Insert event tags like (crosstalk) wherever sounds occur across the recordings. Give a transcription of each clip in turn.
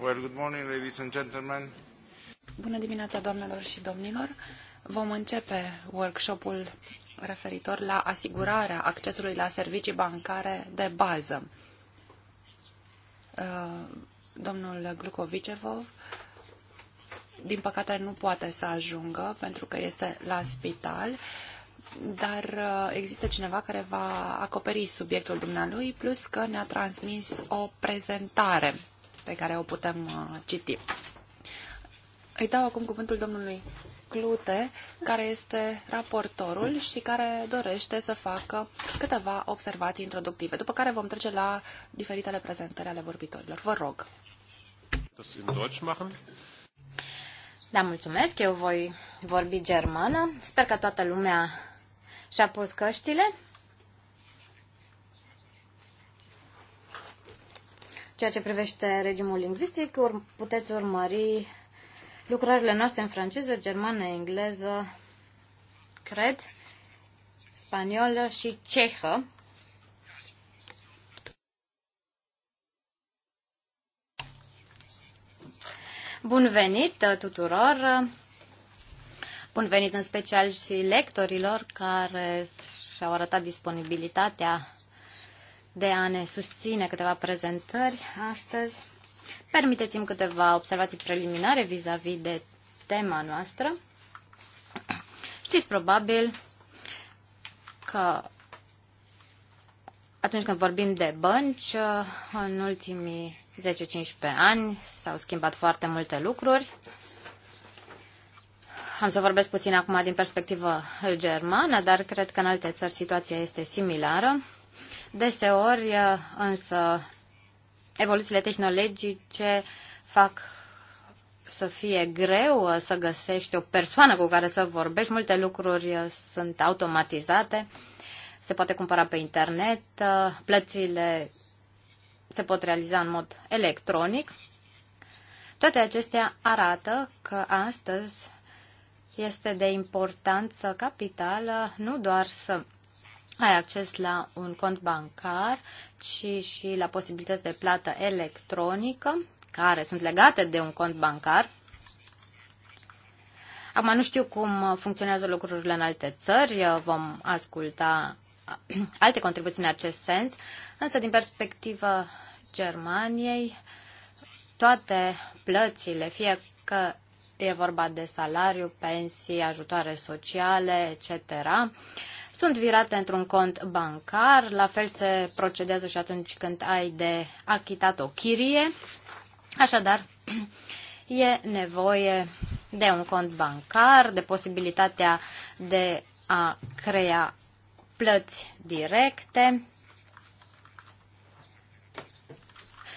Well, good morning, ladies and gentlemen. Bună dimineața, doamnelor și domnilor. Vom începe workshopul referitor la asigurarea accesului la servicii bancare de bază. Uh, domnul Glucovicevov, din păcate, nu poate să ajungă pentru că este la spital dar uh, există cineva care va acoperi subiectul dumnealui, plus că ne-a transmis o prezentare pe care o putem uh, citi. Îi dau acum cuvântul domnului Clute, care este raportorul și care dorește să facă câteva observații introductive, după care vom trece la diferitele prezentări ale vorbitorilor. Vă rog. Da, mulțumesc. Eu voi vorbi germană. Sper că toată lumea și-a pus căștile. ceea ce privește regimul lingvistic, ur- puteți urmări lucrările noastre în franceză, germană, engleză, cred, spaniolă și cehă. Bun venit uh, tuturor! Bun venit în special și lectorilor care și-au arătat disponibilitatea de a ne susține câteva prezentări astăzi. Permiteți-mi câteva observații preliminare vis-a-vis -vis de tema noastră. Știți probabil că atunci când vorbim de bănci, în ultimii 10-15 ani s-au schimbat foarte multe lucruri. Am să vorbesc puțin acum din perspectivă germană, dar cred că în alte țări situația este similară. Deseori, uh, însă, evoluțiile tehnologice fac să fie greu uh, să găsești o persoană cu care să vorbești. Multe lucruri uh, sunt automatizate, se poate cumpăra pe internet, plățile se pot realiza în mod electronic. Toate acestea arată că astăzi este de importanță capitală nu doar să ai acces la un cont bancar, ci și la posibilități de plată electronică, care sunt legate de un cont bancar. Acum nu știu cum funcționează lucrurile în alte țări, vom asculta (clears throat) alte contribuții în acest sens, însă din perspectiva Germaniei, toate plățile, fie că e vorba de salariu, pensii, ajutoare sociale, etc., sunt virate într-un cont bancar. La fel se procedează și atunci când ai de achitat o chirie. Așadar, e nevoie de un cont bancar, de posibilitatea de a crea plăți directe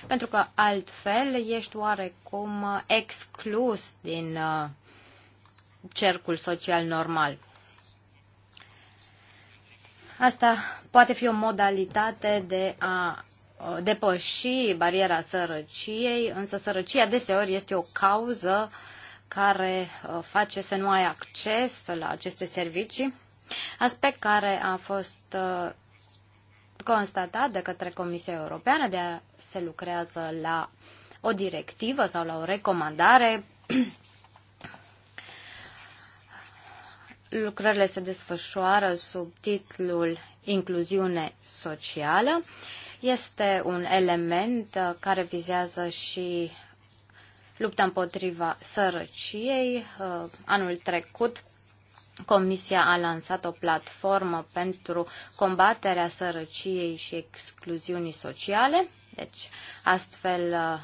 pentru că altfel ești oarecum uh, exclus din uh, cercul social normal. Asta poate fi o modalitate de a uh, depăși bariera sărăciei, însă sărăcia deseori este o cauză care face să nu ai acces la aceste servicii, aspect care a fost constatat de către Comisia Europeană, de a se lucrează la o directivă sau la o recomandare. (clears throat) Lucrările se desfășoară sub titlul Incluziune socială. Este un element uh, care vizează și lupta împotriva sărăciei. Uh, anul trecut Comisia a lansat o platformă pentru combaterea sărăciei și excluziunii sociale. Deci, astfel, uh,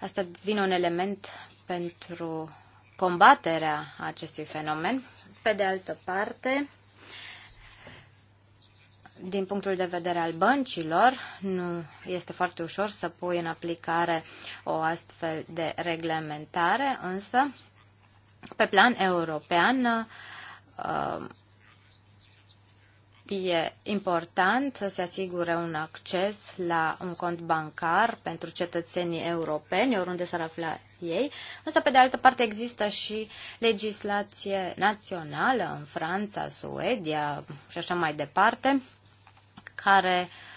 asta devine un element pentru combaterea acestui fenomen. Pe de altă parte, din punctul de vedere al băncilor, nu este foarte ușor să pui în aplicare o astfel de reglementare, însă pe plan european, uh, e important să se asigure un acces la un cont bancar pentru cetățenii europeni, oriunde s-ar afla ei, însă pe de altă parte există și legislație națională în Franța, Suedia și așa mai departe, care uh,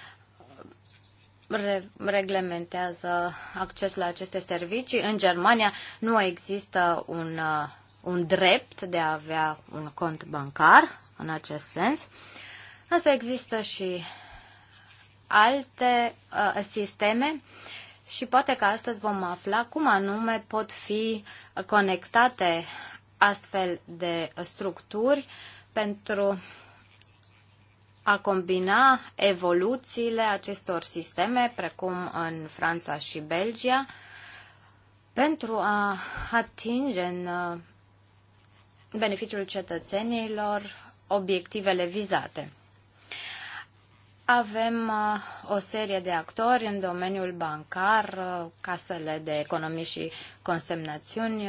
re- reglementează accesul la aceste servicii. În Germania nu există un, uh, un drept de a avea un cont bancar în acest sens, însă există și alte uh, sisteme și poate că astăzi vom afla cum anume pot fi conectate astfel de structuri pentru a combina evoluțiile acestor sisteme, precum în Franța și Belgia, pentru a atinge în uh, beneficiul cetățenilor obiectivele vizate. Avem uh, o serie de actori în domeniul bancar, uh, casele de economii și consemnațiuni,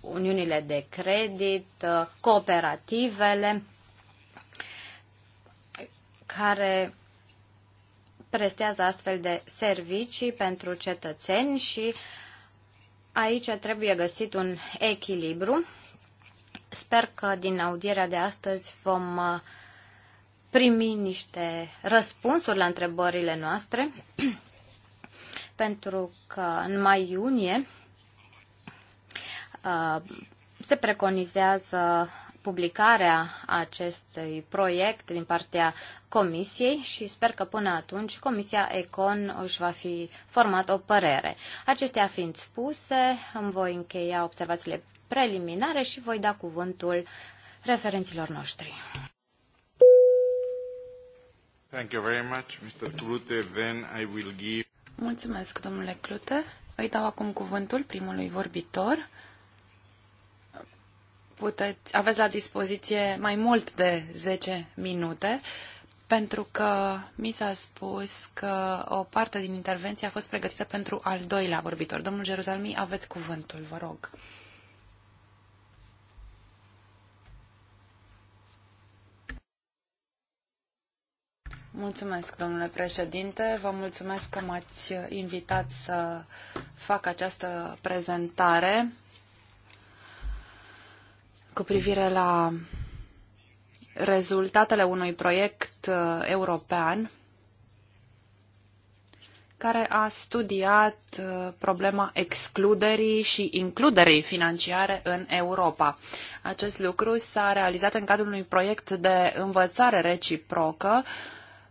uniunile de credit, cooperativele, care prestează astfel de servicii pentru cetățeni și aici trebuie găsit un echilibru. Sper că din audierea de astăzi vom uh, primi niște răspunsuri la întrebările noastre, (clears throat) pentru că în mai iunie uh, se preconizează publicarea acestui proiect din partea Comisiei și sper că până atunci Comisia Econ își va fi format o părere. Acestea fiind spuse, îmi voi încheia observațiile preliminare și voi da cuvântul referenților noștri. Thank you very much, Mr. Clute. Then I will give... Mulțumesc, domnule Clute. Îi dau acum cuvântul primului vorbitor, puteți, aveți la dispoziție mai mult de 10 minute, pentru că mi s-a spus că o parte din intervenție a fost pregătită pentru al doilea vorbitor. Domnul Jeruzalmi, aveți cuvântul, vă rog. Mulțumesc, domnule președinte. Vă mulțumesc că m-ați invitat să fac această prezentare cu privire la rezultatele unui proiect uh, european care a studiat uh, problema excluderii și includerii financiare în Europa. Acest lucru s-a realizat în cadrul unui proiect de învățare reciprocă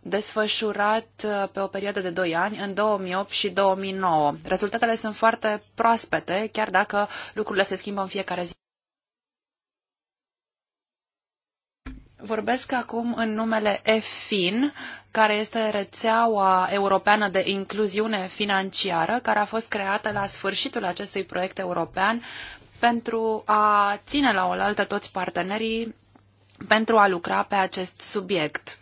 desfășurat uh, pe o perioadă de 2 ani, în 2008 și 2009. Rezultatele sunt foarte proaspete, chiar dacă lucrurile se schimbă în fiecare zi. Vorbesc acum în numele EFIN, care este rețeaua europeană de incluziune financiară, care a fost creată la sfârșitul acestui proiect european pentru a ține la oaltă toți partenerii pentru a lucra pe acest subiect.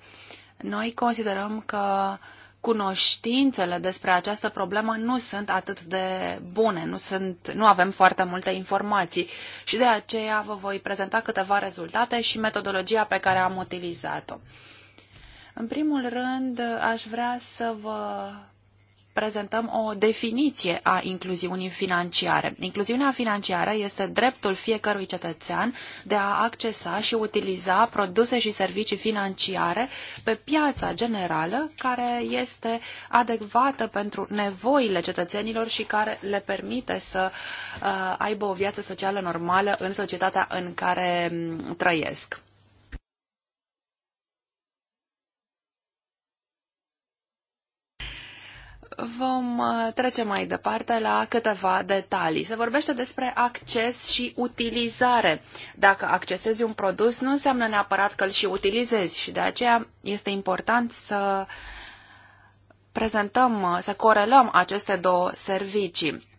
Noi considerăm că uh, cunoștințele despre această problemă nu sunt atât de bune, nu, sunt, nu avem foarte multe informații și de aceea vă voi prezenta câteva rezultate și metodologia pe care am utilizat-o. În primul rând, aș vrea să vă prezentăm o definiție a incluziunii financiare. Incluziunea financiară este dreptul fiecărui cetățean de a accesa și utiliza produse și servicii financiare pe piața generală care este adecvată pentru nevoile cetățenilor și care le permite să uh, aibă o viață socială normală în societatea în care mm, trăiesc. vom uh, trece mai departe la câteva detalii. Se vorbește despre acces și utilizare. Dacă accesezi un produs, nu înseamnă neapărat că îl și utilizezi și de aceea este important să prezentăm, să corelăm aceste două servicii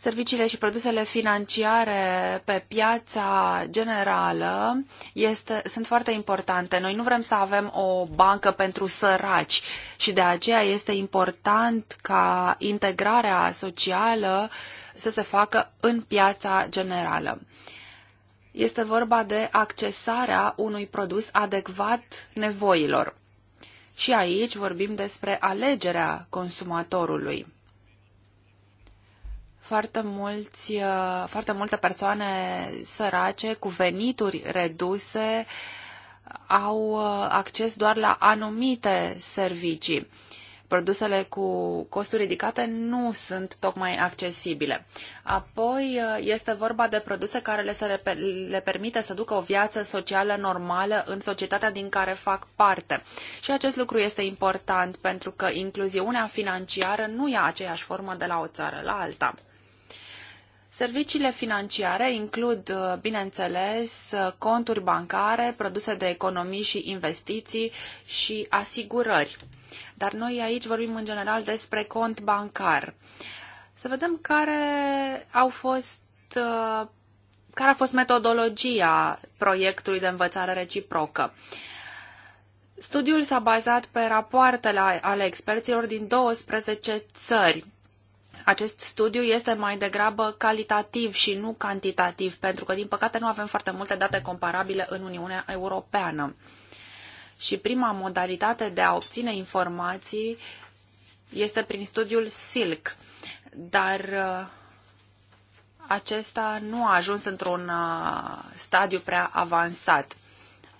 serviciile și produsele financiare pe piața generală este, sunt foarte importante. Noi nu vrem să avem o bancă pentru săraci și de aceea este important ca integrarea socială să se facă în piața generală. Este vorba de accesarea unui produs adecvat nevoilor. Și aici vorbim despre alegerea consumatorului foarte, mulți, uh, foarte multe persoane sărace cu venituri reduse au uh, acces doar la anumite servicii. Produsele cu costuri ridicate nu sunt tocmai accesibile. Apoi uh, este vorba de produse care le, se, le permite să ducă o viață socială normală în societatea din care fac parte. Și acest lucru este important pentru că incluziunea financiară nu ia aceeași formă de la o țară la alta. Serviciile financiare includ, uh, bineînțeles, uh, conturi bancare, produse de economii și investiții și asigurări. Dar noi aici vorbim în general despre cont bancar. Să vedem care au fost uh, care a fost metodologia proiectului de învățare reciprocă. Studiul s-a bazat pe rapoartele ale experților din 12 țări acest studiu este mai degrabă calitativ și nu cantitativ, pentru că, din păcate, nu avem foarte multe date comparabile în Uniunea Europeană. Și prima modalitate de a obține informații este prin studiul SILC, dar uh, acesta nu a ajuns într-un uh, stadiu prea avansat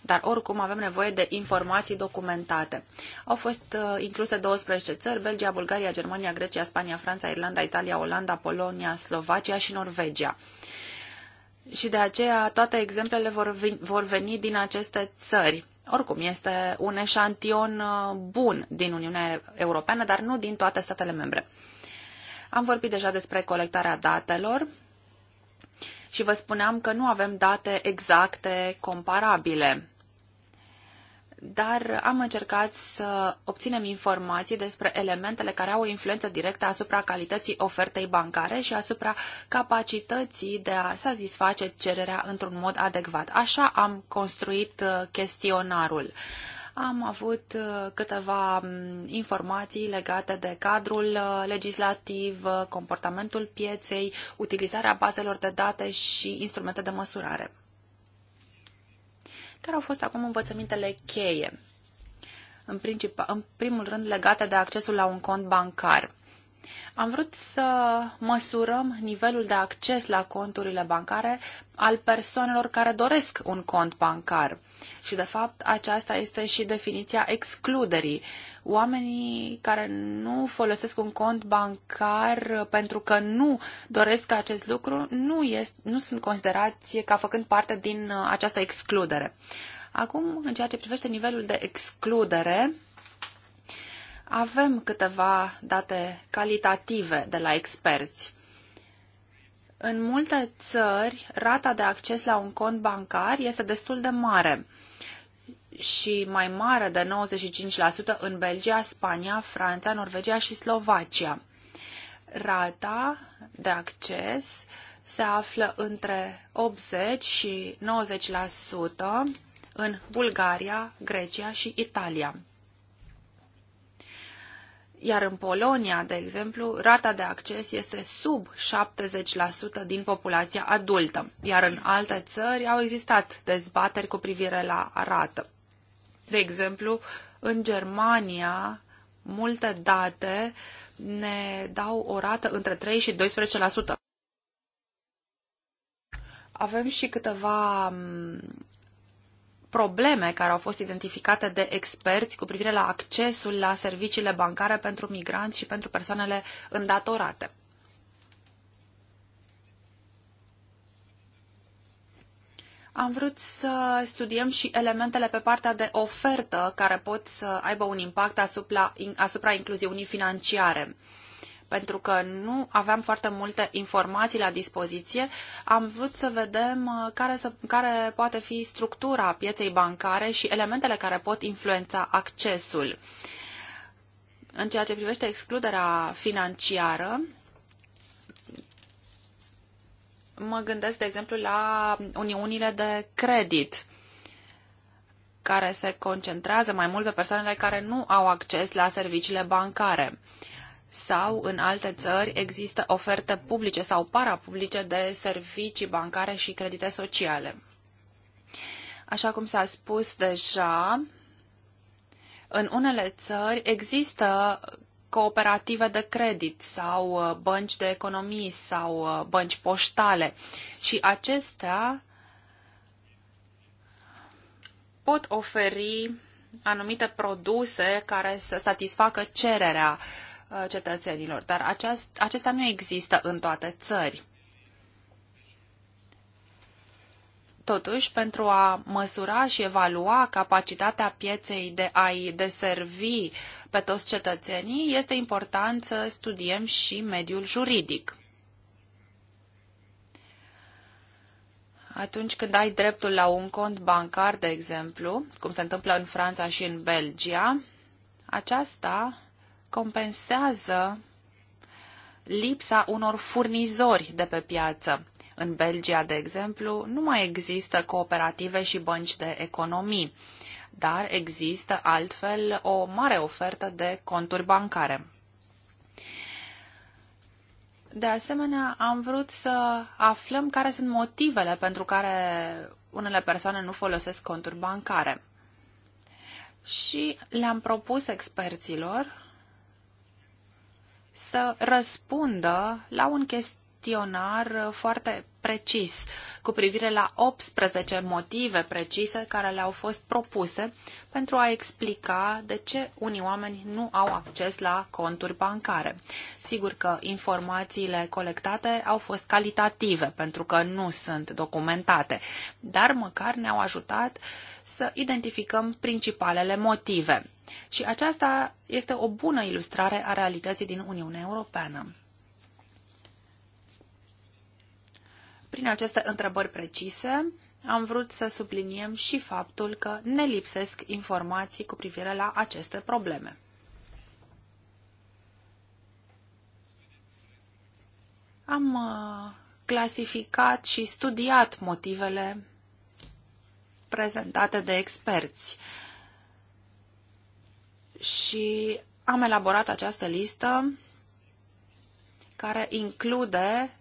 dar oricum avem nevoie de informații documentate. Au fost uh, incluse 12 țări, Belgia, Bulgaria, Germania, Grecia, Spania, Franța, Irlanda, Italia, Olanda, Polonia, Slovacia și Norvegia. Și de aceea toate exemplele vor, vor veni din aceste țări. Oricum, este un eșantion uh, bun din Uniunea Europeană, dar nu din toate statele membre. Am vorbit deja despre colectarea datelor și vă spuneam că nu avem date exacte comparabile dar am încercat să obținem informații despre elementele care au o influență directă asupra calității ofertei bancare și asupra capacității de a satisface cererea într-un mod adecvat. Așa am construit uh, chestionarul. Am avut uh, câteva mm, informații legate de cadrul uh, legislativ, comportamentul pieței, utilizarea bazelor de date și instrumente de măsurare care au fost acum învățămintele cheie. În, princip, în primul rând legate de accesul la un cont bancar. Am vrut să măsurăm nivelul de acces la conturile bancare al persoanelor care doresc un cont bancar. Și, de fapt, aceasta este și definiția excluderii. Oamenii care nu folosesc un cont bancar pentru că nu doresc acest lucru nu, este, nu sunt considerați ca făcând parte din uh, această excludere. Acum, în ceea ce privește nivelul de excludere, avem câteva date calitative de la experți. În multe țări, rata de acces la un cont bancar este destul de mare și mai mare de 95% în Belgia, Spania, Franța, Norvegia și Slovacia. Rata de acces se află între 80 și 90% în Bulgaria, Grecia și Italia. Iar în Polonia, de exemplu, rata de acces este sub 70% din populația adultă, iar în alte țări au existat dezbateri cu privire la rată. De exemplu, în Germania, multe date ne dau o rată între 3 și 12%. Avem și câteva mm, probleme care au fost identificate de experți cu privire la accesul la serviciile bancare pentru migranți și pentru persoanele îndatorate. Am vrut să studiem și elementele pe partea de ofertă care pot să aibă un impact asupra, asupra incluziunii financiare. Pentru că nu aveam foarte multe informații la dispoziție, am vrut să vedem uh, care, să, care poate fi structura pieței bancare și elementele care pot influența accesul. În ceea ce privește excluderea financiară, Mă gândesc, de exemplu, la uniunile de credit care se concentrează mai mult pe persoanele care nu au acces la serviciile bancare. Sau în alte țări există oferte publice sau parapublice de servicii bancare și credite sociale. Așa cum s-a spus deja, în unele țări există cooperative de credit sau uh, bănci de economii sau uh, bănci poștale. Și acestea pot oferi anumite produse care să satisfacă cererea uh, cetățenilor, dar aceasta nu există în toate țări. Totuși, pentru a măsura și evalua capacitatea pieței de a-i deservi pe toți cetățenii, este important să studiem și mediul juridic. Atunci când ai dreptul la un cont bancar, de exemplu, cum se întâmplă în Franța și în Belgia, aceasta compensează lipsa unor furnizori de pe piață în Belgia, de exemplu, nu mai există cooperative și bănci de economii, dar există altfel o mare ofertă de conturi bancare. De asemenea, am vrut să aflăm care sunt motivele pentru care unele persoane nu folosesc conturi bancare. Și le-am propus experților să răspundă la un chest- chestionar uh, foarte precis cu privire la 18 motive precise care le-au fost propuse pentru a explica de ce unii oameni nu au acces la conturi bancare. Sigur că informațiile colectate au fost calitative pentru că nu sunt documentate, dar măcar ne-au ajutat să identificăm principalele motive. Și aceasta este o bună ilustrare a realității din Uniunea Europeană. Prin aceste întrebări precise, am vrut să subliniem și faptul că ne lipsesc informații cu privire la aceste probleme. Am uh, clasificat și studiat motivele prezentate de experți și am elaborat această listă care include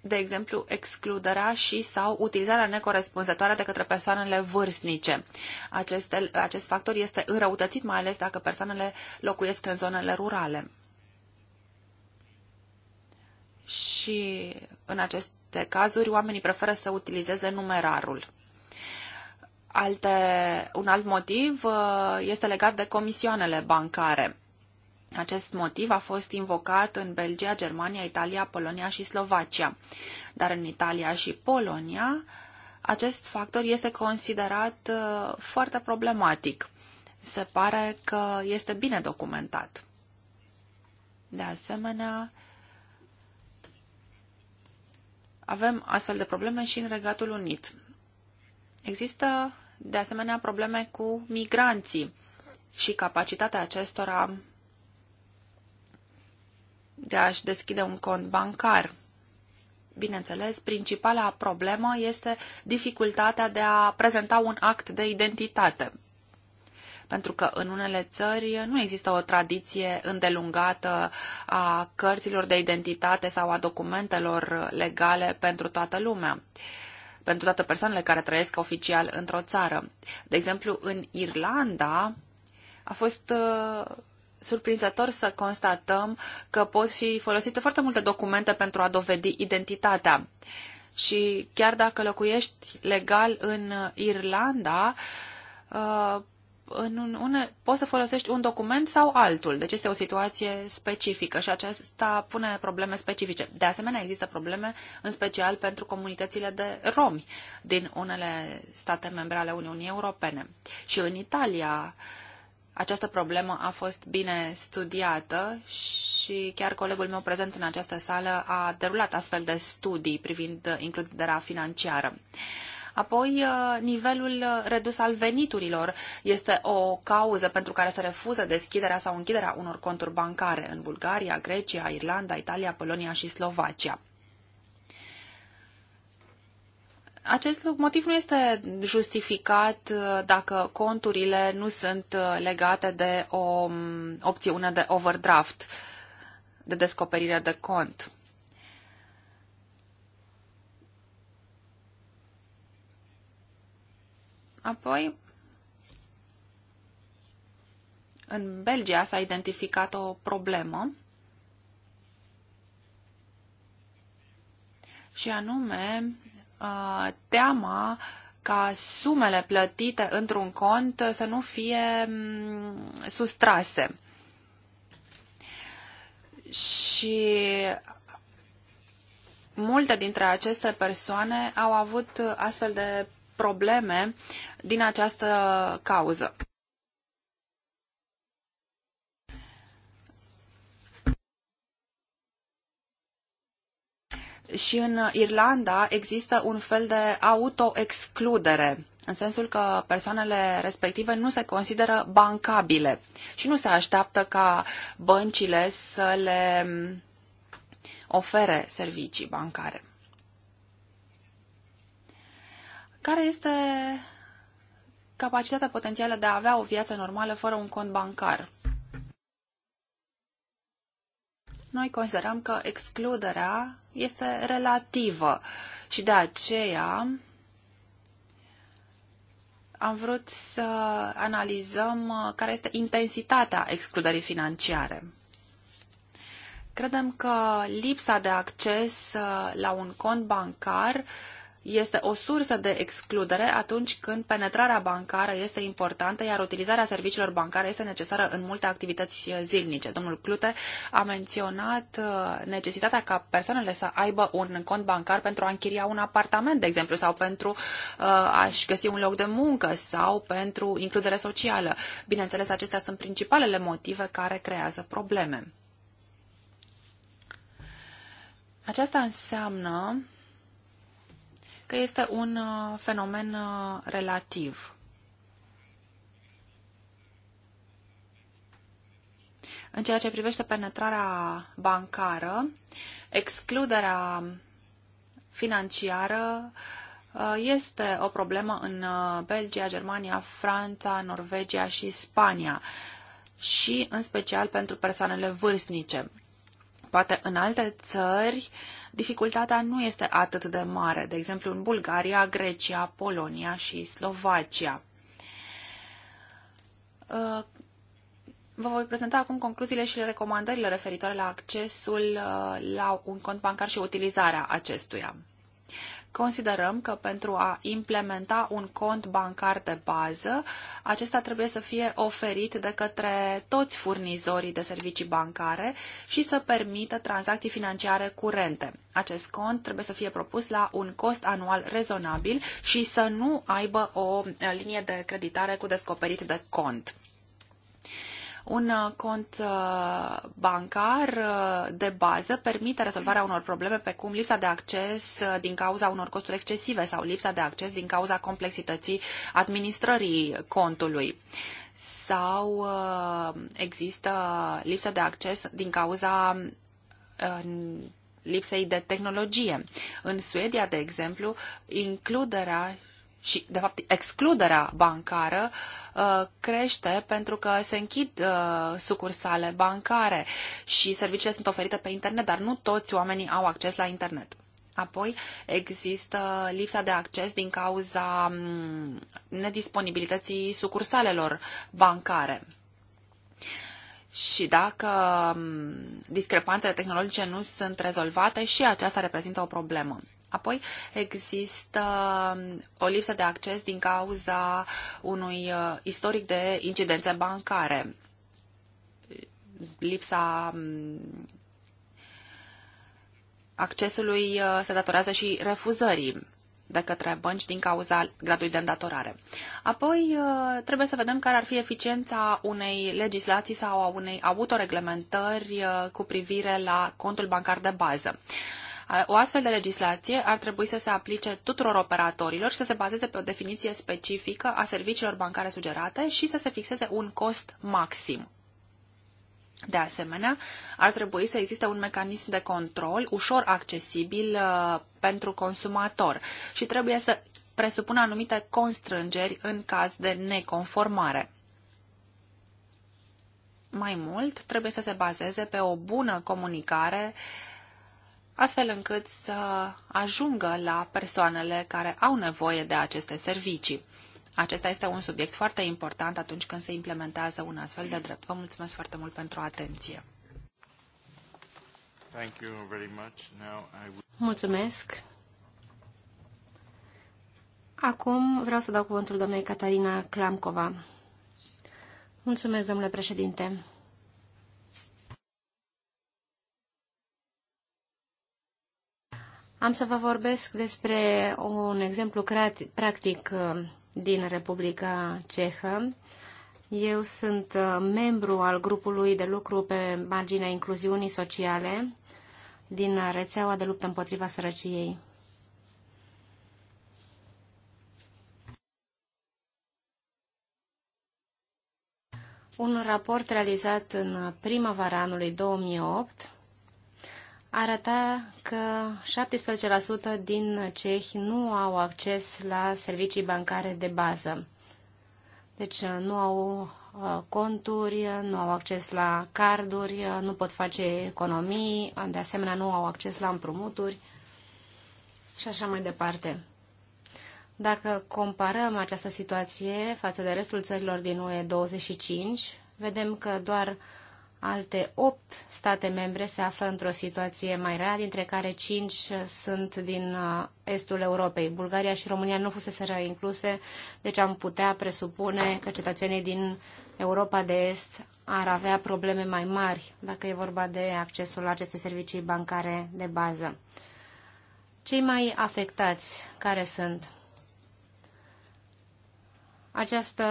de exemplu, excluderea și sau utilizarea necorespunzătoare de către persoanele vârstnice. Acest, acest factor este înrăutățit mai ales dacă persoanele locuiesc în zonele rurale. Și în aceste cazuri, oamenii preferă să utilizeze numerarul. Alte, un alt motiv uh, este legat de comisioanele bancare acest motiv a fost invocat în Belgia, Germania, Italia, Polonia și Slovacia. Dar în Italia și Polonia, acest factor este considerat uh, foarte problematic. Se pare că este bine documentat. De asemenea, avem astfel de probleme și în Regatul Unit. Există, de asemenea, probleme cu migranții și capacitatea acestora de a-și deschide un cont bancar. Bineînțeles, principala problemă este dificultatea de a prezenta un act de identitate. Pentru că în unele țări nu există o tradiție îndelungată a cărților de identitate sau a documentelor legale pentru toată lumea pentru toate persoanele care trăiesc oficial într-o țară. De exemplu, în Irlanda a fost uh, surprinzător să constatăm că pot fi folosite foarte multe documente pentru a dovedi identitatea. Și chiar dacă locuiești legal în Irlanda, uh, în un, une, poți să folosești un document sau altul. Deci este o situație specifică și aceasta pune probleme specifice. De asemenea, există probleme în special pentru comunitățile de romi din unele state membre ale Uniunii Europene. Și în Italia, uh, această problemă a fost bine studiată și chiar colegul meu prezent în această sală a derulat astfel de studii privind includerea financiară. Apoi, uh, nivelul redus al veniturilor este o cauză pentru care se refuză deschiderea sau închiderea unor conturi bancare în Bulgaria, Grecia, Irlanda, Italia, Polonia și Slovacia. Acest motiv nu este justificat uh, dacă conturile nu sunt uh, legate de o mm, opțiune de overdraft, de descoperire de cont. Apoi, în Belgia s-a identificat o problemă și anume Uh, teama ca sumele plătite într-un cont să nu fie mm, sustrase. Și multe dintre aceste persoane au avut astfel de probleme din această cauză. și în Irlanda există un fel de autoexcludere, în sensul că persoanele respective nu se consideră bancabile și nu se așteaptă ca băncile să le mm, ofere servicii bancare. Care este capacitatea potențială de a avea o viață normală fără un cont bancar? Noi considerăm că excluderea este relativă și de aceea am vrut să analizăm uh, care este intensitatea excluderii financiare. Credem că lipsa de acces uh, la un cont bancar uh, este o sursă de excludere atunci când penetrarea bancară este importantă, iar utilizarea serviciilor bancare este necesară în multe activități zilnice. Domnul Clute a menționat uh, necesitatea ca persoanele să aibă un cont bancar pentru a închiria un apartament, de exemplu, sau pentru uh, a-și găsi un loc de muncă sau pentru includere socială. Bineînțeles, acestea sunt principalele motive care creează probleme. Aceasta înseamnă că este un uh, fenomen uh, relativ. În ceea ce privește penetrarea bancară, excluderea financiară uh, este o problemă în Belgia, Germania, Franța, Norvegia și Spania și în special pentru persoanele vârstnice. Poate în alte țări dificultatea nu este atât de mare, de exemplu în Bulgaria, Grecia, Polonia și Slovacia. Uh, vă voi prezenta acum concluziile și recomandările referitoare la accesul uh, la un cont bancar și utilizarea acestuia. Considerăm că pentru a implementa un cont bancar de bază, acesta trebuie să fie oferit de către toți furnizorii de servicii bancare și să permită tranzacții financiare curente. Acest cont trebuie să fie propus la un cost anual rezonabil și să nu aibă o linie de creditare cu descoperit de cont. Un uh, cont uh, bancar uh, de bază permite rezolvarea unor probleme pe cum lipsa de acces din cauza unor costuri excesive sau lipsa de acces din cauza complexității administrării contului sau există lipsa de acces din cauza lipsei de tehnologie. În Suedia, de exemplu, includerea și, de fapt, excluderea bancară uh, crește pentru că se închid uh, sucursale bancare și serviciile sunt oferite pe internet, dar nu toți oamenii au acces la internet. Apoi există lipsa de acces din cauza mm, nedisponibilității sucursalelor bancare. Și dacă mm, discrepanțele tehnologice nu sunt rezolvate, și aceasta reprezintă o problemă. Apoi există um, o lipsă de acces din cauza unui uh, istoric de incidențe bancare. Lipsa um, accesului uh, se datorează și refuzării de către bănci din cauza gradului de îndatorare. Apoi uh, trebuie să vedem care ar fi eficiența unei legislații sau a unei autoreglementări cu privire la contul bancar de bază. O astfel de legislație ar trebui să se aplice tuturor operatorilor și să se bazeze pe o definiție specifică a serviciilor bancare sugerate și să se fixeze un cost maxim. De asemenea, ar trebui să existe un mecanism de control ușor accesibil uh, pentru consumator și trebuie să presupună anumite constrângeri în caz de neconformare. Mai mult, trebuie să se bazeze pe o bună comunicare uh, astfel încât să ajungă la persoanele care au nevoie de aceste servicii. Acesta este un subiect foarte important atunci când se implementează un astfel de drept. Vă mulțumesc foarte mult pentru atenție. Mulțumesc. Acum vreau să dau cuvântul doamnei Catarina Klamkova. Mulțumesc, domnule președinte. Am să vă vorbesc despre un exemplu practic uh, din Republica Cehă. Eu sunt uh, membru al grupului de lucru pe marginea incluziunii sociale din rețeaua de luptă împotriva sărăciei. Un raport realizat în primăvara anului 2008 arăta că 17% din cehi nu au acces la servicii bancare de bază. Deci uh, nu au uh, conturi, uh, nu au acces la carduri, nu pot face economii, de asemenea nu au acces la împrumuturi și așa mai departe. Dacă comparăm această situație față de restul țărilor din UE 25, vedem că doar Alte opt state membre se află într-o situație mai rea, dintre care cinci sunt din uh, estul Europei. Bulgaria și România nu fusese incluse, deci am putea presupune că cetățenii din Europa de Est ar avea probleme mai mari dacă e vorba de accesul la aceste servicii bancare de bază. Cei mai afectați care sunt? Această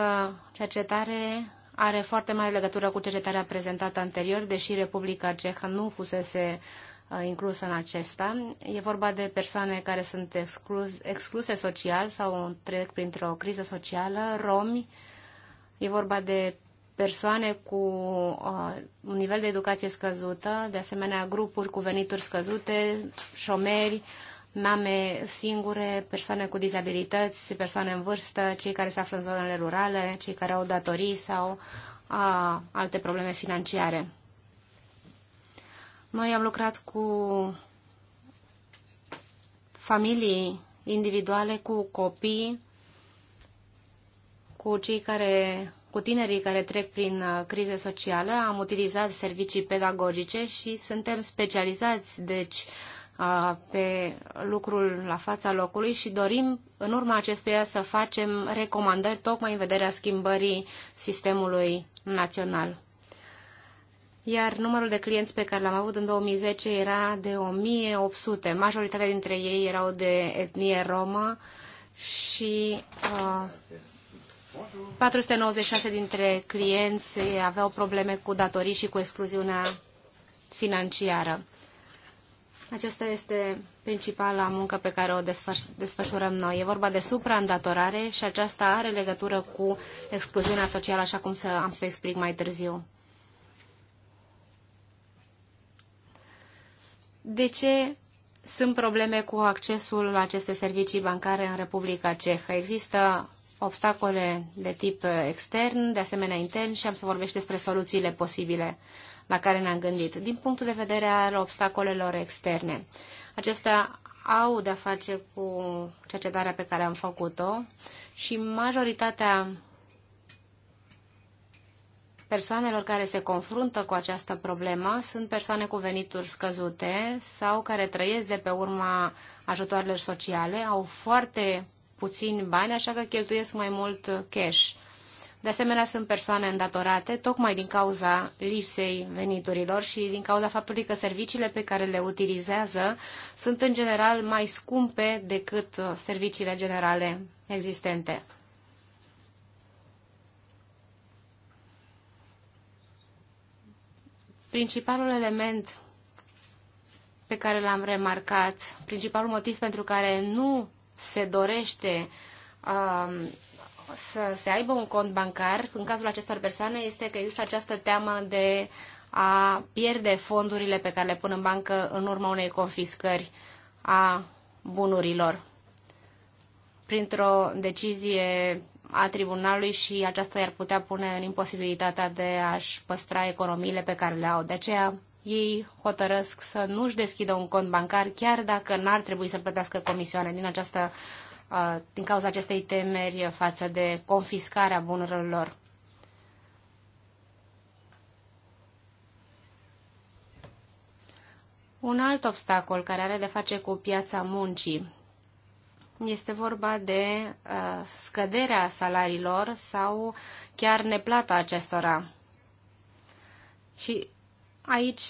cercetare are foarte mare legătură cu cercetarea prezentată anterior, deși Republica Cehă nu fusese uh, inclusă în acesta. E vorba de persoane care sunt exclus, excluse social sau trec printr-o criză socială, romi. E vorba de persoane cu uh, un nivel de educație scăzută, de asemenea grupuri cu venituri scăzute, șomeri, uh, mame singure, persoane cu dizabilități, persoane în vârstă, cei care se află în zonele rurale, cei care au datorii sau a, alte probleme financiare. Noi am lucrat cu familii individuale, cu copii, cu cei care cu tinerii care trec prin uh, crize socială, am utilizat servicii pedagogice și suntem specializați, deci, pe lucrul la fața locului și dorim în urma acestuia să facem recomandări tocmai în vederea schimbării sistemului național. Iar numărul de clienți pe care l-am avut în 2010 era de 1800. Majoritatea dintre ei erau de etnie romă și uh, 496 dintre clienți aveau probleme cu datorii și cu excluziunea financiară. Aceasta este principala muncă pe care o desfășurăm noi. E vorba de supraîndatorare și aceasta are legătură cu excluziunea socială, așa cum să, am să explic mai târziu. De ce sunt probleme cu accesul la aceste servicii bancare în Republica Cehă? Există obstacole de tip extern, de asemenea intern și am să vorbesc despre soluțiile posibile la care ne-am gândit, din punctul de vedere al obstacolelor externe. Acestea au de-a face cu cercetarea pe care am făcut-o și majoritatea persoanelor care se confruntă cu această problemă sunt persoane cu venituri scăzute sau care trăiesc de pe urma ajutoarelor sociale, au foarte puțini bani, așa că cheltuiesc mai mult cash. De asemenea, sunt persoane îndatorate tocmai din cauza lipsei veniturilor și din cauza faptului că serviciile pe care le utilizează sunt în general mai scumpe decât uh, serviciile generale existente. Principalul element pe care l-am remarcat, principalul motiv pentru care nu se dorește uh, să se aibă un cont bancar în cazul acestor persoane este că există această teamă de a pierde fondurile pe care le pun în bancă în urma unei confiscări a bunurilor. Printr-o decizie a tribunalului și aceasta i-ar putea pune în imposibilitatea de a-și păstra economiile pe care le au. De aceea ei hotărăsc să nu-și deschidă un cont bancar, chiar dacă n-ar trebui să plătească comisioane din această din cauza acestei temeri față de confiscarea bunurilor lor. Un alt obstacol care are de face cu piața muncii este vorba de uh, scăderea salariilor sau chiar neplata acestora. Și aici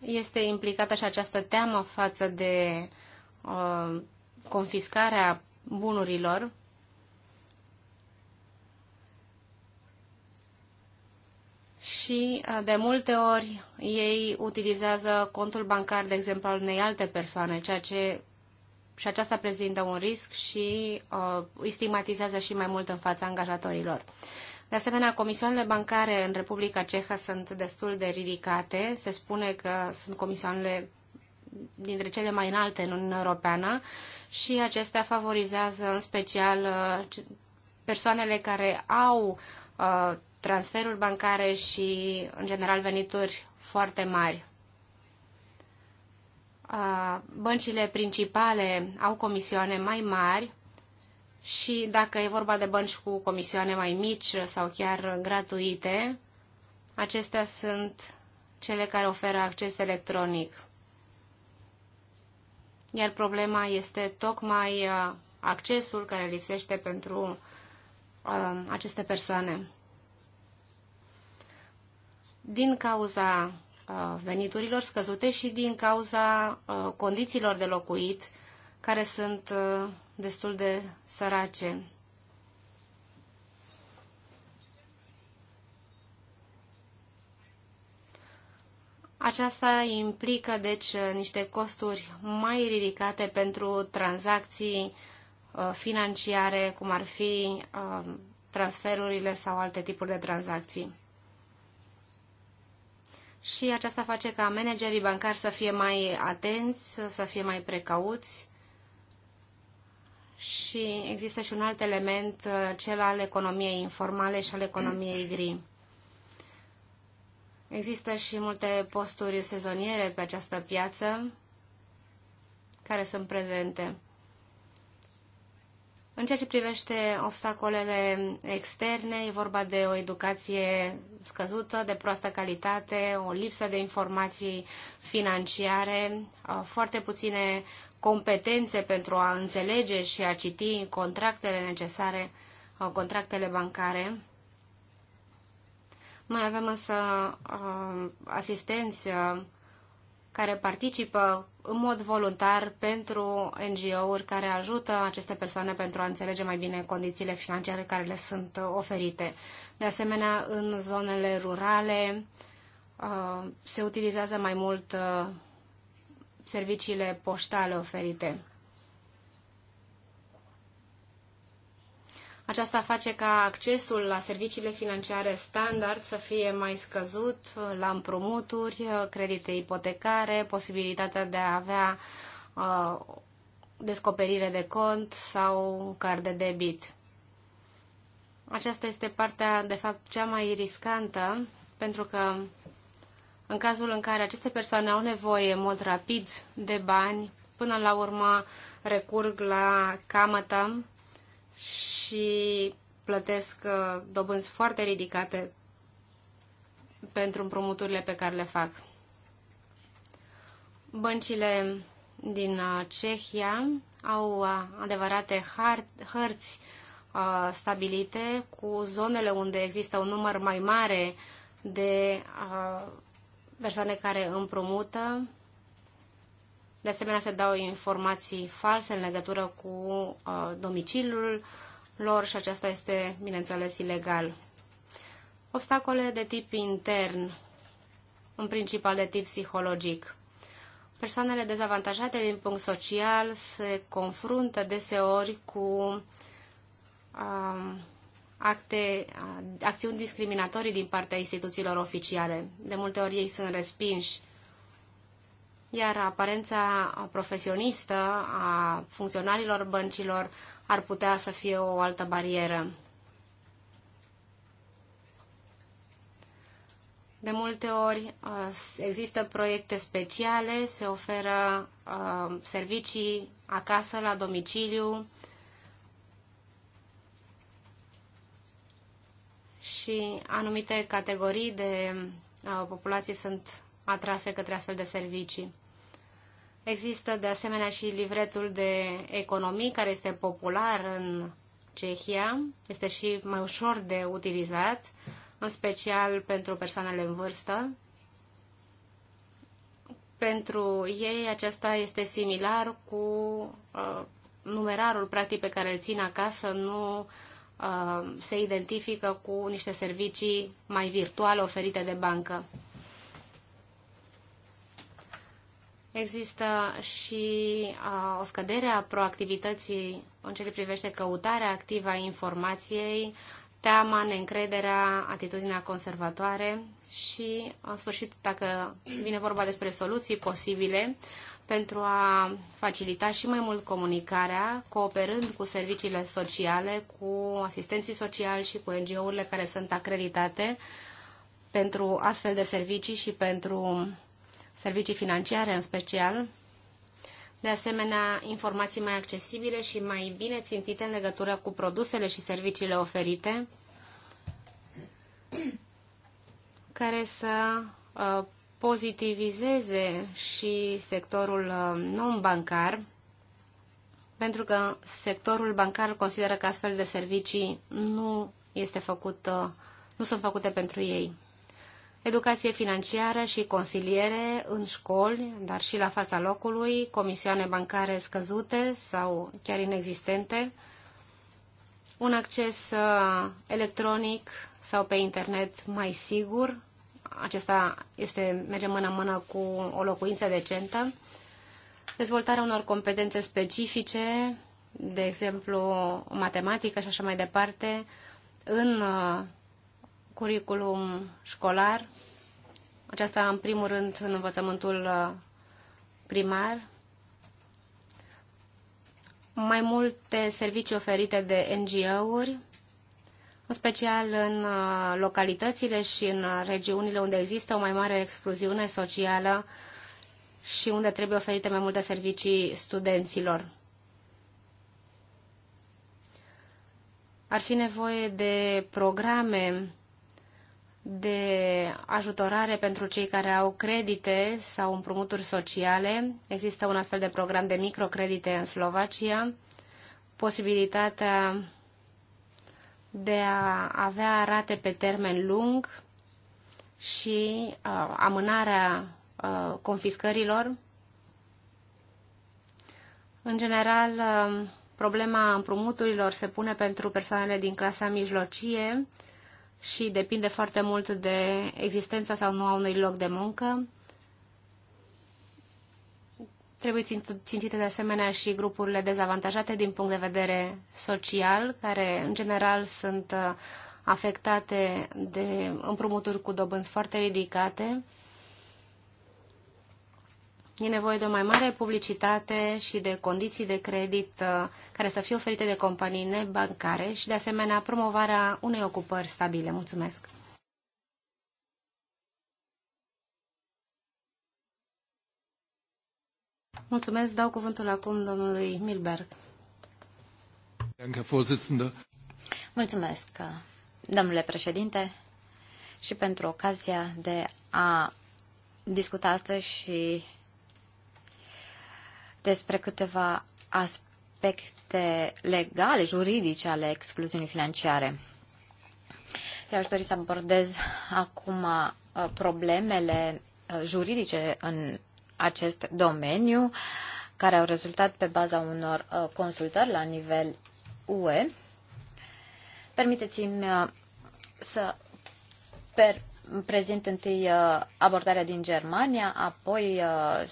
este implicată și această teamă față de uh, confiscarea bunurilor și de multe ori ei utilizează contul bancar, de exemplu, al unei alte persoane, ceea ce și aceasta prezintă un risc și uh, îi stigmatizează și mai mult în fața angajatorilor. De asemenea, comisioanele bancare în Republica Cehă sunt destul de ridicate. Se spune că sunt comisioanele dintre cele mai înalte în Uniunea Europeană și acestea favorizează în special uh, persoanele care au uh, transferuri bancare și, în general, venituri foarte mari. Uh, băncile principale au comisioane mai mari și dacă e vorba de bănci cu comisioane mai mici sau chiar gratuite, acestea sunt cele care oferă acces electronic iar problema este tocmai uh, accesul care lipsește pentru uh, aceste persoane. Din cauza uh, veniturilor scăzute și din cauza condițiilor de locuit, care sunt destul de sărace. Aceasta implică, deci, niște costuri mai ridicate pentru tranzacții uh, financiare, cum ar fi uh, transferurile sau alte tipuri de tranzacții. Și aceasta face ca managerii bancari să fie mai atenți, să fie mai precauți. Și există și un alt element, uh, cel al economiei informale și al economiei gri. Există și multe posturi sezoniere pe această piață care sunt prezente. În ceea ce privește obstacolele externe, e vorba de o educație scăzută, de proastă calitate, o lipsă de informații financiare, foarte puține competențe pentru a înțelege și a citi contractele necesare, contractele bancare. Mai avem însă uh, asistenți uh, care participă în mod voluntar pentru NGO-uri care ajută aceste persoane pentru a înțelege mai bine condițiile financiare care le sunt uh, oferite. De asemenea, în zonele rurale uh, se utilizează mai mult uh, serviciile poștale oferite. Aceasta face ca accesul la serviciile financiare standard să fie mai scăzut la împrumuturi, credite ipotecare, posibilitatea de a avea uh, descoperire de cont sau card de debit. Aceasta este partea, de fapt, cea mai riscantă, pentru că în cazul în care aceste persoane au nevoie în mod rapid de bani, până la urmă recurg la camătă și plătesc uh, dobânzi foarte ridicate pentru împrumuturile pe care le fac. Băncile din uh, Cehia au uh, adevărate hărți stabilite cu zonele unde există un număr mai mare de persoane care împrumută de asemenea, se dau informații false în legătură cu uh, domiciliul lor și aceasta este, bineînțeles, ilegal. Obstacole de tip intern, în principal de tip psihologic. Persoanele dezavantajate din punct social se confruntă deseori cu um, uh, acte, acțiuni discriminatorii din partea instituțiilor oficiale. De multe ori ei sunt respinși iar aparența profesionistă a funcționarilor băncilor ar putea să fie o altă barieră. De multe ori uh, există proiecte speciale, se oferă uh, servicii acasă, la domiciliu și anumite categorii de uh, populație sunt atrase către astfel de servicii. Există de asemenea și livretul de economii care este popular în Cehia, este și mai ușor de utilizat, în special pentru persoanele în vârstă. Pentru ei acesta este similar cu uh, numerarul practic pe care îl țin acasă, nu uh, se identifică cu niște servicii mai virtuale oferite de bancă. Există și uh, o scădere a proactivității în ce privește căutarea activă a informației, teama, neîncrederea, atitudinea conservatoare și, în sfârșit, dacă vine vorba despre soluții posibile pentru a facilita și mai mult comunicarea, cooperând cu serviciile sociale, cu asistenții sociali și cu NGO-urile care sunt acreditate pentru astfel de servicii și pentru servicii financiare în special, de asemenea informații mai accesibile și mai bine țintite în legătură cu produsele și serviciile oferite, care să uh, pozitivizeze și sectorul uh, non-bancar, pentru că sectorul bancar consideră că astfel de servicii nu, este făcut, uh, nu sunt făcute pentru ei educație financiară și consiliere în școli, dar și la fața locului, comisioane bancare scăzute sau chiar inexistente, un acces uh, electronic sau pe internet mai sigur, acesta este, merge mână-mână cu o locuință decentă, dezvoltarea unor competențe specifice, de exemplu matematică și așa mai departe, în uh, curriculum școlar, aceasta în primul rând în învățământul uh, primar, mai multe servicii oferite de NGO-uri, în special în uh, localitățile și în uh, regiunile unde există o mai mare excluziune socială și unde trebuie oferite mai multe servicii studenților. Ar fi nevoie de programe de ajutorare pentru cei care au credite sau împrumuturi sociale. Există un astfel de program de microcredite în Slovacia, posibilitatea de a avea rate pe termen lung și uh, amânarea uh, confiscărilor. În general, uh, problema împrumuturilor se pune pentru persoanele din clasa mijlocie, uh, și depinde foarte mult de existența sau nu a unui loc de muncă. Trebuie țintite de asemenea și grupurile dezavantajate din punct de vedere social, care în general sunt uh, afectate de împrumuturi cu dobânzi foarte ridicate. E nevoie de o mai mare publicitate și de condiții de credit uh, care să fie oferite de companii nebancare și, de asemenea, promovarea unei ocupări stabile. Mulțumesc! Mulțumesc. Dau cuvântul acum domnului Milberg. Mulțumesc, domnule președinte, și pentru ocazia de a discuta astăzi și despre câteva aspecte legale, juridice ale excluziunii financiare. Eu aș dori să abordez acum uh, problemele uh, juridice în acest domeniu care au rezultat pe baza unor uh, consultări la nivel UE. Permiteți-mi să per prezint întâi abordarea din Germania, apoi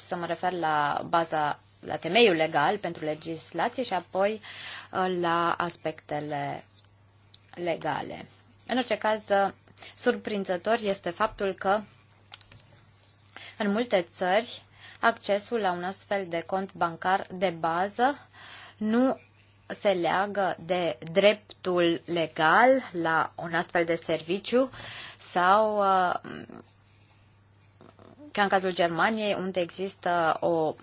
să mă refer la baza la temeiul legal pentru legislație și apoi uh, la aspectele legale. În orice caz, uh, surprinzător este faptul că în multe țări accesul la un astfel de cont bancar de bază nu se leagă de dreptul legal la un astfel de serviciu sau uh, ca în cazul Germaniei, unde există o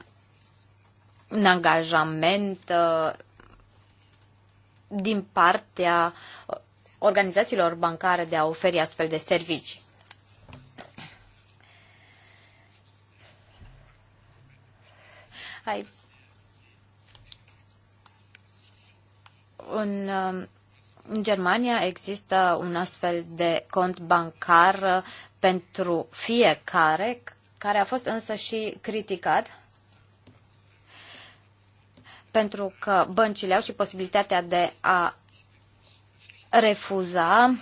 un angajament uh, din partea organizațiilor bancare de a oferi astfel de servicii. Hai. În, uh, în Germania există un astfel de cont bancar uh, pentru fiecare, care a fost însă și criticat pentru că băncile au și posibilitatea de a refuza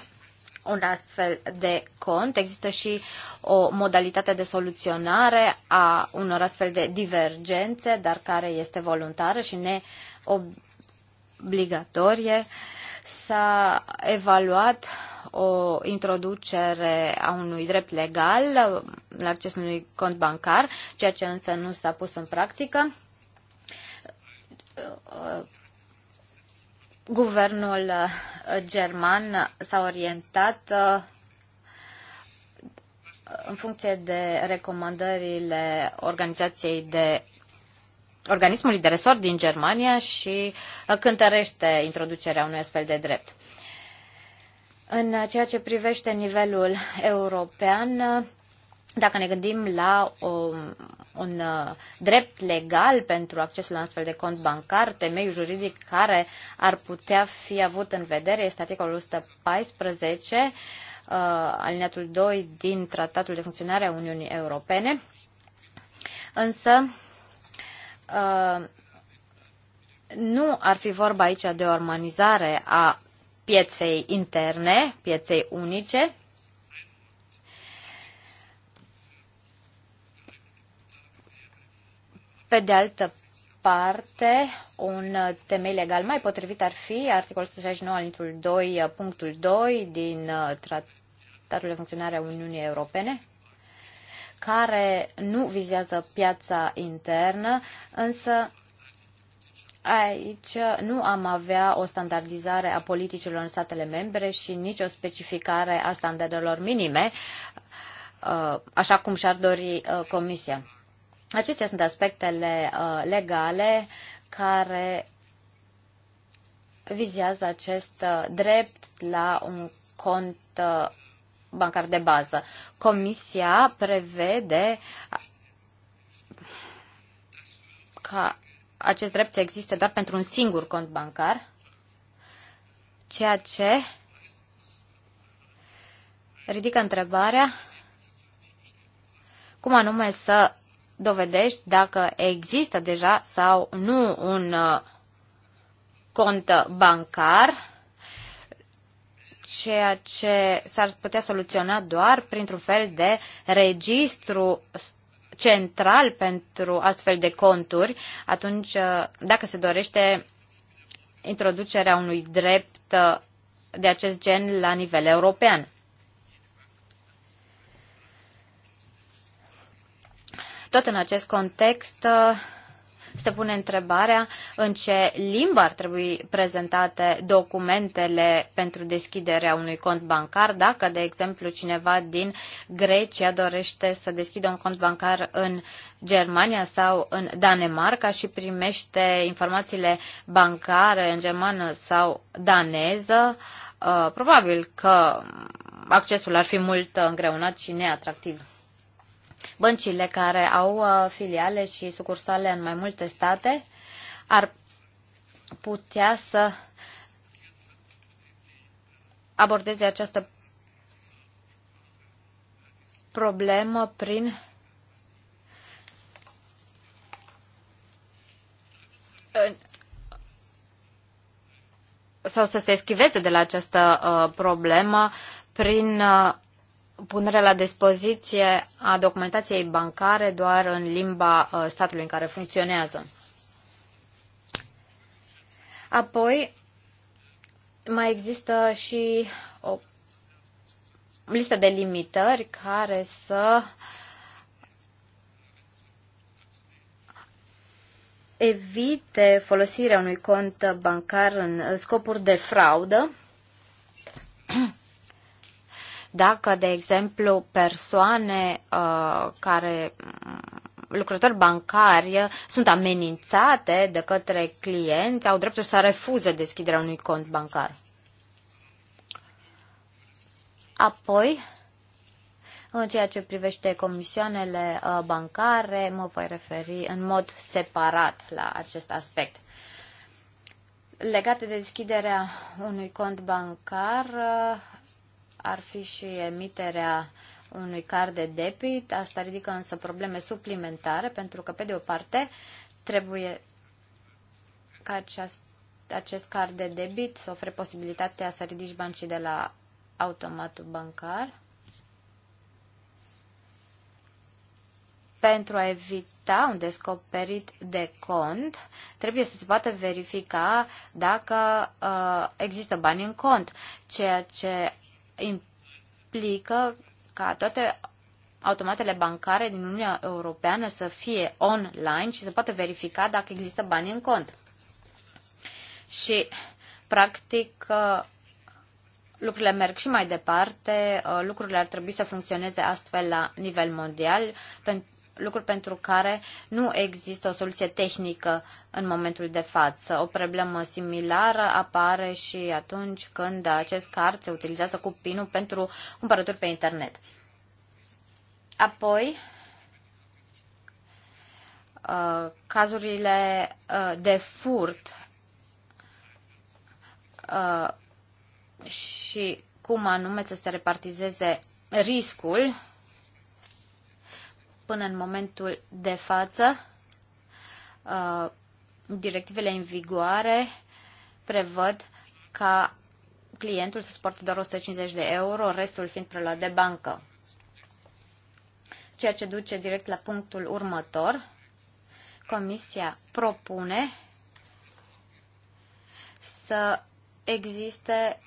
un astfel de cont. Există și o modalitate de soluționare a unor astfel de divergențe, dar care este voluntară și neobligatorie. S-a evaluat o introducere a unui drept legal la accesul unui cont bancar, ceea ce însă nu s-a pus în practică. Uh, guvernul uh, german s-a orientat uh, în funcție de recomandările organizației de organismului de resort din Germania și cântărește introducerea unui astfel de drept. În ceea ce privește nivelul european, dacă ne gândim la o, um, un uh, drept legal pentru accesul la astfel de cont bancar, temeiul juridic care ar putea fi avut în vedere este articolul 114, uh, alineatul 2 din Tratatul de Funcționare a Uniunii Europene. Însă, uh, nu ar fi vorba aici de o armonizare a pieței interne, pieței unice, Pe de altă parte, un temei legal mai potrivit ar fi articolul 169 alinitul 2, punctul 2 din uh, Tratatul de Funcționare a Uniunii Europene, care nu vizează piața internă, însă Aici nu am avea o standardizare a politicilor în statele membre și nici o specificare a standardelor minime, uh, așa cum și-ar dori uh, Comisia. Acestea sunt aspectele uh, legale care vizează acest uh, drept la un cont uh, bancar de bază. Comisia prevede uh, ca acest drept să existe doar pentru un singur cont bancar, ceea ce ridică întrebarea cum anume să dovedești dacă există deja sau nu un uh, cont bancar, ceea ce s-ar putea soluționa doar printr-un fel de registru central pentru astfel de conturi, atunci uh, dacă se dorește introducerea unui drept uh, de acest gen la nivel european. Tot în acest context uh, se pune întrebarea în ce limbă ar trebui prezentate documentele pentru deschiderea unui cont bancar, dacă, de exemplu, cineva din Grecia dorește să deschidă un cont bancar în Germania sau în Danemarca și primește informațiile bancare în germană sau daneză, uh, probabil că accesul ar fi mult îngreunat și neatractiv băncile care au uh, filiale și sucursale în mai multe state ar putea să abordeze această problemă prin sau să se eschiveze de la această uh, problemă prin uh, punerea la dispoziție a documentației bancare doar în limba uh, statului în care funcționează. Apoi, mai există și o listă de limitări care să evite folosirea unui cont bancar în scopuri de fraudă dacă, de exemplu, persoane uh, care mm, lucrători bancari sunt amenințate de către clienți, au dreptul să refuze deschiderea unui cont bancar. Apoi, în ceea ce privește comisioanele uh, bancare, mă voi referi în mod separat la acest aspect. Legate de deschiderea unui cont bancar, uh, ar fi și emiterea unui card de debit. Asta ridică însă probleme suplimentare, pentru că, pe de o parte, trebuie ca acest, acest card de debit să ofere posibilitatea să ridici bani și de la automatul bancar. Pentru a evita un descoperit de cont, trebuie să se poată verifica dacă uh, există bani în cont, ceea ce implică ca toate automatele bancare din Uniunea Europeană să fie online și să poată verifica dacă există bani în cont. Și, practic, lucrurile merg și mai departe, uh, lucrurile ar trebui să funcționeze astfel la nivel mondial, lucruri pentru care nu există o soluție tehnică în momentul de față. O problemă similară apare și atunci când acest card se utilizează cu pinul pentru cumpărături pe internet. Apoi, uh, cazurile uh, de furt și cum anume să se repartizeze riscul până în momentul de față. Uh, directivele în vigoare prevăd ca clientul să suporte doar 150 de euro, restul fiind preluat de bancă. Ceea ce duce direct la punctul următor. Comisia propune să existe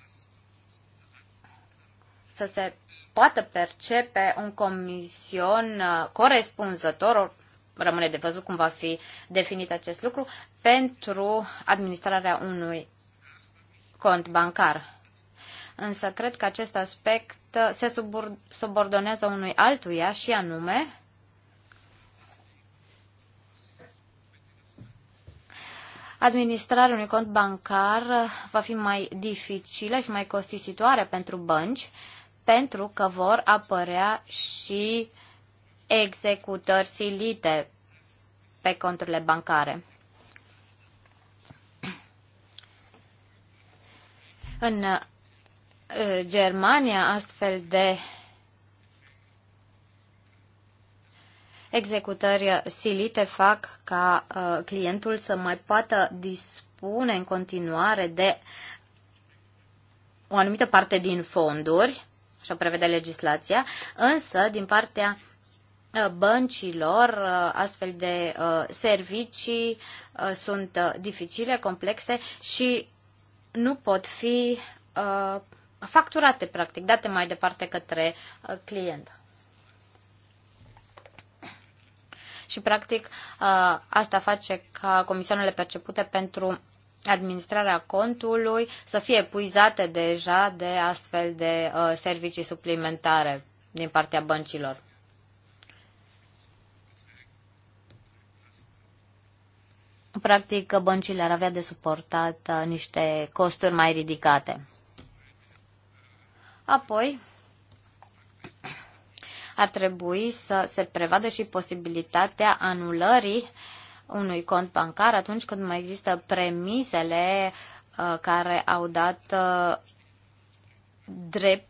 să se poată percepe un comision uh, corespunzător, rămâne de văzut cum va fi definit acest lucru, pentru administrarea unui cont bancar. Însă cred că acest aspect uh, se subordonează unui altuia și anume administrarea unui cont bancar uh, va fi mai dificilă și mai costisitoare pentru bănci pentru că vor apărea și executări silite pe conturile bancare. În uh, Germania, astfel de executări silite fac ca uh, clientul să mai poată dispune în continuare de o anumită parte din fonduri așa prevede legislația, însă din partea uh, băncilor uh, astfel de uh, servicii sunt dificile, complexe și nu pot fi facturate, practic, date mai departe către client. Și, practic, asta face ca comisioanele percepute pentru administrarea contului să fie puizate deja de astfel de uh, servicii suplimentare din partea băncilor. Practic, băncile ar avea de suportat uh, niște costuri mai ridicate. Apoi, ar trebui să se prevadă și posibilitatea anulării uh, unui cont bancar atunci când mai există premisele uh, care au dat uh, drept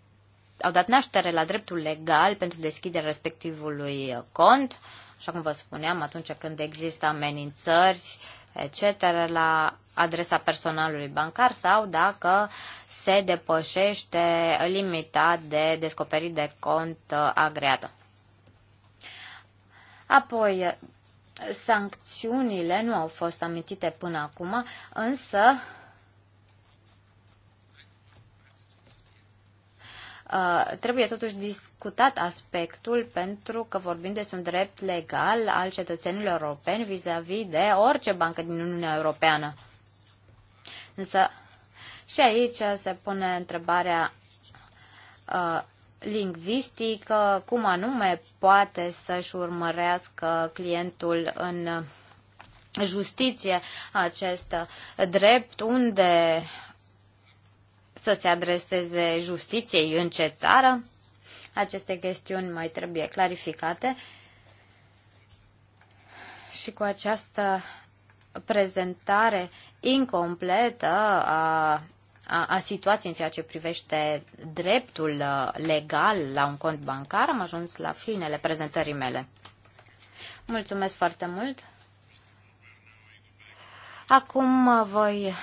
au dat naștere la dreptul legal pentru deschiderea respectivului cont, așa cum vă spuneam, atunci când există amenințări, etc., la adresa personalului bancar sau dacă se depășește limita de descoperit de cont uh, agreată. Apoi, Sancțiunile nu au fost amintite până acum, însă uh, trebuie totuși discutat aspectul pentru că vorbim despre un drept legal al cetățenilor europeni vis-a-vis -vis de orice bancă din Uniunea Europeană. Însă și aici se pune întrebarea uh, lingvistică, cum anume poate să-și urmărească clientul în justiție acest drept, unde să se adreseze justiției, în ce țară. Aceste chestiuni mai trebuie clarificate. Și cu această prezentare incompletă a a, a situației în ceea ce privește dreptul uh, legal la un cont bancar, am ajuns la finele prezentării mele. Mulțumesc foarte mult! Acum uh, voi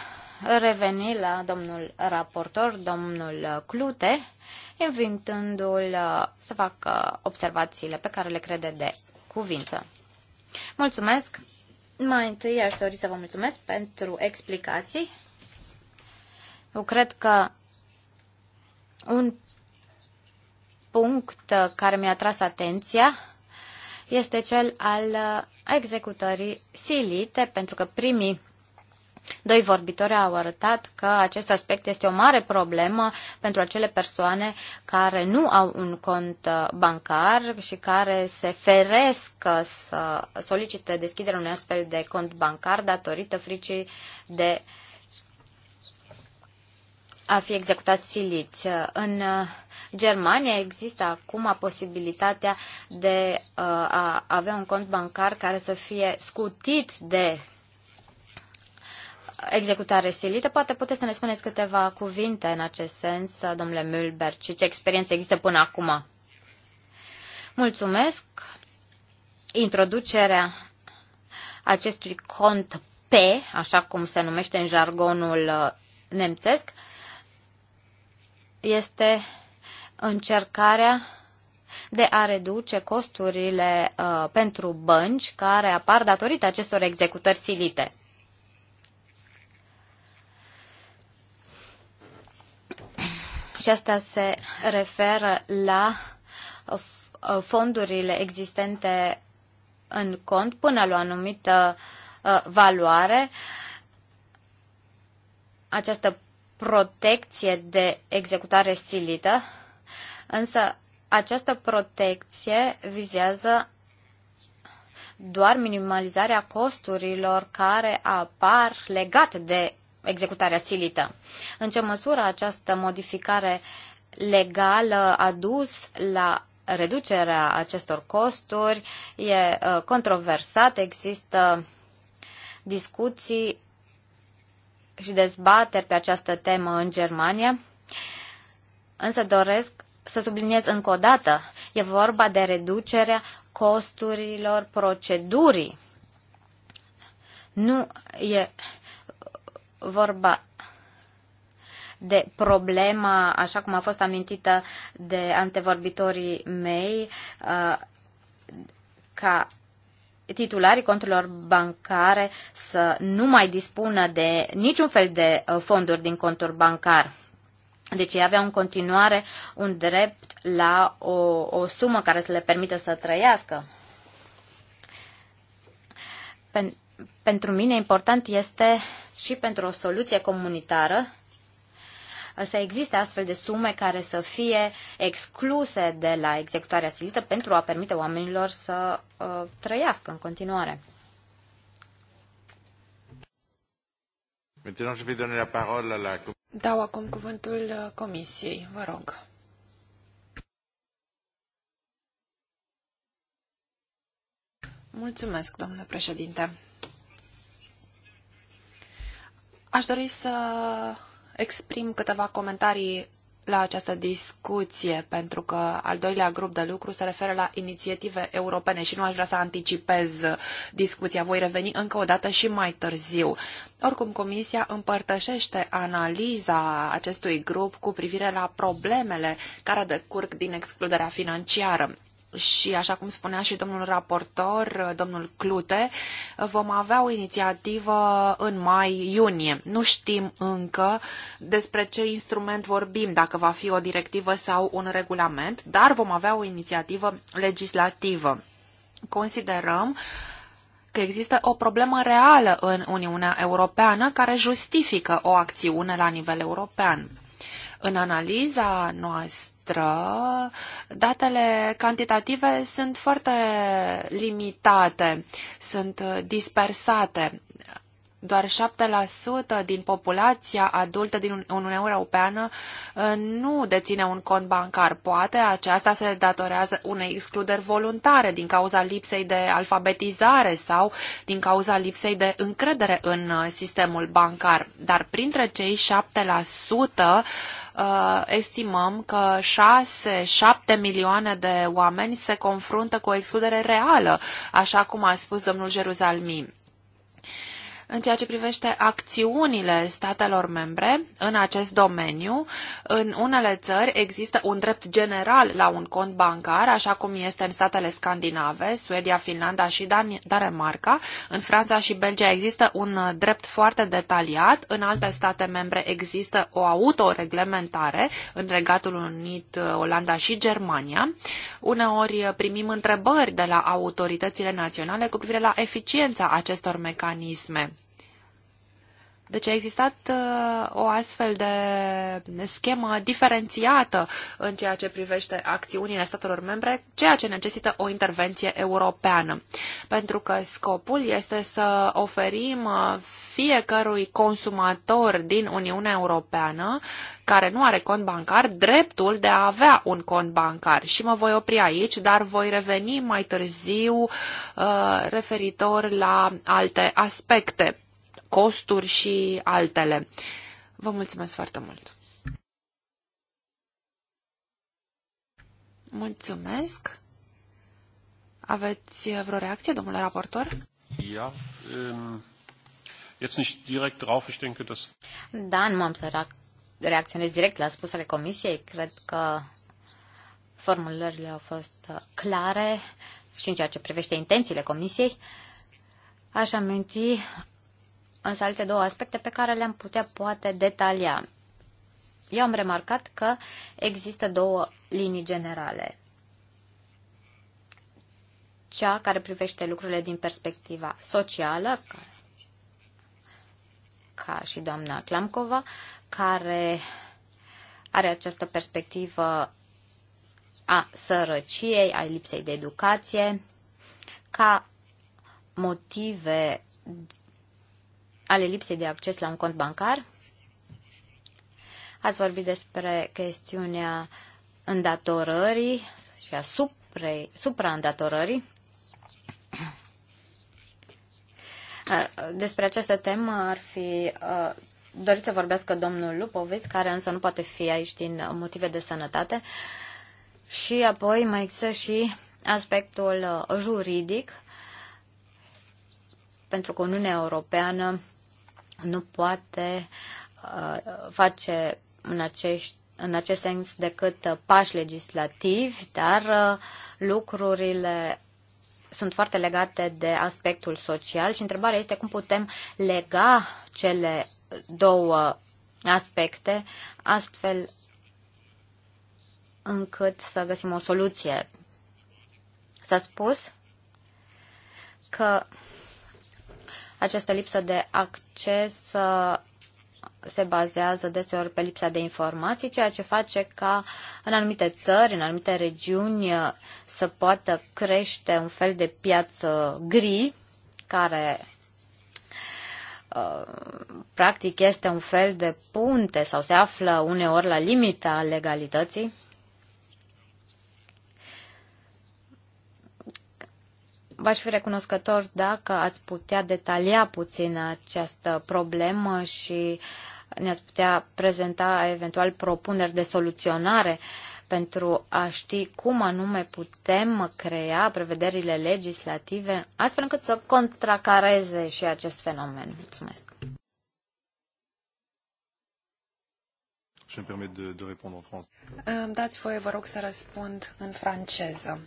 reveni la domnul raportor, domnul uh, Clute, invitându-l să facă observațiile pe care le crede de cuvință. Mulțumesc! Mai întâi aș dori să vă mulțumesc pentru explicații. Eu cred că un punct care mi-a tras atenția este cel al executării silite, pentru că primii Doi vorbitori au arătat că acest aspect este o mare problemă pentru acele persoane care nu au un cont uh, bancar și care se feresc să solicite deschiderea unui astfel de cont bancar datorită fricii de uh, a fi executați siliți. În uh, Germania există acum posibilitatea de uh, a avea un cont bancar care să fie scutit de executare silită. Poate puteți să ne spuneți câteva cuvinte în acest sens, domnule Mühlberg, și ce experiență există până acum. Mulțumesc. Introducerea acestui cont P, așa cum se numește în jargonul uh, nemțesc, este încercarea de a reduce costurile uh, pentru bănci care apar datorită acestor executări silite. Și asta se referă la uh, uh, fondurile existente în cont până la o anumită uh, valoare. Această protecție de executare silită, însă această protecție vizează doar minimalizarea costurilor care apar legate de executarea silită. În ce măsură această modificare legală a dus la reducerea acestor costuri e uh, controversat, există discuții și dezbateri pe această temă în Germania, însă doresc să subliniez încă o dată, e vorba de reducerea costurilor procedurii. Nu e vorba de problema, așa cum a fost amintită de antevorbitorii mei, uh, ca titularii conturilor bancare să nu mai dispună de niciun fel de uh, fonduri din contul bancar. Deci ei aveau în continuare un drept la o, o sumă care să le permită să trăiască. Pen, pentru mine important este și pentru o soluție comunitară să existe astfel de sume care să fie excluse de la executarea silită pentru a permite oamenilor să uh, trăiască în continuare. Dau acum cuvântul uh, Comisiei, vă rog. Mulțumesc, domnule președinte. Aș dori să exprim câteva comentarii la această discuție, pentru că al doilea grup de lucru se referă la inițiative europene și nu aș vrea să anticipez discuția. Voi reveni încă o dată și mai târziu. Oricum, Comisia împărtășește analiza acestui grup cu privire la problemele care decurg din excluderea financiară și, așa cum spunea și domnul raportor, domnul Clute, vom avea o inițiativă în mai-iunie. Nu știm încă despre ce instrument vorbim, dacă va fi o directivă sau un regulament, dar vom avea o inițiativă legislativă. Considerăm că există o problemă reală în Uniunea Europeană care justifică o acțiune la nivel european. În analiza noastră, noastră datele cantitative sunt foarte limitate, sunt dispersate doar 7% din populația adultă din Uniunea Europeană uh, nu deține un cont bancar. Poate aceasta se datorează unei excluderi voluntare din cauza lipsei de alfabetizare sau din cauza lipsei de încredere în uh, sistemul bancar. Dar printre cei 7% uh, estimăm că 6-7 milioane de oameni se confruntă cu o excludere reală, așa cum a spus domnul Jeruzalmi în ceea ce privește acțiunile statelor membre în acest domeniu. În unele țări există un drept general la un cont bancar, așa cum este în statele scandinave, Suedia, Finlanda și Dan Danemarca. În Franța și Belgia există un drept foarte detaliat, în alte state membre există o autoreglementare, în Regatul Unit, Olanda și Germania. Uneori primim întrebări de la autoritățile naționale cu privire la eficiența acestor mecanisme. Deci a existat uh, o astfel de schemă diferențiată în ceea ce privește acțiunile statelor membre, ceea ce necesită o intervenție europeană. Pentru că scopul este să oferim uh, fiecărui consumator din Uniunea Europeană care nu are cont bancar dreptul de a avea un cont bancar. Și mă voi opri aici, dar voi reveni mai târziu uh, referitor la alte aspecte costuri și altele. Vă mulțumesc foarte mult! Mulțumesc! Aveți vreo reacție, domnule raportor? Ja, um, jetzt nicht direkt drauf, ich denke, dass... Da, nu am să reacționez direct la spusele comisiei. Cred că formulările au fost uh, clare și în ceea ce privește intențiile comisiei. Aș aminti însă alte două aspecte pe care le-am putea poate detalia. Eu am remarcat că există două linii generale. Cea care privește lucrurile din perspectiva socială, ca și doamna Klamkova, care are această perspectivă a sărăciei, a lipsei de educație, ca motive ale lipsei de acces la un cont bancar. Ați vorbit despre chestiunea îndatorării și a supraîndatorării. Despre această temă ar fi dorit să vorbească domnul Lupoviț, care însă nu poate fi aici din motive de sănătate. Și apoi mai există și aspectul juridic, pentru că Uniunea Europeană nu poate uh, face în, acești, în acest sens decât uh, pași legislativi, dar uh, lucrurile sunt foarte legate de aspectul social și întrebarea este cum putem lega cele două aspecte astfel încât să găsim o soluție. S-a spus că această lipsă de acces uh, se bazează deseori pe lipsa de informații, ceea ce face ca în anumite țări, în anumite regiuni uh, să poată crește un fel de piață gri care uh, practic este un fel de punte sau se află uneori la limita legalității V-aș fi recunoscător dacă ați putea detalia puțin această problemă și ne-ați putea prezenta eventual propuneri de soluționare pentru a ști cum anume putem crea prevederile legislative astfel încât să contracareze și acest fenomen. Mulțumesc. Îmi dați voie, vă rog, să răspund în franceză.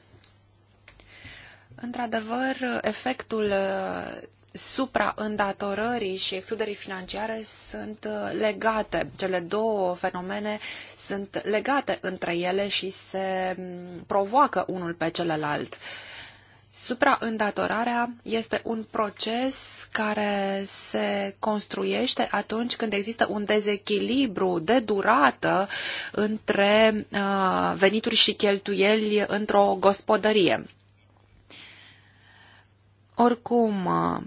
Într-adevăr, efectul uh, supraîndatorării și excluderii financiare sunt uh, legate. Cele două fenomene sunt legate între ele și se mm, provoacă unul pe celălalt. Supraîndatorarea este un proces care se construiește atunci când există un dezechilibru de durată între uh, venituri și cheltuieli într-o gospodărie. Oricum, uh,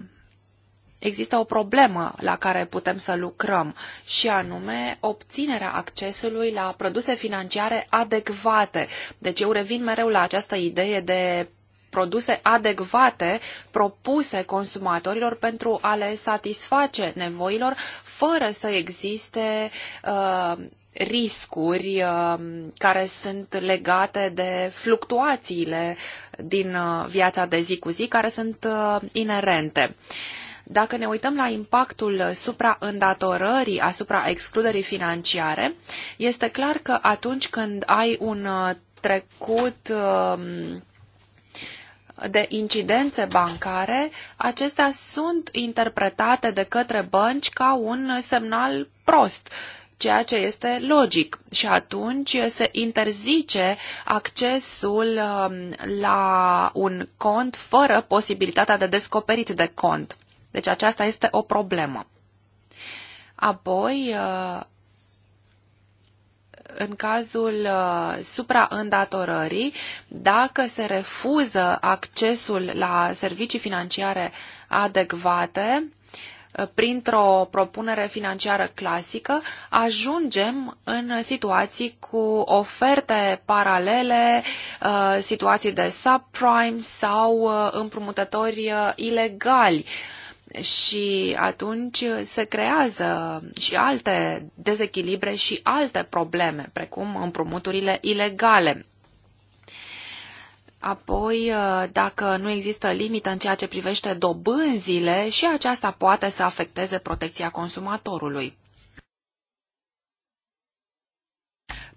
există o problemă la care putem să lucrăm și anume obținerea accesului la produse financiare adecvate. Deci eu revin mereu la această idee de produse adecvate propuse consumatorilor pentru a le satisface nevoilor fără să existe uh, riscuri uh, care sunt legate de fluctuațiile din uh, viața de zi cu zi, care sunt uh, inerente. Dacă ne uităm la impactul supraîndatorării asupra excluderii financiare, este clar că atunci când ai un trecut um, de incidențe bancare, acestea sunt interpretate de către bănci ca un semnal prost ceea ce este logic. Și atunci se interzice accesul um, la un cont fără posibilitatea de descoperit de cont. Deci aceasta este o problemă. Apoi, uh, în cazul uh, supraîndatorării, dacă se refuză accesul la servicii financiare adecvate, printr-o propunere financiară clasică, ajungem în situații cu oferte paralele, uh, situații de subprime sau uh, împrumutători uh, ilegali. Și atunci se creează și alte dezechilibre și alte probleme, precum împrumuturile ilegale. Apoi, uh, dacă nu există limită în ceea ce privește dobânzile, și aceasta poate să afecteze protecția consumatorului.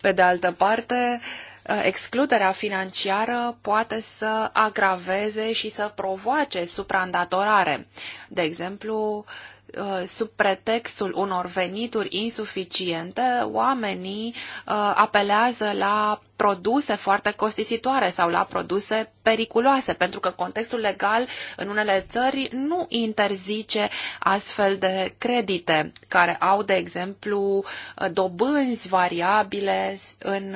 Pe de altă parte, uh, excluderea financiară poate să agraveze și să provoace supraîndatorare. De exemplu, Uh, sub pretextul unor venituri insuficiente, oamenii uh, apelează la produse foarte costisitoare sau la produse periculoase, pentru că contextul legal în unele țări nu interzice astfel de credite, care au, de exemplu, uh, dobânzi variabile în,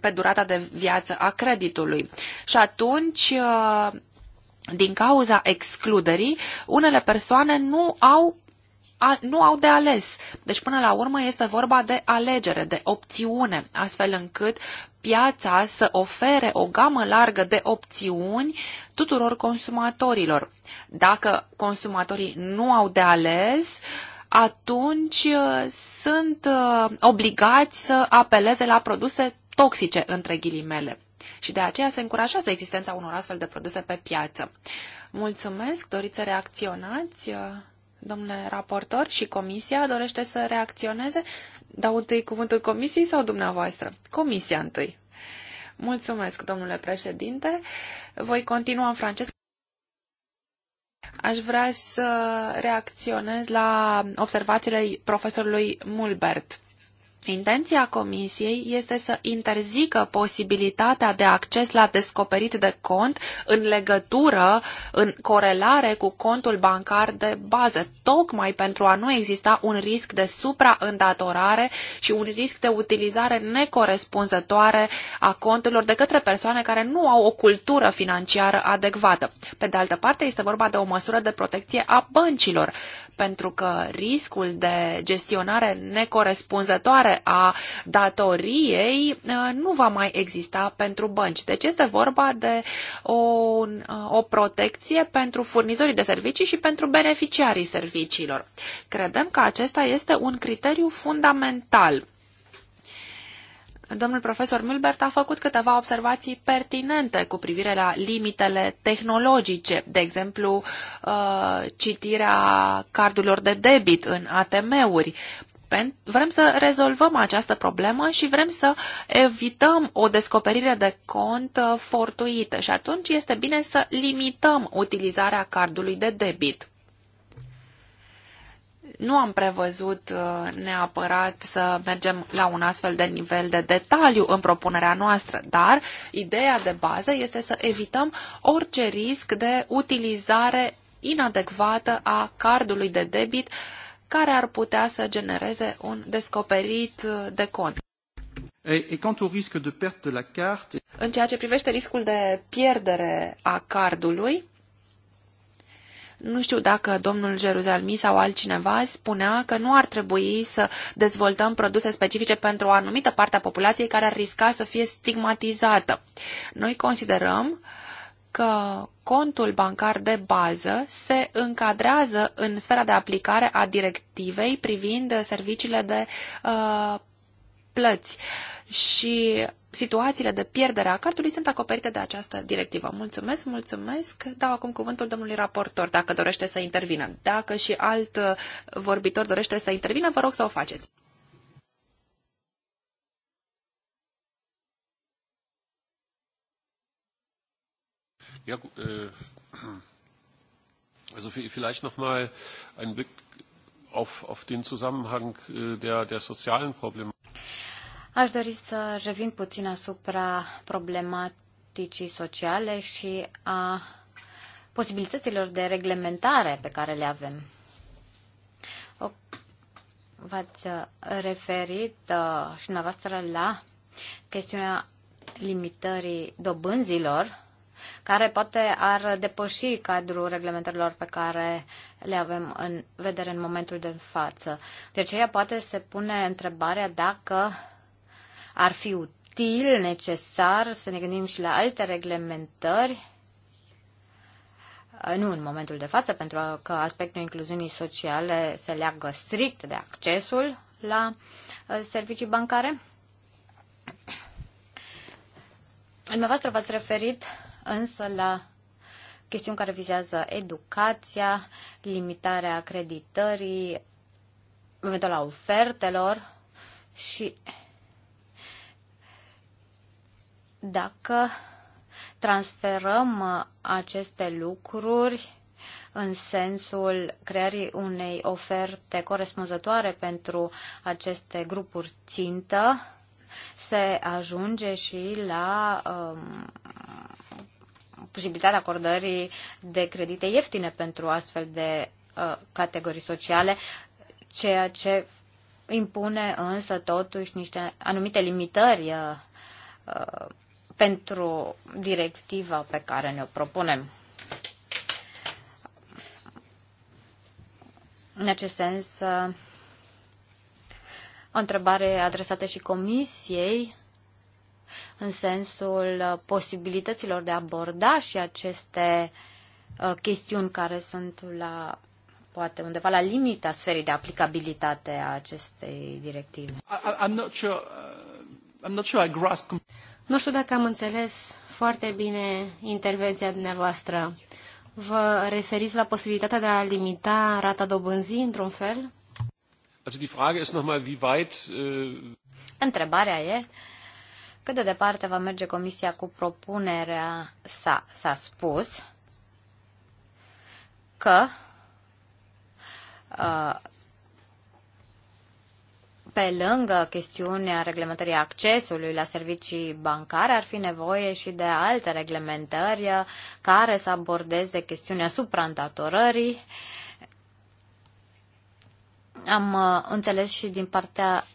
pe durata de viață a creditului. Și atunci din cauza excluderii, unele persoane nu au a, nu au de ales. Deci, până la urmă, este vorba de alegere, de opțiune, astfel încât piața să ofere o gamă largă de opțiuni tuturor consumatorilor. Dacă consumatorii nu au de ales, atunci uh, sunt uh, obligați să apeleze la produse toxice, între ghilimele și de aceea se încurajează existența unor astfel de produse pe piață. Mulțumesc, doriți să reacționați, uh, domnule raportor, și comisia dorește să reacționeze? Dau întâi cuvântul comisiei sau dumneavoastră? Comisia întâi. Mulțumesc, domnule președinte. Voi continua în francez. Aș vrea să reacționez la observațiile profesorului Mulbert Intenția Comisiei este să interzică posibilitatea de acces la descoperit de cont în legătură, în corelare cu contul bancar de bază, tocmai pentru a nu exista un risc de supraîndatorare și un risc de utilizare necorespunzătoare a conturilor de către persoane care nu au o cultură financiară adecvată. Pe de altă parte, este vorba de o măsură de protecție a băncilor, pentru că riscul de gestionare necorespunzătoare reducere a datoriei uh, nu va mai exista pentru bănci. Deci este vorba de o, uh, o protecție pentru furnizorii de servicii și pentru beneficiarii serviciilor. Credem că acesta este un criteriu fundamental. Domnul profesor Mulbert a făcut câteva observații pertinente cu privire la limitele tehnologice, de exemplu, uh, citirea cardurilor de debit în ATM-uri Vrem să rezolvăm această problemă și vrem să evităm o descoperire de cont uh, fortuită și atunci este bine să limităm utilizarea cardului de debit. Nu am prevăzut uh, neapărat să mergem la un astfel de nivel de detaliu în propunerea noastră, dar ideea de bază este să evităm orice risc de utilizare inadecvată a cardului de debit uh, care ar putea să genereze un descoperit de cont. Et, et quant au risque de perte de la carte... În ceea ce privește riscul de pierdere a cardului, nu știu dacă domnul Jeruzalmi sau altcineva spunea că nu ar trebui să dezvoltăm produse specifice pentru o anumită parte a populației care ar risca să fie stigmatizată. Noi considerăm uh, că contul bancar de bază se încadrează în sfera de aplicare a directivei privind serviciile de uh, plăți și situațiile de pierdere a cartului sunt acoperite de această directivă. Mulțumesc, mulțumesc. Dau acum cuvântul domnului raportor, dacă dorește să intervină. Dacă și alt uh, vorbitor dorește să intervină, vă rog să o faceți. Ja, äh, also vielleicht noch mal einen Blick auf, auf den Zusammenhang äh, der, der sozialen Probleme. Aș dori să revin puțin asupra problematicii sociale și a posibilităților de reglementare pe care le avem. V-ați referit uh, și dumneavoastră la chestiunea limitării dobânzilor care poate ar depăși cadrul reglementărilor pe care le avem în vedere în momentul de față. De aceea poate se pune întrebarea dacă ar fi util, necesar să ne gândim și la alte reglementări uh, nu în momentul de față, pentru că aspectul incluziunii sociale se leagă strict de accesul la uh, servicii bancare. Dumneavoastră v-ați referit însă la chestiuni care vizează educația, limitarea acreditării, eventual la ofertelor și dacă transferăm uh, aceste lucruri în sensul creării unei oferte corespunzătoare pentru aceste grupuri țintă, se ajunge și la um, posibilitatea acordării de credite ieftine pentru astfel de uh, categorii sociale, ceea ce impune însă totuși niște anumite limitări uh, uh pentru directiva pe care ne-o propunem. În acest sens, uh, o întrebare adresată și Comisiei în sensul uh, posibilităților de a aborda și aceste uh, chestiuni care sunt la poate undeva la limita sferii de aplicabilitate a acestei directive. I, I'm not sure, uh, I'm not sure I grasp... Nu știu dacă am înțeles foarte bine intervenția dumneavoastră. Vă referiți la posibilitatea de a limita rata dobânzii într-un fel? Also die Frage ist nochmal, wie weit... Uh... Întrebarea e cât de departe va merge Comisia cu propunerea sa. S-a spus că uh, pe lângă chestiunea reglementării accesului la servicii bancare, ar fi nevoie și de alte reglementări uh, care să abordeze chestiunea suprantatorării. Am uh, înțeles și din partea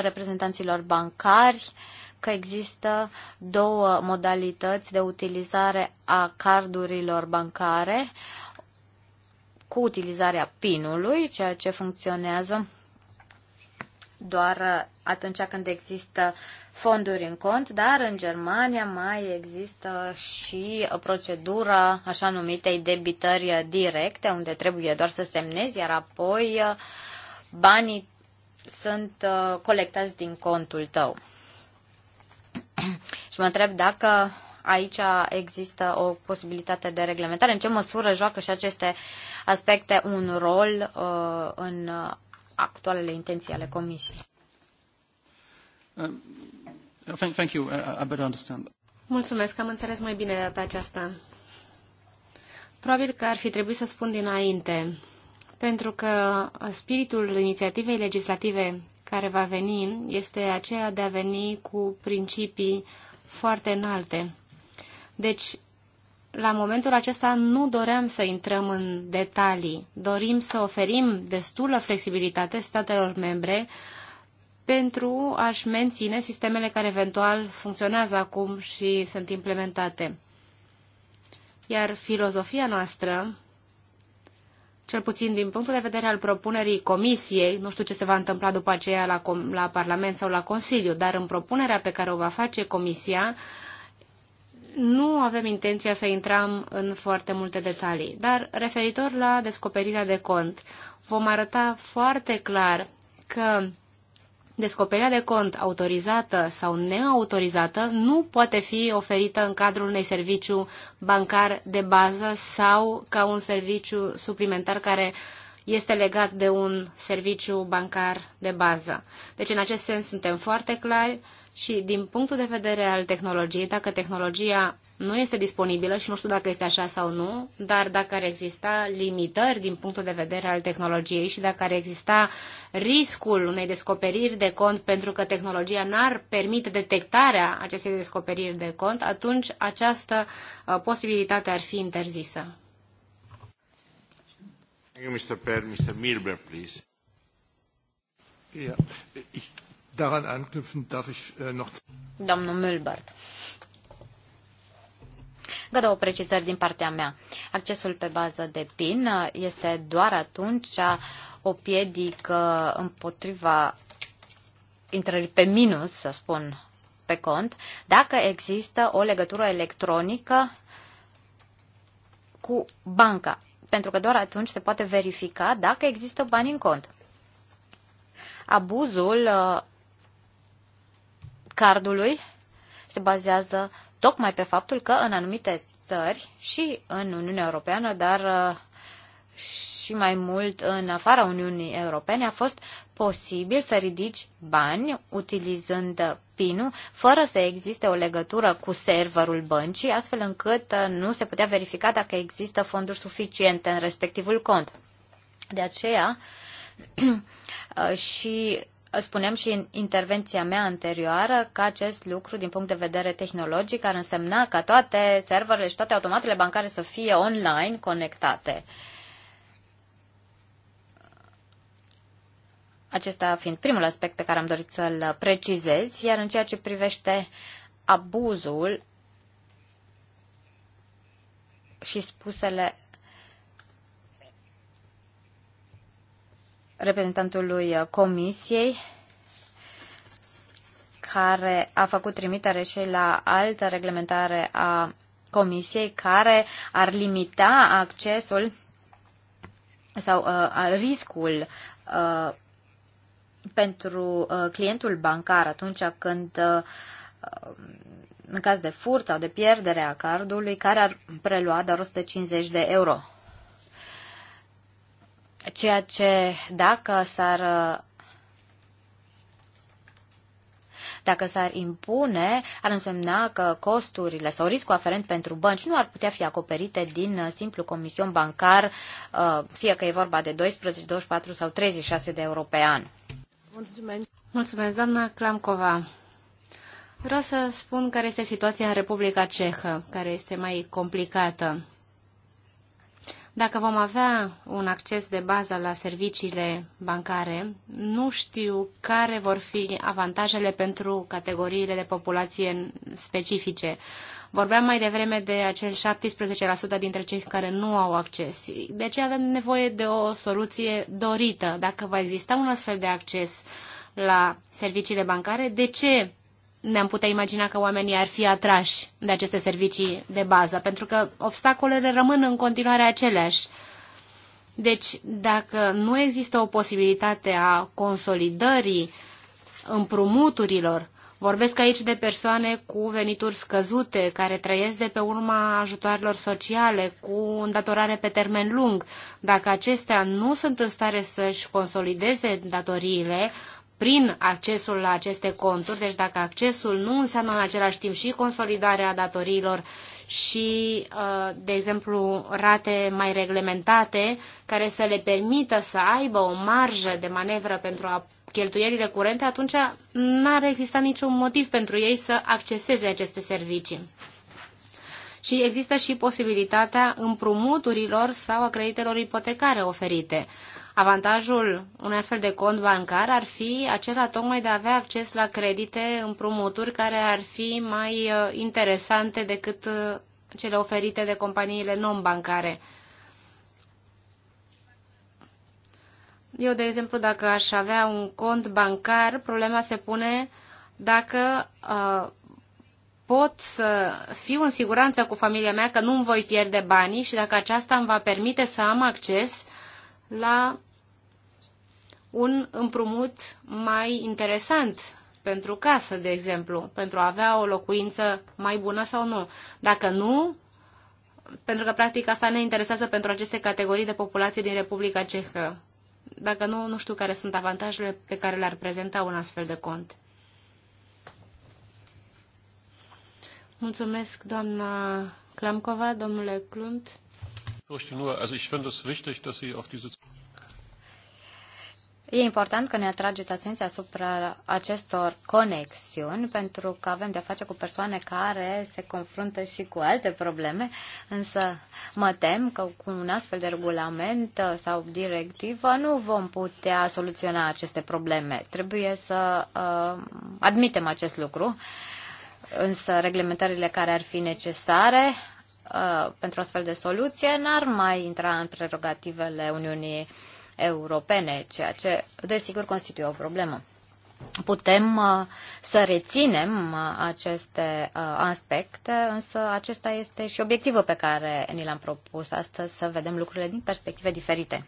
reprezentanților bancari că există două modalități de utilizare a cardurilor bancare cu utilizarea PIN-ului, ceea ce funcționează doar atunci când există fonduri în cont, dar în Germania mai există și procedura așa numitei debitări directe, unde trebuie doar să semnezi, iar apoi banii sunt uh, colectați din contul tău și mă întreb dacă aici există o posibilitate de reglementare. În ce măsură joacă și aceste aspecte un rol uh, în actualele intenții ale Comisiei? Uh, thank, thank you. I better understand. Mulțumesc, am înțeles mai bine data aceasta. Probabil că ar fi trebuit să spun dinainte, pentru că spiritul inițiativei legislative care va veni este aceea de a veni cu principii foarte înalte. Deci, la momentul acesta nu doream să intrăm în detalii. Dorim să oferim destulă flexibilitate statelor membre pentru a-și menține sistemele care eventual funcționează acum și sunt implementate. Iar filozofia noastră cel puțin din punctul de vedere al propunerii Comisiei, nu știu ce se va întâmpla după aceea la, la Parlament sau la Consiliu, dar în propunerea pe care o va face Comisia, nu avem intenția să intrăm în foarte multe detalii, dar referitor la descoperirea de cont, vom arăta foarte clar că descoperirea de cont autorizată sau neautorizată nu poate fi oferită în cadrul unui serviciu bancar de bază sau ca un serviciu suplimentar care este legat de un serviciu bancar de bază. Deci, în acest sens, suntem foarte clari și din punctul de vedere al tehnologiei, dacă tehnologia nu este disponibilă și nu știu dacă este așa sau nu, dar dacă ar exista limitări din punctul de vedere al tehnologiei și dacă ar exista riscul unei descoperiri de cont pentru că tehnologia n-ar permite detectarea acestei descoperiri de cont, atunci această uh, posibilitate ar fi interzisă. Mr. Per, Mr. Milber, please. Yeah. daran anknüpfen darf ich äh, noch... Domnul Milbert. Încă două precizări din partea mea. Accesul pe bază de PIN uh, este doar atunci uh, o piedică împotriva intrării pe minus, să spun, pe cont, dacă există o legătură electronică cu banca, pentru că doar atunci se poate verifica dacă există bani în cont. Abuzul uh, cardului se bazează tocmai pe faptul că în anumite țări și în Uniunea Europeană, dar uh, și mai mult în afara Uniunii Europene, a fost posibil să ridici bani utilizând PIN-ul, fără să existe o legătură cu serverul băncii, astfel încât uh, nu se putea verifica dacă există fonduri suficiente în respectivul cont. De aceea, (clears throat) uh, și spuneam și în intervenția mea anterioară că acest lucru, din punct de vedere tehnologic, ar însemna ca toate serverele și toate automatele bancare să fie online conectate. Acesta fiind primul aspect pe care am dorit să-l precizez, iar în ceea ce privește abuzul și spusele reprezentantului uh, Comisiei, care a făcut trimitere și la altă reglementare a Comisiei care ar limita accesul sau uh, riscul uh, pentru uh, clientul bancar atunci când uh, în caz de furt sau de pierdere a cardului, care ar prelua doar 150 de euro ceea ce dacă s-ar dacă s-ar impune, ar însemna că costurile sau riscul aferent pentru bănci nu ar putea fi acoperite din simplu comision bancar, uh, fie că e vorba de 12, 24 sau 36 de euro pe an. Mulțumesc. Mulțumesc, doamna Clamcova. Vreau să spun care este situația în Republica Cehă, care este mai complicată. Dacă vom avea un acces de bază la serviciile bancare, nu știu care vor fi avantajele pentru categoriile de populație specifice. Vorbeam mai devreme de acel 17% dintre cei care nu au acces. De ce avem nevoie de o soluție dorită? Dacă va exista un astfel de acces la serviciile bancare, de ce ne-am putea imagina că oamenii ar fi atrași de aceste servicii de bază, pentru că obstacolele rămân în continuare aceleași. Deci, dacă nu există o posibilitate a consolidării împrumuturilor, vorbesc aici de persoane cu venituri scăzute, care trăiesc de pe urma ajutoarelor sociale, cu îndatorare pe termen lung, dacă acestea nu sunt în stare să-și consolideze datoriile, prin accesul la aceste conturi, deci dacă accesul nu înseamnă în același timp și consolidarea datoriilor și, uh, de exemplu, rate mai reglementate care să le permită să aibă o marjă de manevră pentru a cheltuielile curente, atunci n-ar exista niciun motiv pentru ei să acceseze aceste servicii. Și există și posibilitatea împrumuturilor sau a creditelor ipotecare oferite. Avantajul unui astfel de cont bancar ar fi acela tocmai de a avea acces la credite, împrumuturi care ar fi mai uh, interesante decât uh, cele oferite de companiile non-bancare. Eu, de exemplu, dacă aș avea un cont bancar, problema se pune dacă uh, pot să fiu în siguranță cu familia mea că nu îmi voi pierde banii și dacă aceasta îmi va permite să am acces la un împrumut mai interesant pentru casă, de exemplu, pentru a avea o locuință mai bună sau nu. Dacă nu, pentru că practic asta ne interesează pentru aceste categorii de populație din Republica Cehă. Dacă nu, nu știu care sunt avantajele pe care le-ar prezenta un astfel de cont. Mulțumesc, doamna Klamkova, domnule Klunt. E important că ne atrageți atenția asupra acestor conexiuni, pentru că avem de-a face cu persoane care se confruntă și cu alte probleme, însă mă tem că cu un astfel de regulament sau directivă nu vom putea soluționa aceste probleme. Trebuie să uh, admitem acest lucru, însă reglementările care ar fi necesare uh, pentru astfel de soluție n-ar mai intra în prerogativele Uniunii europene, ceea ce desigur constituie o problemă. Putem uh, să reținem uh, aceste uh, aspecte, însă acesta este și obiectivul pe care ni l-am propus astăzi, să vedem lucrurile din perspective diferite.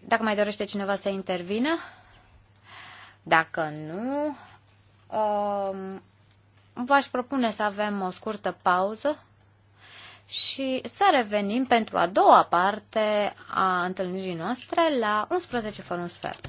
Dacă mai dorește cineva să intervină, dacă nu, um, v-aș propune să avem o scurtă pauză și să revenim pentru a doua parte a întâlnirii noastre la 11 fără un sfert.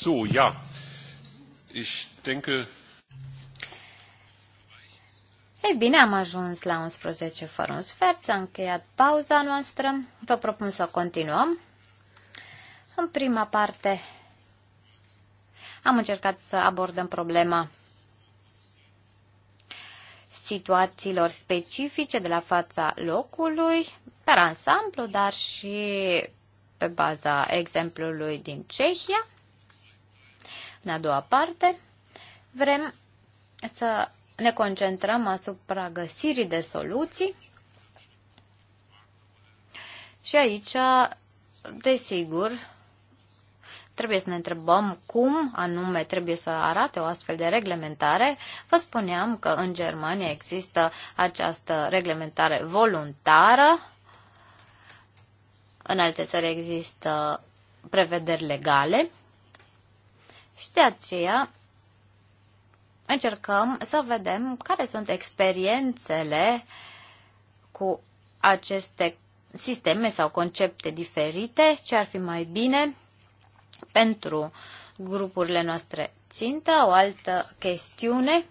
So, ja. Ich denke... Ei bine, am ajuns la 11 fără un sfert, s-a încheiat pauza noastră. Vă propun să continuăm. În prima parte am încercat să abordăm problema situațiilor specifice de la fața locului, pe ansamblu, dar și pe baza exemplului din Cehia. În a doua parte, vrem să ne concentrăm asupra găsirii de soluții și aici, desigur, trebuie să ne întrebăm cum anume trebuie să arate o astfel de reglementare. Vă spuneam că în Germania există această reglementare voluntară, în alte țări există prevederi legale și de aceea încercăm să vedem care sunt experiențele cu aceste sisteme sau concepte diferite, ce ar fi mai bine pentru grupurile noastre țintă. O altă chestiune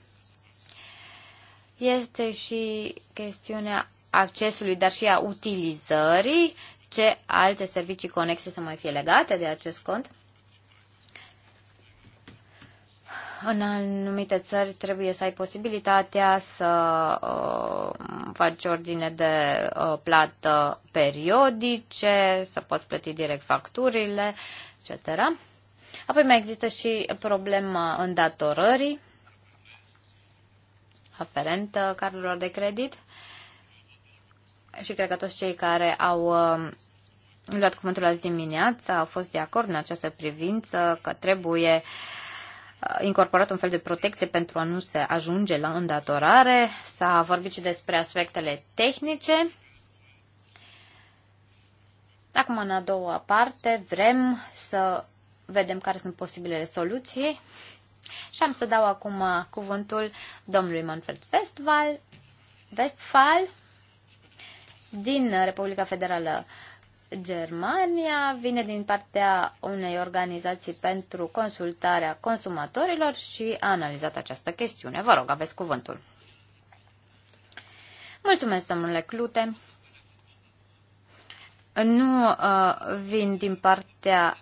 este și chestiunea accesului, dar și a utilizării, ce alte servicii conexe să mai fie legate de acest cont. în anumite țări trebuie să ai posibilitatea să uh, faci ordine de uh, plată periodice, să poți plăti direct facturile, etc. Apoi mai există și problema îndatorării aferentă cardurilor de credit și cred că toți cei care au uh, luat cuvântul azi dimineață au fost de acord în această privință că trebuie uh, incorporat un fel de protecție pentru a nu se ajunge la îndatorare. S-a vorbit și despre aspectele tehnice. Acum, în a doua parte, vrem să vedem care sunt posibilele soluții și am să dau acum cuvântul domnului Manfred Westphal, Westphal din Republica Federală Germania, vine din partea unei organizații pentru consultarea consumatorilor și a analizat această chestiune. Vă rog, aveți cuvântul. Mulțumesc, domnule Clute. Nu uh, vin din partea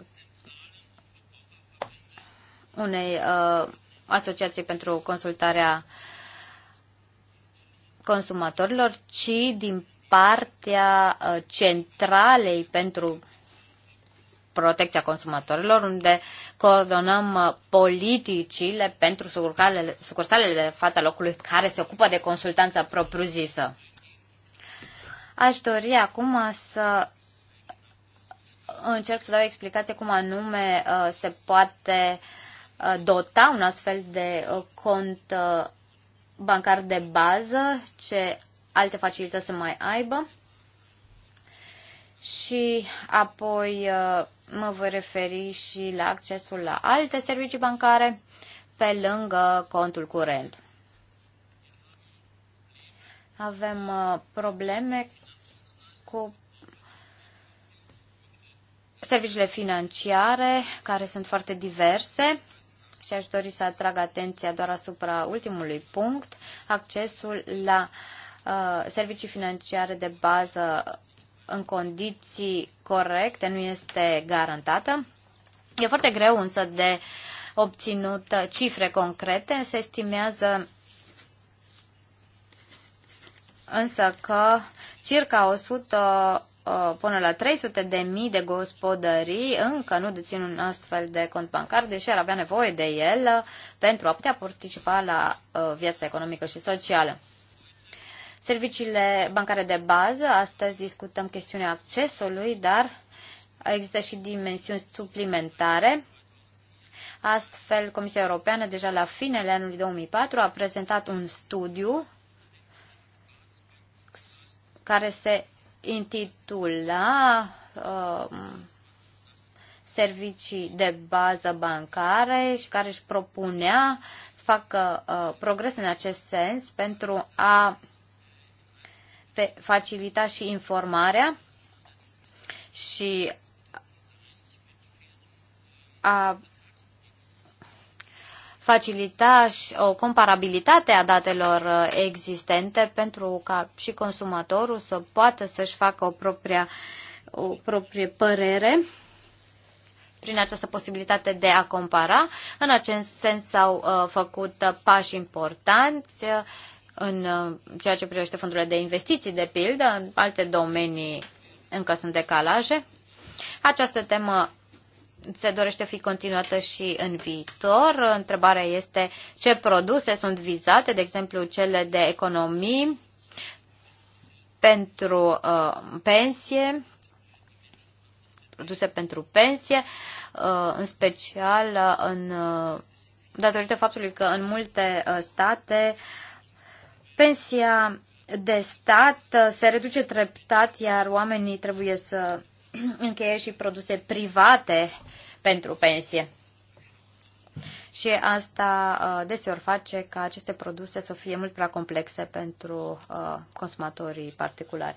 unei uh, asociații pentru consultarea consumatorilor, ci din partea uh, centralei pentru protecția consumatorilor, unde coordonăm uh, politicile pentru sucursalele, de fața locului care se ocupă de consultanța propriu-zisă. Aș dori acum să încerc să dau o explicație cum anume uh, se poate dota un astfel de cont bancar de bază ce alte facilități să mai aibă. Și apoi uh, mă voi referi și la accesul la alte servicii bancare pe lângă contul curent. Avem uh, probleme cu serviciile financiare, care sunt foarte diverse și aș dori să atrag atenția doar asupra ultimului punct, accesul la uh, Uh, servicii financiare de bază în condiții corecte nu este garantată. E foarte greu însă de obținut cifre concrete. Se estimează însă că circa 100 uh, până la 300 de mii de gospodării încă nu dețin un astfel de cont bancar, deși ar avea nevoie de el uh, pentru a putea participa la viața economică și socială. Serviciile bancare de bază, astăzi discutăm chestiunea accesului, dar există și dimensiuni suplimentare. Astfel, Comisia Europeană, deja la finele anului 2004, a prezentat un studiu care se intitula uh, servicii de bază bancare și care își propunea să facă uh, progres în acest sens pentru a facilita și informarea și a facilita și o comparabilitate a datelor uh, existente pentru ca și consumatorul să poată să-și facă o, propria, o proprie părere prin această posibilitate de a compara. În acest sens s-au uh, făcut uh, pași importanți uh, în uh, ceea ce privește fondurile de investiții, de pildă, în alte domenii încă sunt decalaje. Această temă se dorește fi continuată și în viitor. Întrebarea este ce produse sunt vizate, de exemplu cele de economii pentru uh, pensie, produse pentru pensie, uh, în special uh, în, uh, datorită faptului că în multe uh, state uh, Pensia de stat uh, se reduce treptat, iar oamenii trebuie să (clears throat) încheie și produse private pentru pensie. Și asta uh, deseori face ca aceste produse să fie mult prea complexe pentru uh, consumatorii particulari.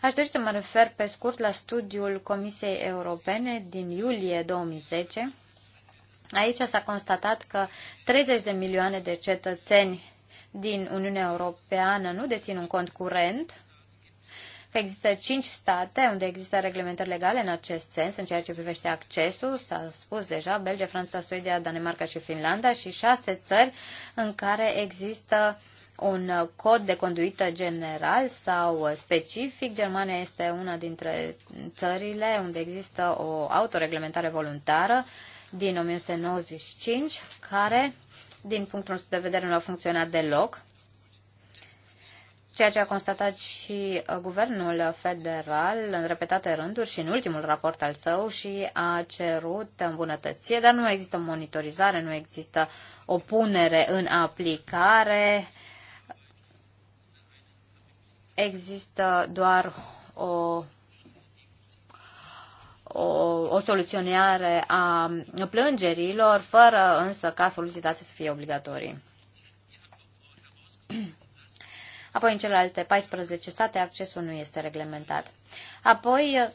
Aș dori să mă refer pe scurt la studiul Comisiei Europene din iulie 2010. Aici s-a constatat că 30 de milioane de cetățeni din Uniunea Europeană nu dețin un cont curent, că există cinci state unde există reglementări legale în acest sens, în ceea ce privește accesul, s-a spus deja, Belgia, Franța, Suedia, Danemarca și Finlanda, și șase țări în care există un cod de conduită general sau specific. Germania este una dintre țările unde există o autoreglementare voluntară din 1995 care din punctul nostru de vedere, nu a funcționat deloc. Ceea ce a constatat și uh, guvernul federal în repetate rânduri și în ultimul raport al său și a cerut îmbunătățire, dar nu există monitorizare, nu există o punere în aplicare. Există doar o o, o soluționare a plângerilor, fără însă ca solicitate să fie obligatorii. Apoi, în celelalte 14 state, accesul nu este reglementat. Apoi,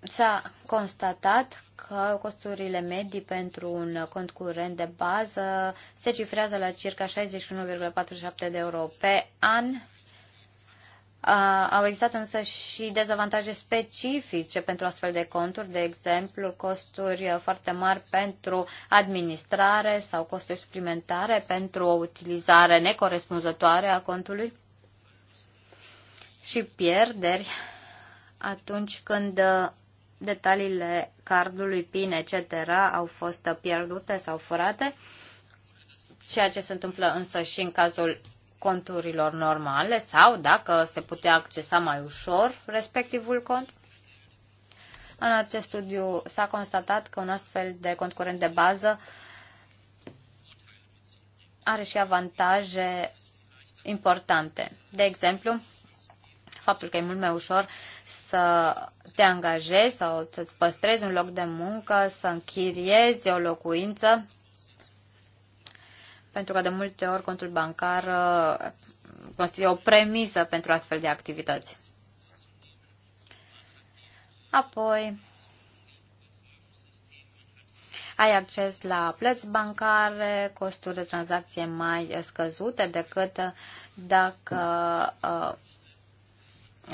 s-a constatat că costurile medii pentru un cont curent de bază se cifrează la circa 61,47 de euro pe an Uh, au existat însă și dezavantaje specifice pentru astfel de conturi, de exemplu costuri uh, foarte mari pentru administrare sau costuri suplimentare pentru o utilizare necorespunzătoare a contului și pierderi atunci când uh, detaliile cardului PIN etc. au fost pierdute sau furate, ceea ce se întâmplă însă și în cazul conturilor normale sau dacă se putea accesa mai ușor respectivul cont. În acest studiu s-a constatat că un astfel de cont curent de bază are și avantaje importante. De exemplu, faptul că e mult mai ușor să te angajezi sau să-ți păstrezi un loc de muncă, să închiriezi o locuință pentru că de multe ori contul bancar uh, constituie o premisă pentru astfel de activități. Apoi, ai acces la plăți bancare, costuri de tranzacție mai scăzute decât dacă uh,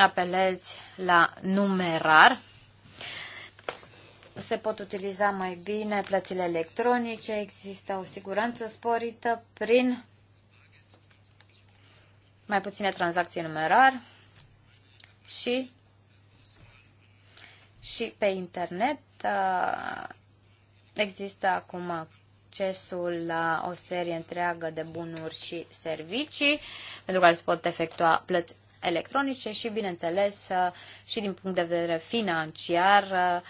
apelezi la numerar se pot utiliza mai bine plățile electronice, există o siguranță sporită prin mai puține tranzacții numerar și, și pe internet uh, există acum accesul la o serie întreagă de bunuri și servicii pentru care se pot efectua plăți electronice și, bineînțeles, uh, și din punct de vedere financiar uh,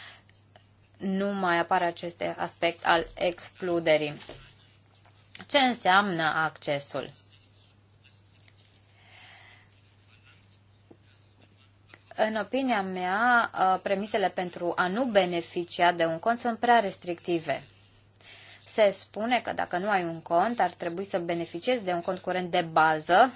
nu mai apare acest aspect al excluderii. Ce înseamnă accesul? În opinia mea, uh, premisele pentru a nu beneficia de un cont sunt prea restrictive. Se spune că dacă nu ai un cont, ar trebui să beneficiezi de un cont curent de bază,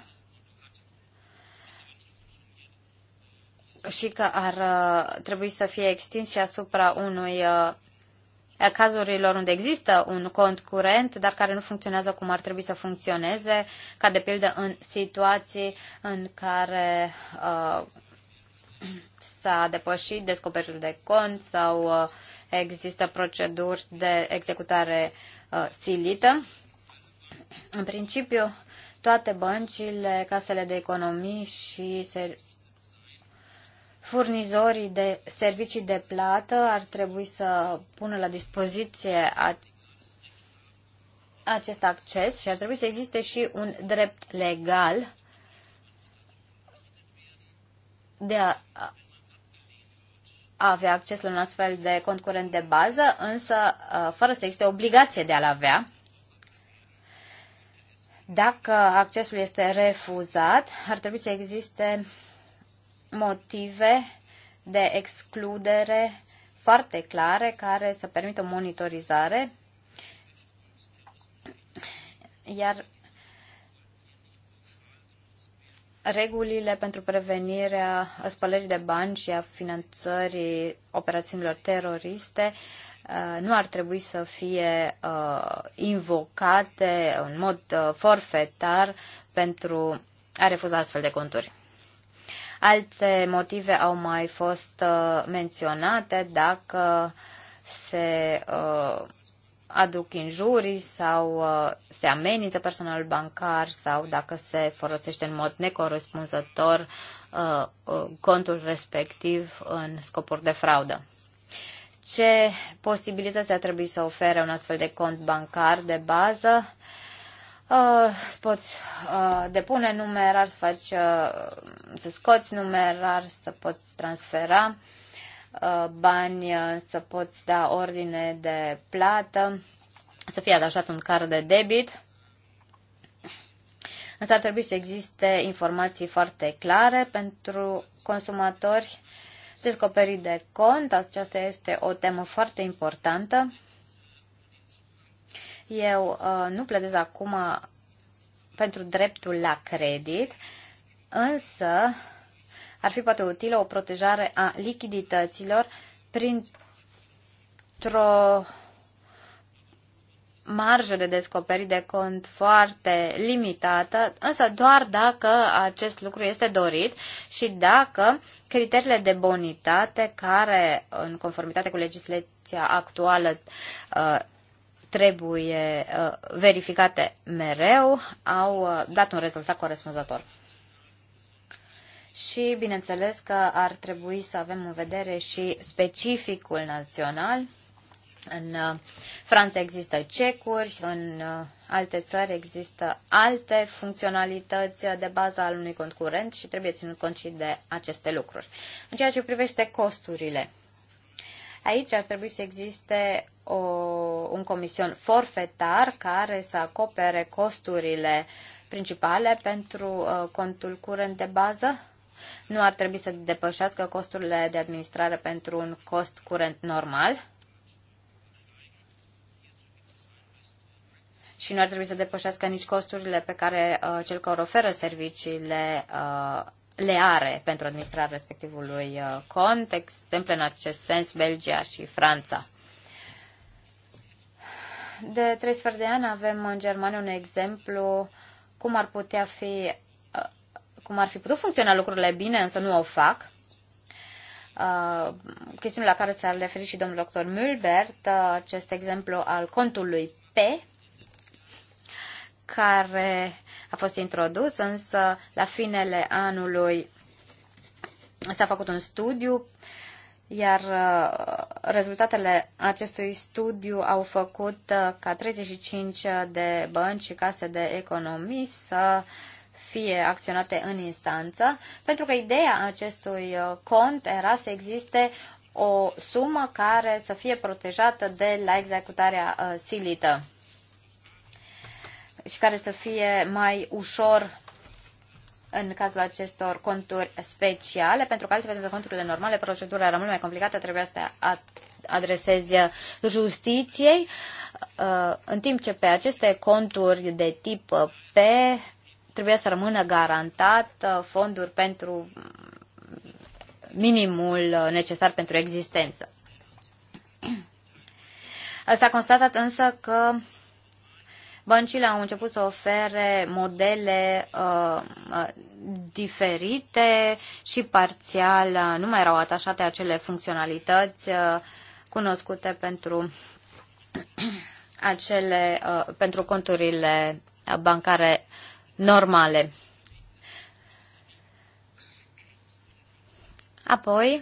și că ar uh, trebui să fie extins și asupra unui uh, cazurilor unde există un cont curent, dar care nu funcționează cum ar trebui să funcționeze, ca de pildă în situații în care uh, (clears throat) s-a depășit descoperitul de cont sau uh, există proceduri de executare uh, silită. În principiu, toate băncile, casele de economii și furnizorii de servicii de plată ar trebui să pună la dispoziție acest acces și ar trebui să existe și un drept legal de a avea acces la un astfel de cont curent de bază, însă fără să existe obligație de a-l avea. Dacă accesul este refuzat, ar trebui să existe motive de excludere foarte clare care să permită monitorizare, iar regulile pentru prevenirea spălării de bani și a finanțării operațiunilor teroriste uh, nu ar trebui să fie uh, invocate în mod uh, forfetar pentru a refuza astfel de conturi. Alte motive au mai fost uh, menționate dacă se uh, aduc injurii sau uh, se amenință personal bancar sau dacă se folosește în mod necorespunzător contul respectiv în scopuri de fraudă ce posibilități ar trebui să ofere un astfel de cont bancar de bază Uh, poți uh, depune numerar, să faci, uh, să scoți numerar, să poți transfera uh, bani, uh, să poți da ordine de plată, să fie atașat un card de debit. Însă ar trebui să existe informații foarte clare pentru consumatori Descoperi de cont. Aceasta este o temă foarte importantă eu uh, nu plătesc acum uh, pentru dreptul la credit, însă ar fi poate utilă o protejare a lichidităților printr-o marjă de descoperit de cont foarte limitată, însă doar dacă acest lucru este dorit și dacă criteriile de bonitate care, în conformitate cu legislația actuală, uh, trebuie uh, verificate mereu, au uh, dat un rezultat corespunzător. Și, bineînțeles, că ar trebui să avem în vedere și specificul național. În uh, Franța există cecuri, în alte țări există alte funcționalități de bază al unui cont curent și trebuie ținut cont și de aceste lucruri. În ceea ce privește costurile, aici ar trebui să existe o, un comision forfetar care să acopere costurile principale pentru uh, contul curent de bază? Nu ar trebui să depășească costurile de administrare pentru un cost curent normal? Și nu ar trebui să depășească nici costurile pe care uh, cel care oferă serviciile uh, le are pentru administrarea respectivului uh, cont, exemple în acest sens Belgia și Franța. De trei sfert de ani avem în Germania un exemplu cum ar putea fi uh, cum ar fi putut funcționa lucrurile bine, însă nu o fac. Uh, chestiunea la care s-a referit și domnul doctor Mulbert, uh, acest exemplu al contului P, care a fost introdus, însă la finele anului s-a făcut un studiu uh, iar uh, rezultatele acestui studiu au făcut uh, ca 35 de bănci și case de economii să fie acționate în instanță, pentru că ideea acestui uh, cont era să existe o sumă care să fie protejată de la executarea silită și care să fie mai ușor în cazul acestor conturi speciale, pentru că altfel, pentru conturile normale, procedura era mult mai complicată, trebuia să te adresezi justiției, uh, în timp ce pe aceste conturi de tip P trebuia să rămână garantat uh, fonduri pentru minimul necesar pentru existență. (clears throat) S-a constatat însă că Băncile au început să ofere modele uh, uh diferite și parțial uh, nu mai erau atașate acele funcționalități uh, cunoscute pentru (clears throat) acele uh, pentru conturile bancare normale. Apoi,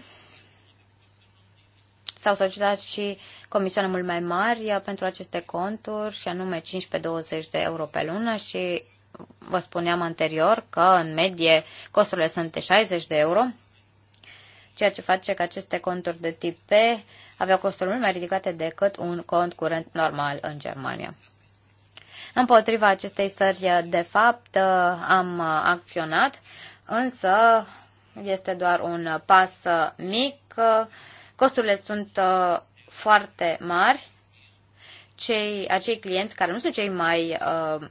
S-au solicitat și comisioane mult mai mari uh, pentru aceste conturi, și anume 15-20 de euro pe lună și vă spuneam anterior că în medie costurile sunt de 60 de euro, ceea ce face că aceste conturi de tip P aveau costuri mult mai ridicate decât un cont curent normal în Germania. Împotriva acestei stări, uh, de fapt, uh, am acționat, însă este doar un pas mic Costurile sunt uh, foarte mari. Cei, acei clienți care nu sunt cei mai uh,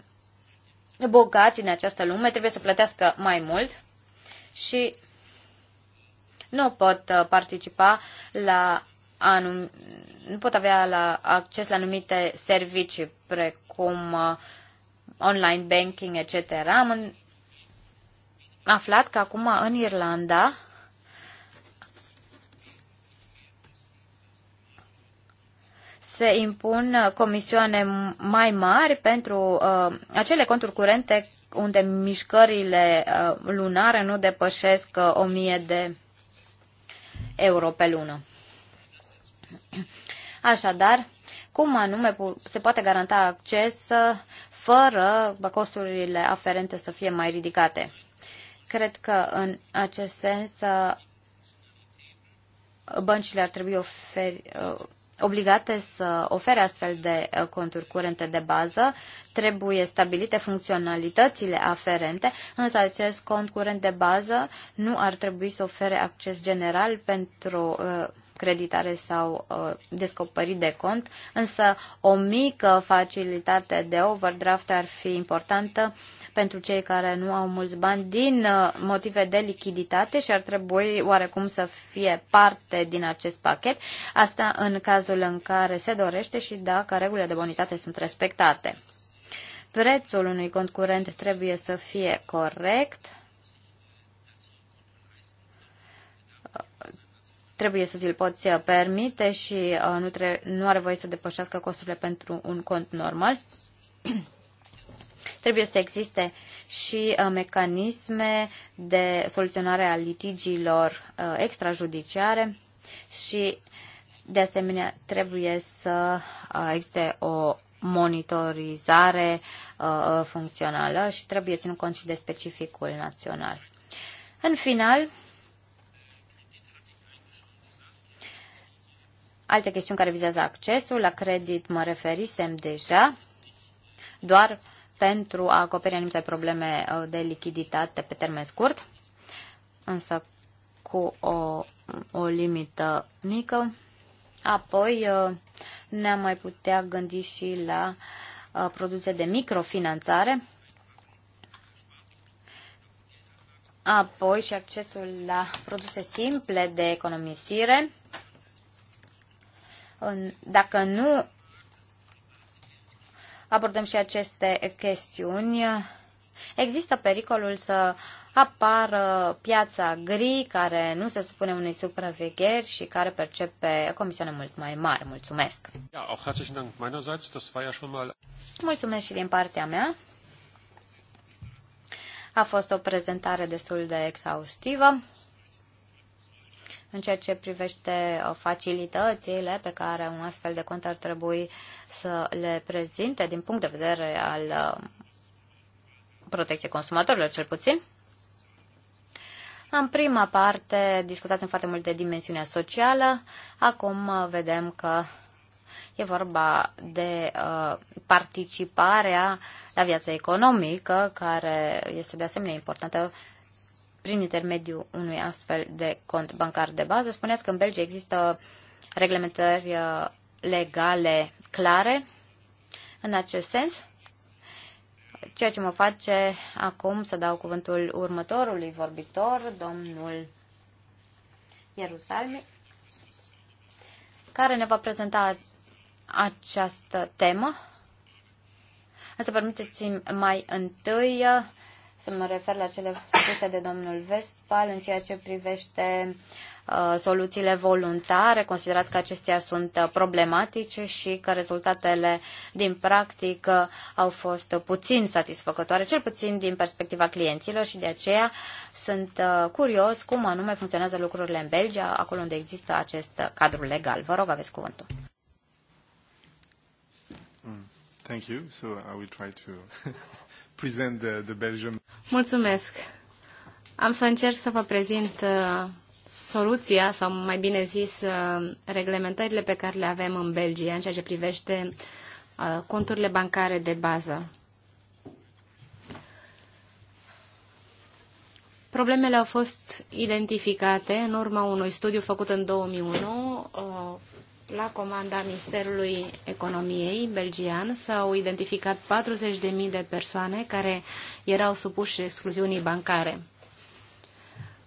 bogați în această lume trebuie să plătească mai mult și nu pot uh, participa la anum, nu pot avea la acces la anumite servicii precum uh, online banking etc. Am în, aflat că acum în Irlanda se impun uh, comisioane mai mari pentru uh, acele conturi curente unde mișcările uh, lunare nu depășesc uh, 1000 de euro pe lună. Așadar, cum anume se poate garanta acces fără costurile aferente să fie mai ridicate? Cred că în acest sens uh, băncile ar trebui oferi, uh, obligate să ofere astfel de uh, conturi curente de bază, trebuie stabilite funcționalitățile aferente, însă acest cont curent de bază nu ar trebui să ofere acces general pentru uh, creditare sau uh, descoperit de cont, însă o mică facilitate de overdraft ar fi importantă pentru cei care nu au mulți bani din uh, motive de lichiditate și ar trebui oarecum să fie parte din acest pachet, asta în cazul în care se dorește și dacă regulile de bonitate sunt respectate. Prețul unui cont curent trebuie să fie corect, trebuie să ți-l poți permite și uh, nu, tre- nu are voie să depășească costurile pentru un cont normal. (clears throat) trebuie să existe și uh, mecanisme de soluționare a litigiilor uh, extrajudiciare și de asemenea trebuie să existe o monitorizare funcțională și trebuie ținut cont și de specificul național. În final, Alte chestiuni care vizează accesul la credit mă referisem deja, doar pentru a acoperi anumite probleme uh, de lichiditate pe termen scurt, însă cu o, o limită mică. Apoi uh, ne-am mai putea gândi și la uh, produse de microfinanțare, apoi și accesul la produse simple de economisire dacă nu abordăm și aceste chestiuni, există pericolul să apară piața gri care nu se supune unei supravegheri și care percepe comisioane mult mai mari. Mulțumesc! Mulțumesc și din partea mea. A fost o prezentare destul de exhaustivă în ceea ce privește uh, facilitățile pe care un astfel de cont ar trebui să le prezinte din punct de vedere al uh, protecției consumatorilor, cel puțin. În prima parte discutat în foarte mult de dimensiunea socială, acum uh, vedem că e vorba de uh, participarea la viața economică, care este de asemenea importantă prin intermediul unui astfel de cont bancar de bază. Spuneați că în Belgia există reglementări uh, legale clare în acest sens, ceea ce mă face acum să dau cuvântul următorului vorbitor, domnul Ierusalmi, care ne va prezenta această temă. Însă permiteți-mi mai întâi uh, să mă refer la cele spuse de domnul Vestpal în ceea ce privește uh, soluțiile voluntare, considerați că acestea sunt uh, problematice și că rezultatele din practică au fost puțin satisfăcătoare, cel puțin din perspectiva clienților și de aceea sunt uh, curios cum anume funcționează lucrurile în Belgia, acolo unde există acest cadru legal. Vă rog, aveți cuvântul. Mm, thank you. So I will try to (laughs) present the, the Belgium. Mulțumesc. Am să încerc să vă prezint uh, soluția, sau mai bine zis, uh, reglementările pe care le avem în Belgia în ceea ce privește uh, conturile bancare de bază. Problemele au fost identificate în urma unui studiu făcut în 2001, la comanda Ministerului Economiei belgian s-au identificat 40.000 de persoane care erau supuși excluziunii bancare.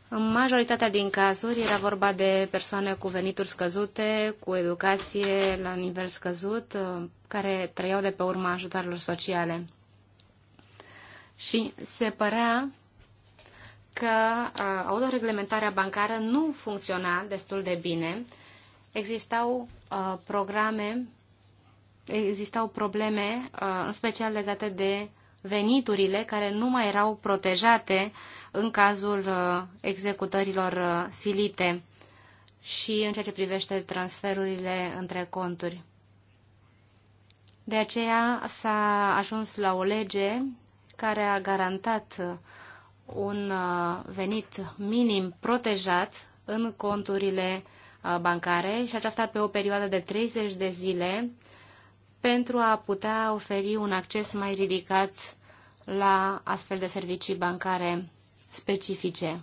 În majoritatea din cazuri era vorba de persoane cu venituri scăzute, cu educație la nivel scăzut, uh, care trăiau de pe urma ajutoarelor sociale. Și se părea că uh, autoreglementarea bancară nu funcționa destul de bine. Existau Uh, programe, existau probleme, uh, în special legate de veniturile care nu mai erau protejate în cazul uh, executărilor uh, silite și în ceea ce privește transferurile între conturi. De aceea s-a ajuns la o lege care a garantat uh, un uh, venit minim protejat în conturile Uh, bancare și aceasta pe o perioadă de 30 de zile pentru a putea oferi un acces mai ridicat la astfel de servicii bancare specifice.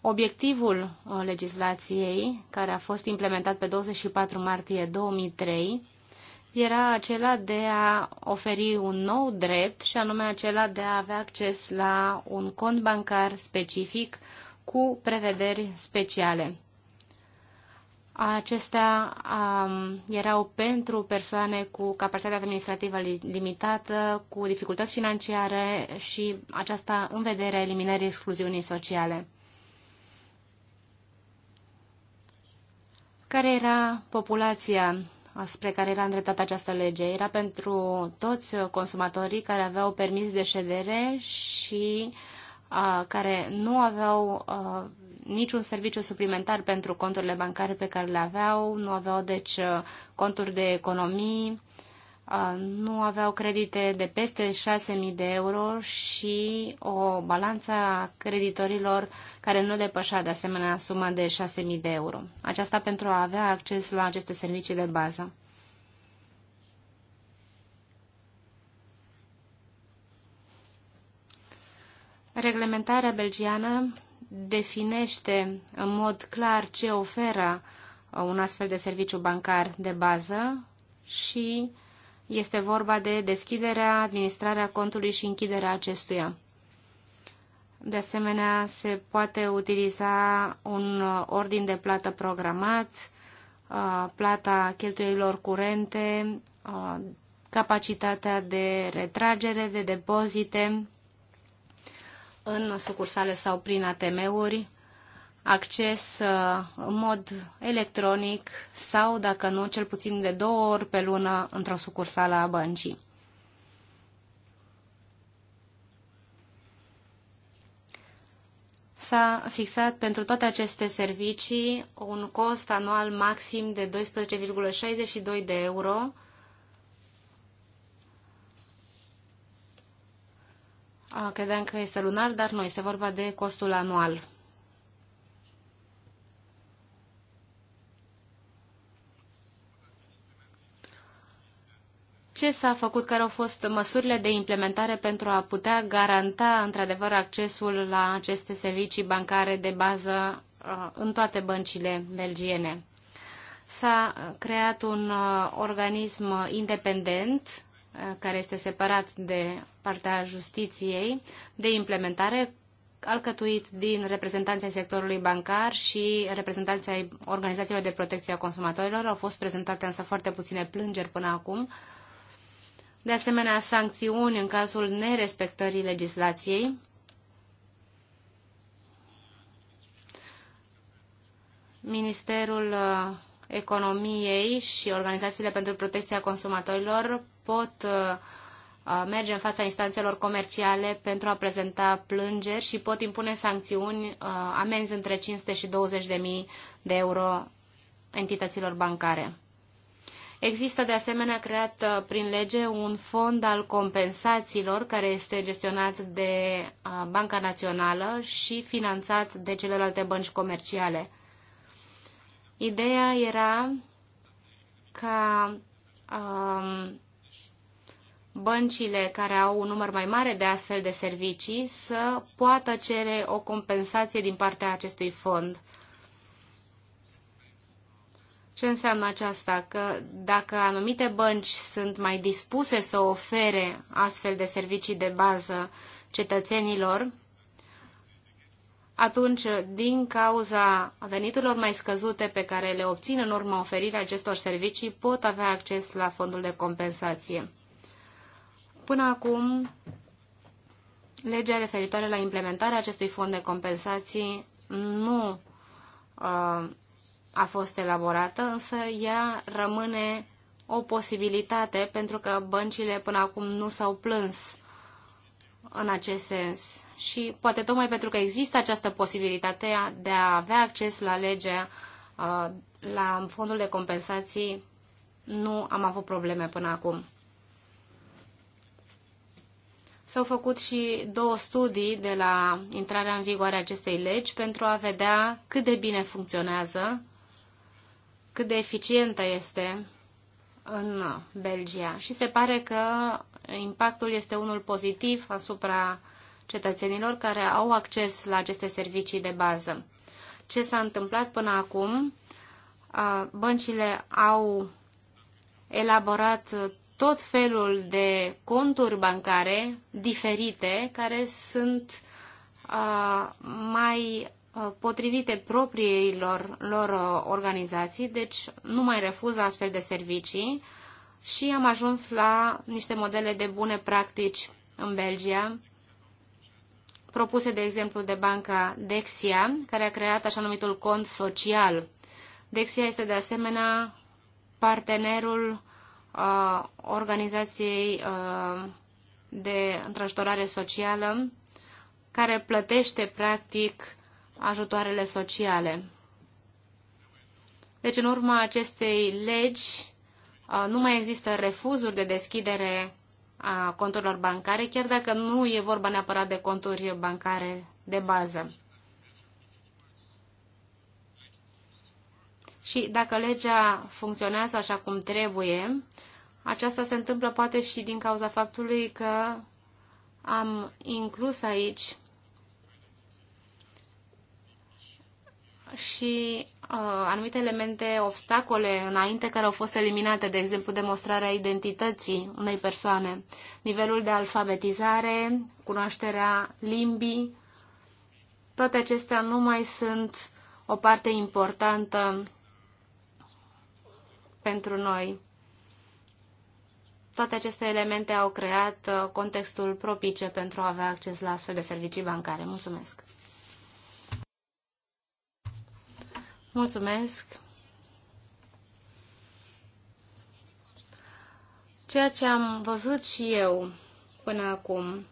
Obiectivul uh, legislației, care a fost implementat pe 24 martie 2003, era acela de a oferi un nou drept și anume acela de a avea acces la un cont bancar specific cu prevederi speciale. Acestea um, erau pentru persoane cu capacitate administrativă limitată, cu dificultăți financiare și aceasta în vederea eliminării excluziunii sociale. Care era populația spre care era îndreptată această lege? Era pentru toți consumatorii care aveau permis de ședere și uh, care nu aveau uh, niciun serviciu suplimentar pentru conturile bancare pe care le aveau, nu aveau deci uh, conturi de economii, uh, nu aveau credite de peste 6.000 de euro și o balanță a creditorilor care nu depășea de asemenea suma de 6.000 de euro. Aceasta pentru a avea acces la aceste servicii de bază. Reglementarea belgiană definește în mod clar ce oferă uh, un astfel de serviciu bancar de bază și este vorba de deschiderea, administrarea contului și închiderea acestuia. De asemenea, se poate utiliza un uh, ordin de plată programat, uh, plata cheltuielilor curente, capacitatea de retragere, de depozite în sucursale sau prin ATM-uri, acces uh, în mod electronic sau, dacă nu, cel puțin de două ori pe lună într-o sucursală a băncii. S-a fixat pentru toate aceste servicii un cost anual maxim de 12,62 de euro, Credeam că este lunar, dar nu, este vorba de costul anual. Ce s-a făcut, care au fost măsurile de implementare pentru a putea garanta într-adevăr accesul la aceste servicii bancare de bază uh, în toate băncile belgiene? S-a creat un uh, organism independent care este separat de partea justiției, de implementare, alcătuit din reprezentanții sectorului bancar și reprezentanții organizațiilor de protecție a consumatorilor. Au fost prezentate însă foarte puține plângeri până acum. De asemenea, sancțiuni în cazul nerespectării legislației. Ministerul uh, economiei și organizațiile pentru protecția consumatorilor pot uh, uh, merge în fața instanțelor comerciale pentru a prezenta plângeri și pot impune sancțiuni, uh, amenzi între 500 și 20 de mii de euro entităților bancare. Există de asemenea creat prin lege un fond al compensațiilor care este gestionat de Banca Națională și finanțat de celelalte bănci comerciale. Ideea era ca um, băncile care au un număr mai mare de astfel de servicii să poată cere o compensație din partea acestui fond. Ce înseamnă aceasta? Că dacă anumite bănci sunt mai dispuse să ofere astfel de servicii de bază cetățenilor, atunci, din cauza veniturilor mai scăzute pe care le obțin în urma oferirii acestor servicii, pot avea acces la fondul de compensație. Până acum, legea referitoare la implementarea acestui fond de compensații nu uh, a fost elaborată, însă ea rămâne o posibilitate pentru că băncile până acum nu s-au plâns în acest sens și poate tocmai pentru că există această posibilitate de a avea acces la legea, uh, la fondul de compensații, nu am avut probleme până acum. S-au făcut și două studii de la intrarea în vigoare a acestei legi pentru a vedea cât de bine funcționează, cât de eficientă este în Belgia. Și se pare că impactul este unul pozitiv asupra cetățenilor care au acces la aceste servicii de bază. Ce s-a întâmplat până acum? Băncile au elaborat tot felul de conturi bancare diferite care sunt mai potrivite propriilor lor organizații, deci nu mai refuză astfel de servicii și am ajuns la niște modele de bune practici în Belgia, propuse, de exemplu, de banca Dexia, care a creat așa numitul cont social. Dexia este, de asemenea, partenerul uh, organizației uh, de întrajutorare socială, care plătește, practic, ajutoarele sociale. Deci, în urma acestei legi, nu mai există refuzuri de deschidere a conturilor bancare, chiar dacă nu e vorba neapărat de conturi bancare de bază. Și dacă legea funcționează așa cum trebuie, aceasta se întâmplă poate și din cauza faptului că am inclus aici și Uh, anumite elemente, obstacole înainte care au fost eliminate, de exemplu demonstrarea identității unei persoane, nivelul de alfabetizare, cunoașterea limbii, toate acestea nu mai sunt o parte importantă pentru noi. Toate aceste elemente au creat uh, contextul propice pentru a avea acces la astfel de servicii bancare. Mulțumesc! Mulțumesc. Ceea ce am văzut și eu până acum,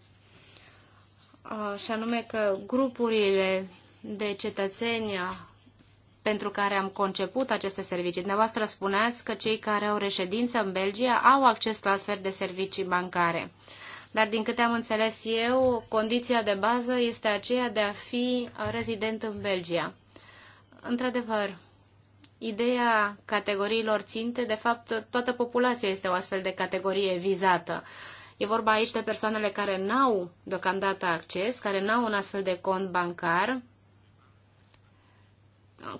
și anume că grupurile de cetățeni pentru care am conceput aceste servicii. Dumneavoastră spuneați că cei care au reședință în Belgia au acces la astfel de servicii bancare. Dar din câte am înțeles eu, condiția de bază este aceea de a fi rezident în Belgia într-adevăr, ideea categoriilor ținte, de fapt, toată populația este o astfel de categorie vizată. E vorba aici de persoanele care n-au deocamdată acces, care n-au un astfel de cont bancar.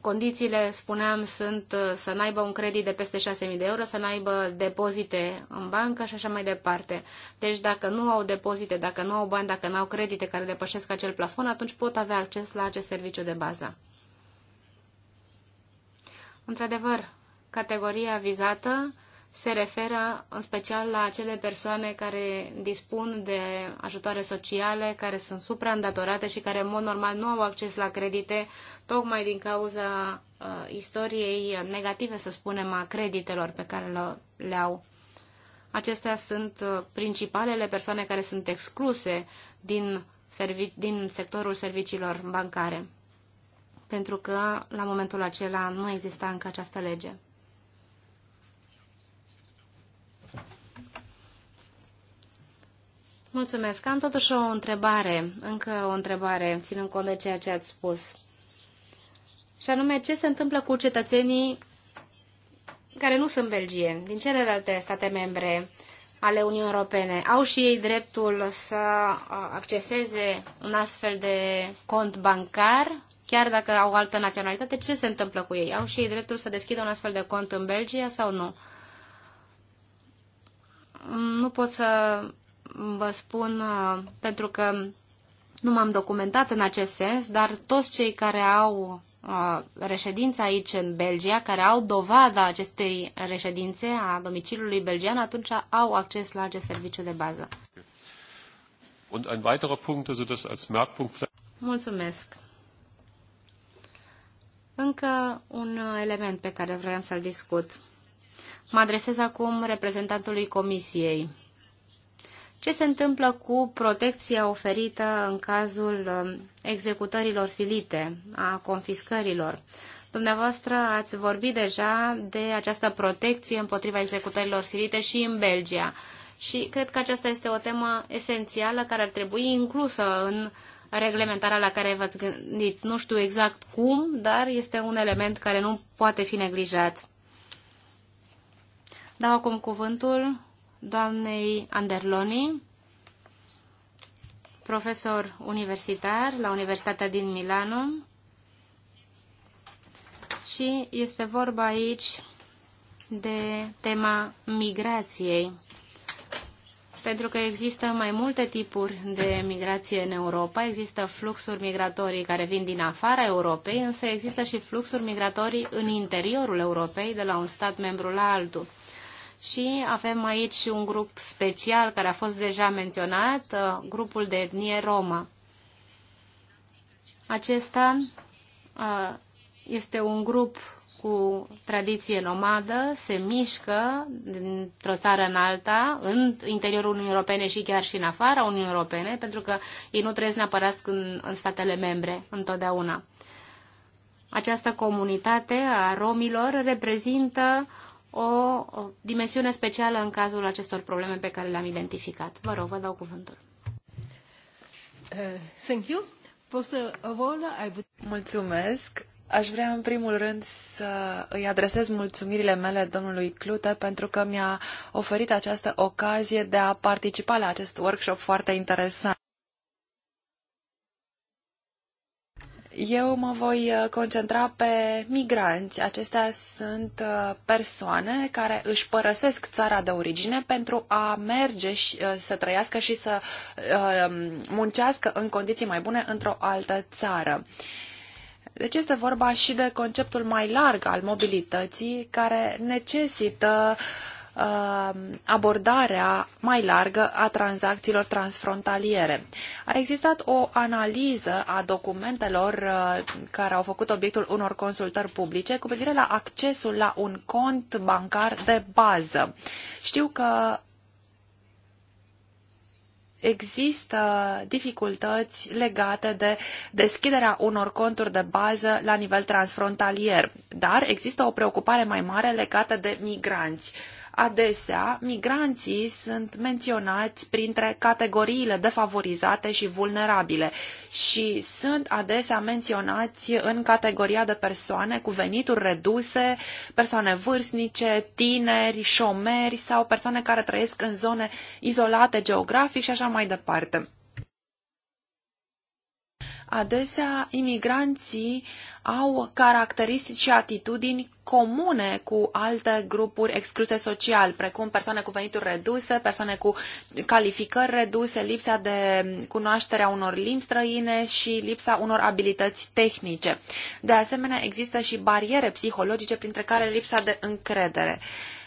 Condițiile, spuneam, sunt uh, să n-aibă un credit de peste 6.000 de euro, să n-aibă depozite în bancă și așa mai departe. Deci dacă nu au depozite, dacă nu au bani, dacă nu au credite care depășesc acel plafon, atunci pot avea acces la acest serviciu de bază. Într-adevăr, categoria vizată se referă în special la acele persoane care dispun de ajutoare sociale, care sunt supraîndatorate și care în mod normal nu au acces la credite, tocmai din cauza uh, istoriei negative, să spunem, a creditelor pe care le, le au. Acestea sunt uh, principalele persoane care sunt excluse din, din sectorul serviciilor bancare pentru că la momentul acela nu exista încă această lege. Mulțumesc. Am totuși o întrebare, încă o întrebare, ținând cont de ceea ce ați spus. Și anume, ce se întâmplă cu cetățenii care nu sunt belgieni, din celelalte state membre ale Uniunii Europene? Au și ei dreptul să acceseze un astfel de cont bancar chiar dacă au altă naționalitate, ce se întâmplă cu ei? Au și ei dreptul să deschidă un astfel de cont în Belgia sau nu? Nu pot să vă spun uh, pentru că nu m-am documentat în acest sens, dar toți cei care au uh, reședința aici în Belgia, care au dovada acestei reședințe a domiciliului belgian, atunci au acces la acest serviciu de bază. Mulțumesc. Încă un uh, element pe care vroiam să-l discut. Mă adresez acum reprezentantului Comisiei. Ce se întâmplă cu protecția oferită în cazul um, executărilor silite, a confiscărilor? Dumneavoastră ați vorbit deja de această protecție împotriva executărilor silite și în Belgia. Și cred că aceasta este o temă esențială care ar trebui inclusă în uh, reglementarea la care v-ați gândit. Nu știu exact cum, dar este un element care nu poate fi neglijat. Dau acum cuvântul doamnei Anderloni, profesor universitar la Universitatea din Milano și este vorba aici de tema migrației pentru că există mai multe tipuri de migrație în Europa. Există fluxuri migratorii care vin din afara Europei, însă există și fluxuri migratorii în interiorul Europei, de la un stat membru la altul. Și avem aici și un grup special care a fost deja menționat, uh, grupul de etnie Roma. Acesta uh, este un grup cu tradiție nomadă se mișcă dintr-o țară în alta, în interiorul Uniunii Europene și chiar și în afara Uniunii Europene, pentru că ei nu trăiesc neapărat în, în statele membre întotdeauna. Această comunitate a romilor reprezintă o, o dimensiune specială în cazul acestor probleme pe care le-am identificat. Vă rog, vă dau cuvântul. Uh, thank you. Mulțumesc. Aș vrea în primul rând să îi adresez mulțumirile mele domnului Clute pentru că mi-a oferit această ocazie de a participa la acest workshop foarte interesant. Eu mă voi uh, concentra pe migranți. Acestea sunt uh, persoane care își părăsesc țara de origine pentru a merge și uh, să trăiască și să muncească în condiții mai bune într-o altă țară. Deci este vorba și de conceptul mai larg al mobilității care necesită uh, abordarea mai largă a tranzacțiilor transfrontaliere. A existat o analiză a documentelor uh, care au făcut obiectul unor consultări publice cu privire la accesul la un cont bancar de bază. Știu că există dificultăți legate de deschiderea unor conturi de bază la nivel transfrontalier, dar există o preocupare mai mare legată de migranți. Adesea, migranții sunt menționați printre categoriile defavorizate și vulnerabile și sunt adesea menționați în categoria de persoane cu venituri reduse, persoane vârstnice, tineri, șomeri sau persoane care trăiesc în zone izolate geografic și așa mai departe. Adesea, imigranții au caracteristici și atitudini comune cu alte grupuri excluse social, precum persoane cu venituri reduse, persoane cu calificări reduse, lipsa de cunoașterea unor limbi străine și lipsa unor abilități tehnice. De asemenea, există și bariere psihologice, printre care lipsa de încredere.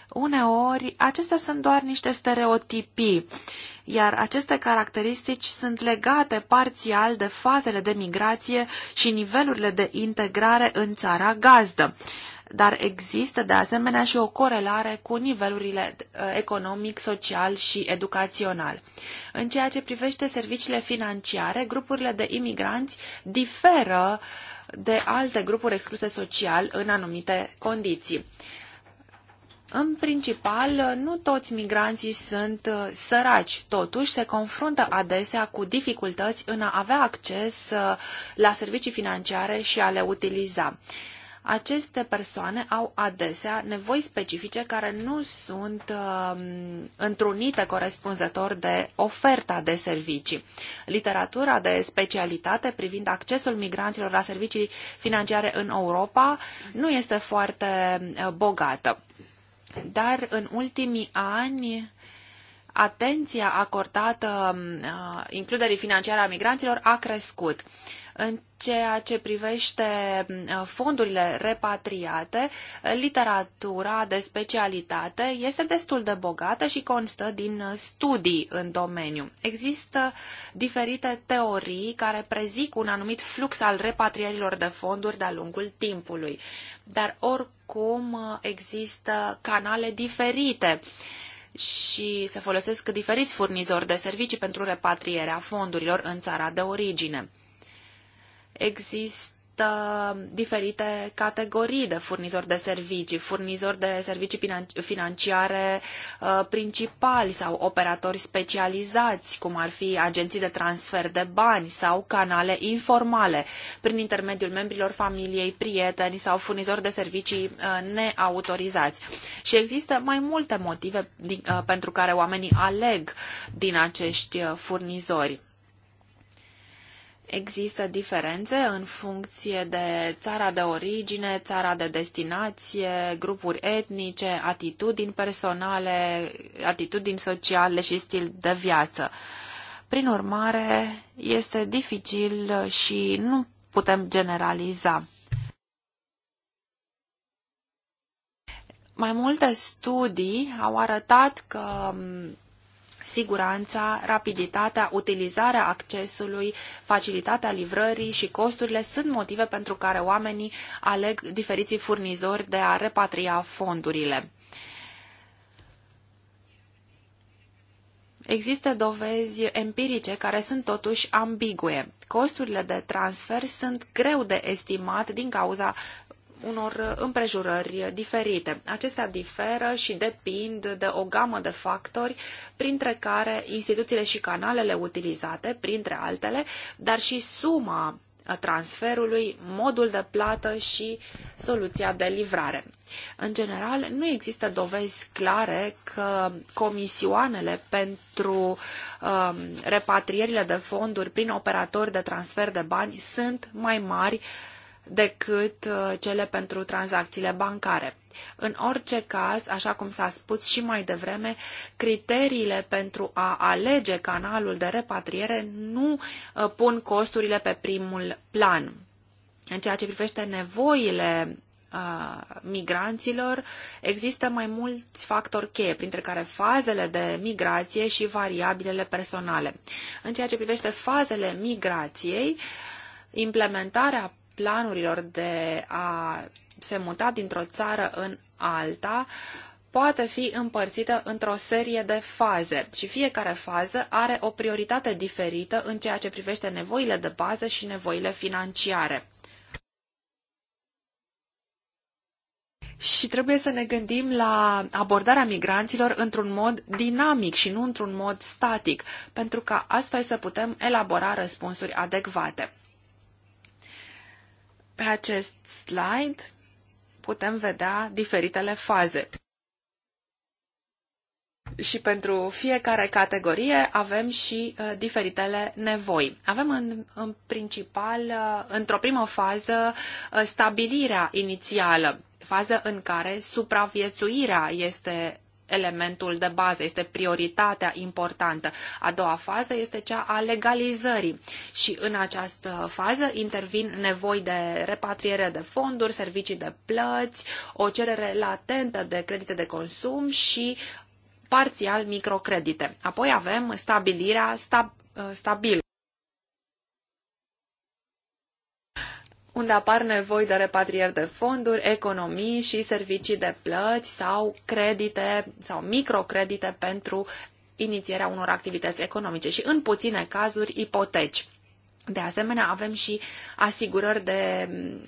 Uneori, acestea sunt doar niște stereotipii, iar aceste caracteristici sunt legate parțial de fazele de migrație și nivelurile de integrare în țara gazdă. Dar există de asemenea și o corelare cu nivelurile uh, economic, social și educațional. În ceea ce privește serviciile financiare, grupurile de imigranți diferă de alte grupuri excluse social în anumite condiții. În principal, nu toți migranții sunt uh, săraci, totuși se confruntă adesea cu dificultăți în a avea acces uh, la servicii financiare și a le utiliza. Aceste persoane au adesea nevoi specifice care nu sunt uh, întrunite corespunzător de oferta de servicii. Literatura de specialitate privind accesul migranților la servicii financiare în Europa nu este foarte uh, bogată dar în ultimii ani atenția acordată uh, includerii financiare a migranților a crescut. În ceea ce privește uh, fondurile repatriate, literatura de specialitate este destul de bogată și constă din uh, studii în domeniu. Există diferite teorii care prezic un anumit flux al repatrierilor de fonduri de-a lungul timpului, dar oricum uh, există canale diferite și se folosesc diferiți furnizori de servicii pentru repatrierea fondurilor în țara de origine. Există diferite categorii de furnizori de servicii, furnizori de servicii financiare uh, principali sau operatori specializați, cum ar fi agenții de transfer de bani sau canale informale, prin intermediul membrilor familiei, prieteni sau furnizori de servicii uh, neautorizați. Și există mai multe motive uh, pentru care oamenii aleg din acești furnizori Există diferențe în funcție de țara de origine, țara de destinație, grupuri etnice, atitudini personale, atitudini sociale și stil de viață. Prin urmare, este dificil și nu putem generaliza. Mai multe studii au arătat că siguranța, rapiditatea, utilizarea accesului, facilitatea livrării și costurile sunt motive pentru care oamenii aleg diferiții furnizori de a repatria fondurile. Există dovezi empirice care sunt totuși ambigue. Costurile de transfer sunt greu de estimat din cauza unor împrejurări diferite. Acestea diferă și depind de o gamă de factori, printre care instituțiile și canalele utilizate, printre altele, dar și suma transferului, modul de plată și soluția de livrare. În general, nu există dovezi clare că comisioanele pentru um, repatrierile de fonduri prin operatori de transfer de bani sunt mai mari uh, decât uh, cele pentru tranzacțiile bancare. În orice caz, așa cum s-a spus și mai devreme, criteriile pentru a alege canalul de repatriere nu uh, pun costurile pe primul plan. În ceea ce privește nevoile uh, migranților, există mai mulți factori cheie, printre care fazele de migrație și variabilele personale. În ceea ce privește fazele migrației, implementarea planurilor de a se muta dintr-o țară în alta poate fi împărțită într-o serie de faze și fiecare fază are o prioritate diferită în ceea ce privește nevoile de bază și nevoile financiare. Și trebuie să ne gândim la abordarea migranților într-un mod dinamic și nu într-un mod static, pentru ca astfel să putem elabora răspunsuri adecvate. Pe acest slide putem vedea diferitele faze. Și pentru fiecare categorie avem și uh, diferitele nevoi. Avem în, în principal, uh, într-o primă fază, uh, stabilirea inițială, fază în care supraviețuirea este elementul de bază, este prioritatea importantă. A doua fază este cea a legalizării și în această fază intervin nevoi de repatriere de fonduri, servicii de plăți, o cerere latentă de credite de consum și parțial microcredite. Apoi avem stabilirea stab- stabilă unde apar nevoi de repatriere de fonduri, economii și servicii de plăți sau credite sau microcredite pentru inițierea unor activități economice și în puține cazuri ipoteci. De asemenea, avem și asigurări de mm,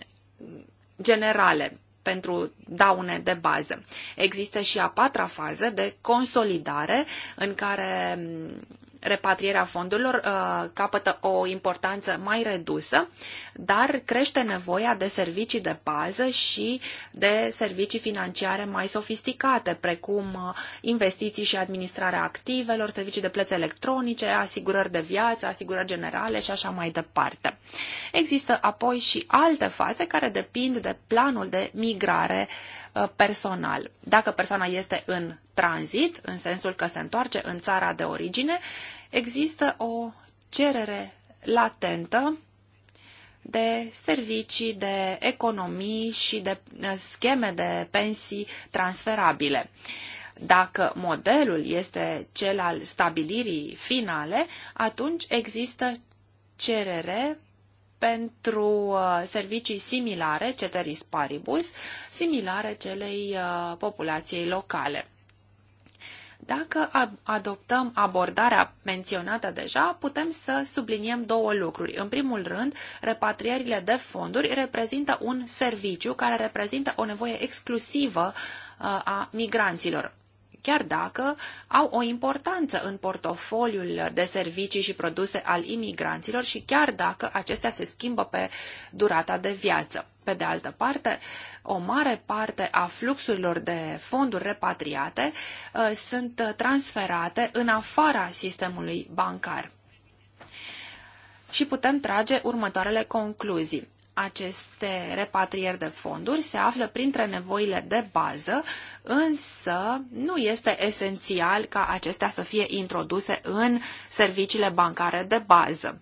generale pentru daune de bază. Există și a patra fază de consolidare în care mm, repatrierea fondurilor uh, capătă o importanță mai redusă, dar crește nevoia de servicii de bază și de servicii financiare mai sofisticate, precum uh, investiții și administrarea activelor, servicii de plăți electronice, asigurări de viață, asigurări generale și așa mai departe. Există apoi și alte faze care depind de planul de migrare uh, personal. Dacă persoana este în tranzit, în sensul că se întoarce în țara de origine, există o cerere latentă de servicii, de economii și de uh, scheme de pensii transferabile. Dacă modelul este cel al stabilirii finale, atunci există cerere pentru uh, servicii similare, ceteris paribus, similare celei uh, populației locale. Dacă adoptăm abordarea menționată deja, putem să subliniem două lucruri. În primul rând, repatrierile de fonduri reprezintă un serviciu care reprezintă o nevoie exclusivă uh, a migranților chiar dacă au o importanță în portofoliul de servicii și produse al imigranților și chiar dacă acestea se schimbă pe durata de viață. Pe de altă parte, o mare parte a fluxurilor de fonduri repatriate uh, sunt transferate în afara sistemului bancar. Și putem trage următoarele concluzii aceste repatrieri de fonduri se află printre nevoile de bază, însă nu este esențial ca acestea să fie introduse în serviciile bancare de bază.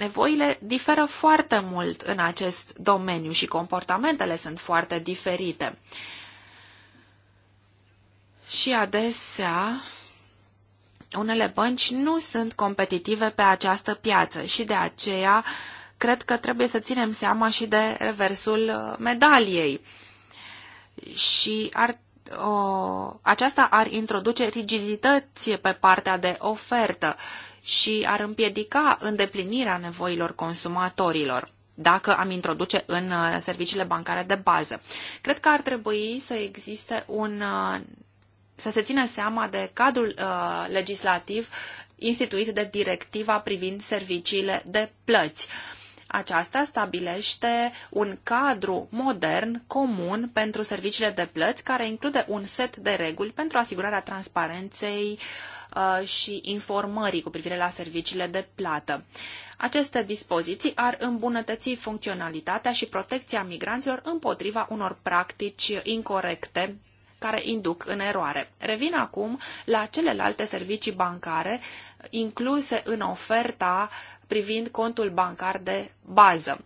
Nevoile diferă foarte mult în acest domeniu și comportamentele sunt foarte diferite. Și adesea unele bănci nu sunt competitive pe această piață și de aceea cred că trebuie să ținem seama și de reversul uh, medaliei. Și ar, o, uh, aceasta ar introduce rigidități pe partea de ofertă și ar împiedica îndeplinirea nevoilor consumatorilor dacă am introduce în uh, serviciile bancare de bază. Cred că ar trebui să existe un uh, să se țină seama de cadrul uh, legislativ instituit de directiva privind serviciile de plăți. Uh, aceasta stabilește un cadru modern comun pentru serviciile de plăți care include un set de reguli pentru asigurarea transparenței uh, și informării cu privire la serviciile de plată. Aceste dispoziții ar îmbunătăți funcționalitatea și protecția migranților împotriva unor practici incorrecte care induc în eroare. Revin acum la celelalte servicii bancare incluse în oferta privind contul bancar de bază.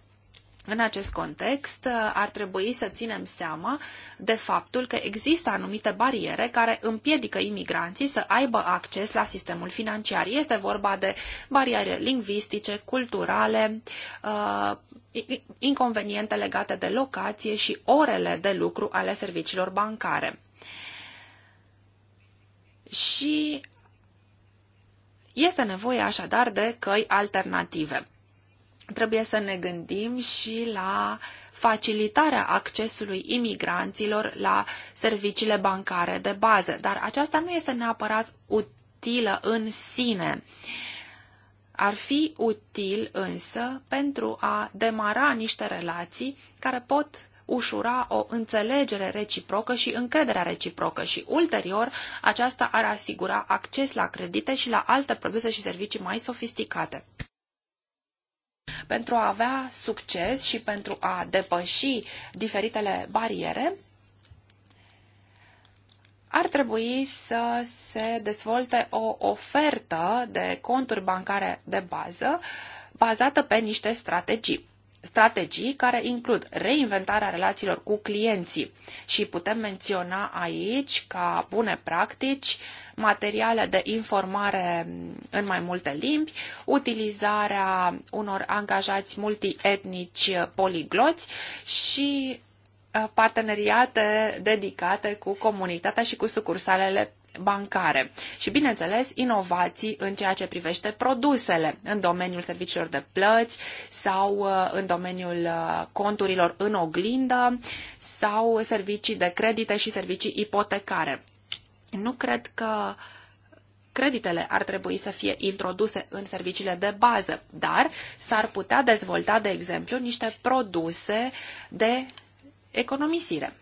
În acest context, uh, ar trebui să ținem seama de faptul că există anumite bariere care împiedică imigranții să aibă acces la sistemul financiar. Este vorba de bariere lingvistice, culturale, uh, inconveniente legate de locație și orele de lucru ale serviciilor bancare. Și este nevoie așadar de căi alternative. Trebuie să ne gândim și la facilitarea accesului imigranților la serviciile bancare de bază, dar aceasta nu este neapărat utilă în sine. Ar fi util însă pentru a demara niște relații care pot ușura o înțelegere reciprocă și încrederea reciprocă și ulterior aceasta ar asigura acces la credite și la alte produse și servicii mai sofisticate. Pentru a avea succes și pentru a depăși diferitele bariere, ar trebui să se dezvolte o ofertă de conturi bancare de bază bazată pe niște strategii strategii care includ reinventarea relațiilor cu clienții și putem menționa aici ca bune practici materiale de informare în mai multe limbi, utilizarea unor angajați multietnici poligloți și uh, parteneriate dedicate cu comunitatea și cu sucursalele bancare și, bineînțeles, inovații în ceea ce privește produsele în domeniul serviciilor de plăți sau uh, în domeniul uh, conturilor în oglindă sau servicii de credite și servicii ipotecare. Nu cred că creditele ar trebui să fie introduse în serviciile de bază, dar s-ar putea dezvolta, de exemplu, niște produse de economisire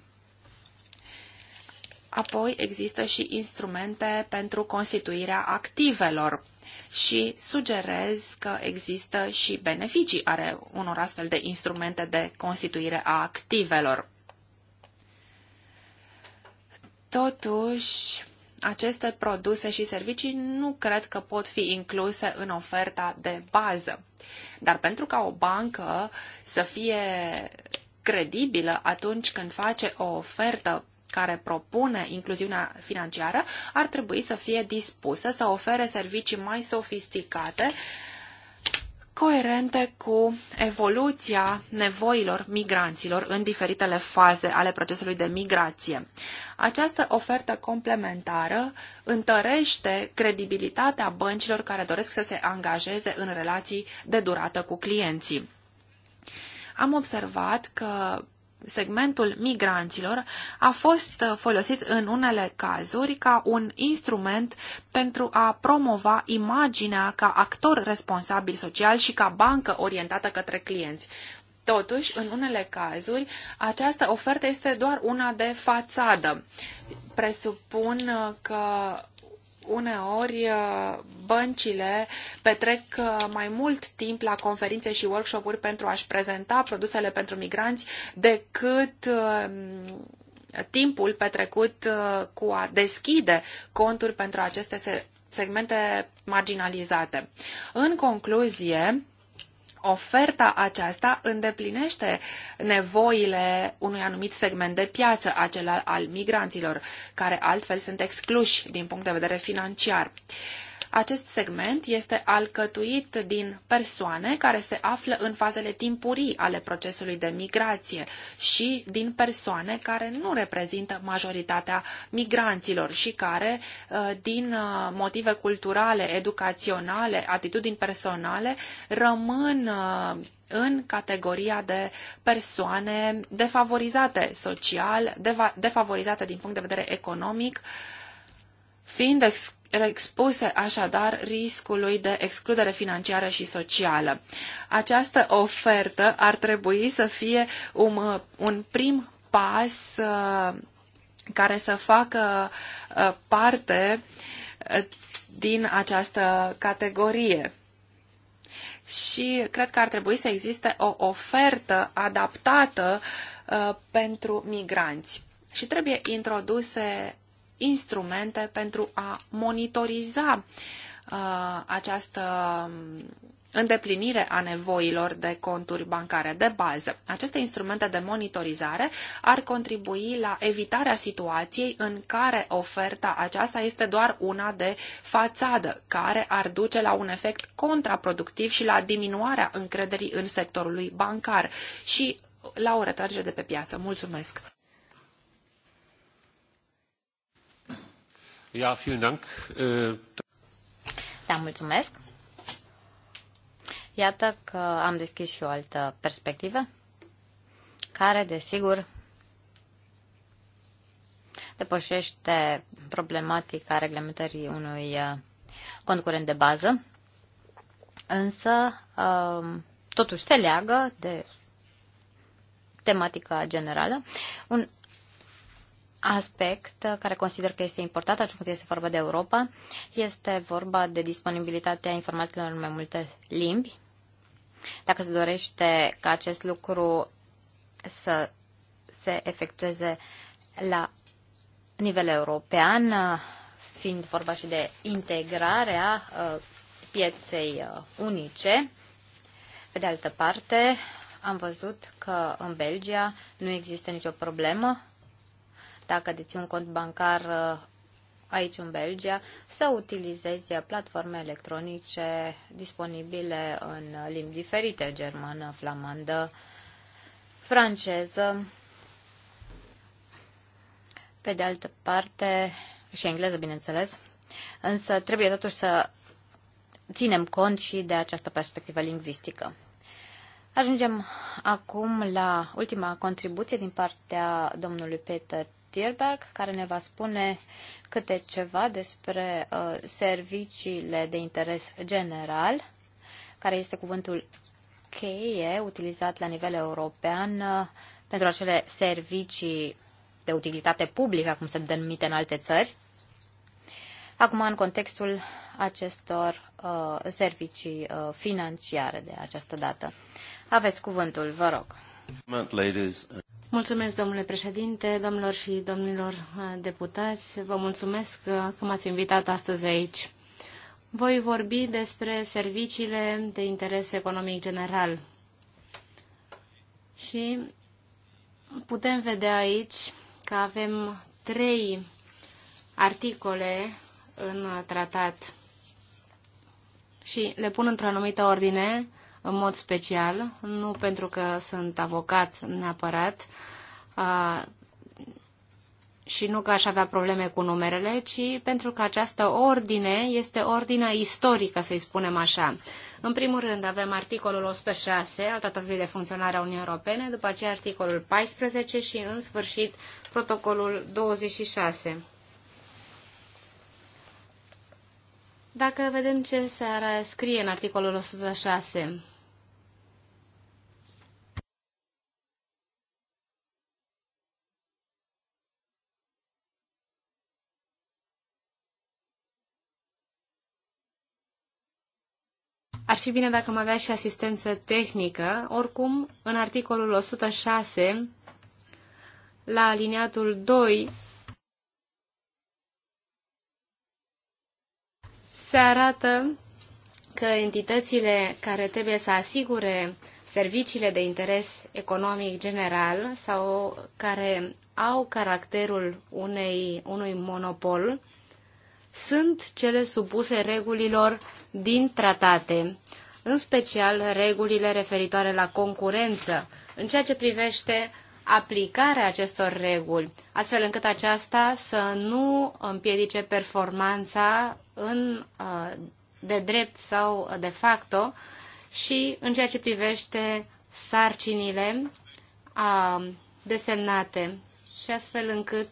Apoi există și instrumente pentru constituirea activelor și sugerez că există și beneficii are unor astfel de instrumente de constituire a activelor. Totuși, aceste produse și servicii nu cred că pot fi incluse în oferta de bază. Dar pentru ca o bancă să fie credibilă atunci când face o ofertă care propune incluziunea financiară ar trebui să fie dispusă să ofere servicii mai sofisticate coerente cu evoluția nevoilor migranților în diferitele faze ale procesului de migrație. Această ofertă complementară întărește credibilitatea băncilor care doresc să se angajeze în relații de durată cu clienții. Am observat că segmentul migranților a fost uh, folosit în unele cazuri ca un instrument pentru a promova imaginea ca actor responsabil social și ca bancă orientată către clienți. Totuși, în unele cazuri, această ofertă este doar una de fațadă. Presupun uh, că uneori uh, băncile petrec uh, mai mult timp la conferințe și workshop-uri pentru a-și prezenta produsele pentru migranți decât um, timpul petrecut uh, cu a deschide conturi pentru aceste segmente marginalizate. În concluzie, oferta aceasta îndeplinește nevoile unui anumit segment de piață, acela al migranților, care altfel sunt excluși din punct de vedere financiar. Acest segment este alcătuit din persoane care se află în fazele timpurii ale procesului de migrație și din persoane care nu reprezintă majoritatea migranților și care, uh, din uh, motive culturale, educaționale, atitudini personale, rămân uh, în categoria de persoane defavorizate social, defavorizate din punct de vedere economic, fiind excluse expuse așadar riscului de excludere financiară și socială. Această ofertă ar trebui să fie un, un prim pas uh, care să facă uh, parte uh, din această categorie. Și cred că ar trebui să existe o ofertă adaptată pentru migranți. Și trebuie introduse instrumente pentru a monitoriza uh, această um, îndeplinire a nevoilor de conturi bancare de bază. Aceste instrumente de monitorizare ar contribui la evitarea situației în care oferta aceasta este doar una de fațadă, care ar duce la un efect contraproductiv și la diminuarea încrederii în sectorul bancar și la o retragere de pe piață. Mulțumesc! Ja, vielen Dank. Äh, da, mulțumesc. Iată că am deschis și o altă perspectivă, care, desigur, depășește problematica reglementării unui uh, concurent de bază, însă uh, totuși se leagă de tematica generală. Un aspect care consider că este important atunci când este vorba de Europa este vorba de disponibilitatea informațiilor în mai multe limbi. Dacă se dorește ca acest lucru să se efectueze la nivel european, fiind vorba și de integrarea uh, pieței uh, unice, pe de altă parte, am văzut că în Belgia nu există nicio problemă dacă deții un cont bancar uh, aici în Belgia, să utilizezi platforme electronice disponibile în limbi diferite, germană, flamandă, franceză. Pe de altă parte, și engleză, bineînțeles, însă trebuie totuși să ținem cont și de această perspectivă lingvistică. Ajungem acum la ultima contribuție din partea domnului Peter Tierberg, care ne va spune câte ceva despre uh, serviciile de interes general, care este cuvântul cheie utilizat la nivel european uh, pentru acele servicii de utilitate publică, cum se denumite în alte țări. Acum, în contextul acestor uh, servicii uh, financiare de această dată. Aveți cuvântul, vă rog. Mulțumesc, domnule președinte, domnilor și domnilor uh, deputați. Vă mulțumesc uh, că m-ați invitat astăzi aici. Voi vorbi despre serviciile de interes economic general. Și putem vedea aici că avem trei articole în tratat și le pun într-o anumită ordine în mod special, nu pentru că sunt avocat neapărat a, și nu că aș avea probleme cu numerele, ci pentru că această ordine este ordinea istorică, să-i spunem așa. În primul rând avem articolul 106 al Tratatului de Funcționare a Uniunii Europene, după aceea articolul 14 și, în sfârșit, protocolul 26. Dacă vedem ce se scrie în articolul 106, Ar fi bine dacă am avea și asistență tehnică. Oricum, în articolul 106, la aliniatul 2, se arată că entitățile care trebuie să asigure serviciile de interes economic general sau care au caracterul unei, unui monopol sunt cele supuse regulilor din tratate, în special regulile referitoare la concurență, în ceea ce privește aplicarea acestor reguli, astfel încât aceasta să nu împiedice performanța în, uh, de drept sau de facto și în ceea ce privește sarcinile a, uh, desemnate și astfel încât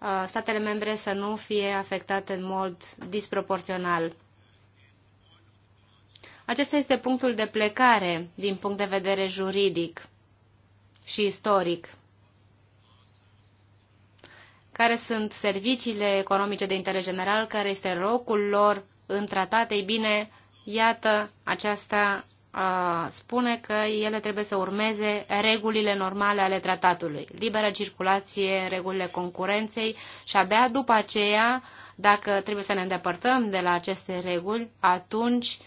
Uh, statele membre să nu fie afectate în mod disproporțional. Acesta este punctul de plecare din punct de vedere juridic și istoric. Care sunt serviciile economice de interes general, care este locul lor în tratate? Ei bine, iată, aceasta spune că ele trebuie să urmeze regulile normale ale tratatului, liberă circulație, regulile concurenței și abia după aceea, dacă trebuie să ne îndepărtăm de la aceste reguli, atunci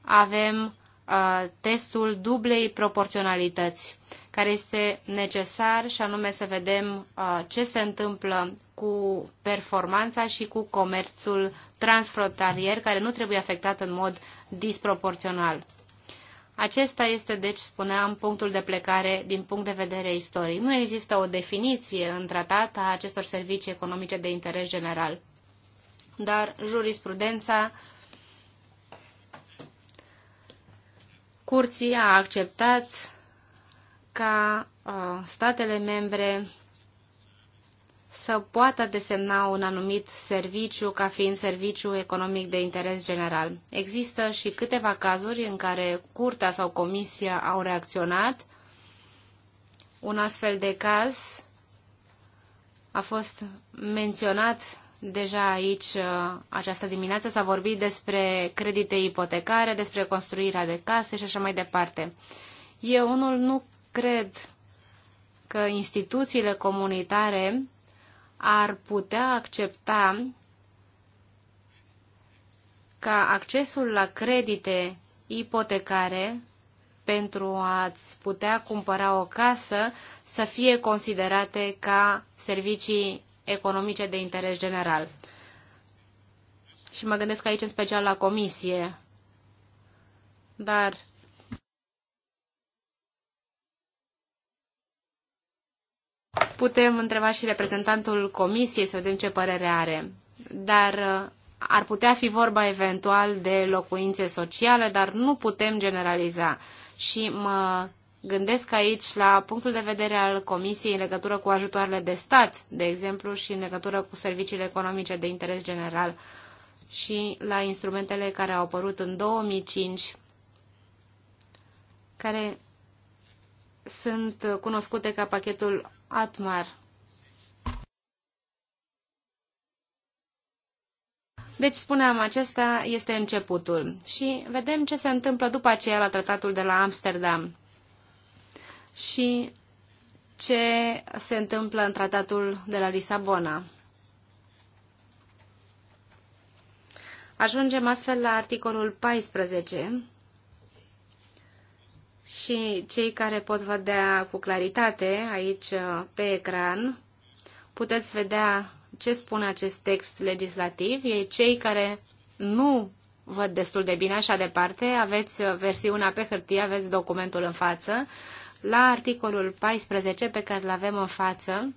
avem uh, testul dublei proporționalități, care este necesar și anume să vedem uh, ce se întâmplă cu performanța și cu comerțul transfrontalier, care nu trebuie afectat în mod disproporțional. Acesta este, deci, spuneam, punctul de plecare din punct de vedere istoric. Nu există o definiție în tratat a acestor servicii economice de interes general, dar jurisprudența curții a acceptat ca uh, statele membre să poată desemna un anumit serviciu ca fiind serviciu economic de interes general. Există și câteva cazuri în care curtea sau comisia au reacționat. Un astfel de caz a fost menționat deja aici uh, această dimineață. S-a vorbit despre credite ipotecare, despre construirea de case și așa mai departe. Eu unul nu cred că instituțiile comunitare ar putea accepta ca accesul la credite ipotecare pentru a-ți putea cumpăra o casă să fie considerate ca servicii economice de interes general. Și mă gândesc aici în special la comisie. Dar Putem întreba și reprezentantul comisiei să vedem ce părere are, dar uh, ar putea fi vorba eventual de locuințe sociale, dar nu putem generaliza. Și mă gândesc aici la punctul de vedere al Comisiei în legătură cu ajutoarele de stat, de exemplu, și în legătură cu serviciile economice de interes general și la instrumentele care au apărut în 2005, care sunt cunoscute ca pachetul Atmar. Deci, spuneam, acesta este începutul. Și vedem ce se întâmplă după aceea la tratatul de la Amsterdam. Și ce se întâmplă în tratatul de la Lisabona. Ajungem astfel la articolul 14, și cei care pot vedea cu claritate aici uh, pe ecran, puteți vedea ce spune acest text legislativ. E cei care nu văd destul de bine așa departe, aveți uh, versiunea pe hârtie, aveți documentul în față. La articolul 14 pe care îl avem în față,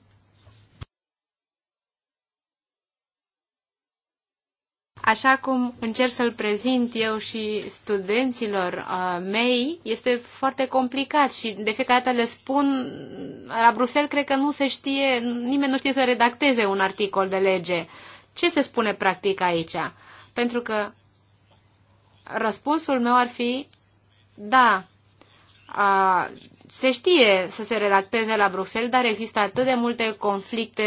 Așa cum încerc să-l prezint eu și studenților uh, mei, este foarte complicat și de fiecare dată le spun, la Bruxelles cred că nu se știe, nimeni nu știe să redacteze un articol de lege. Ce se spune practic aici? Pentru că răspunsul meu ar fi, da, uh, se știe să se redacteze la Bruxelles, dar există atât de multe conflicte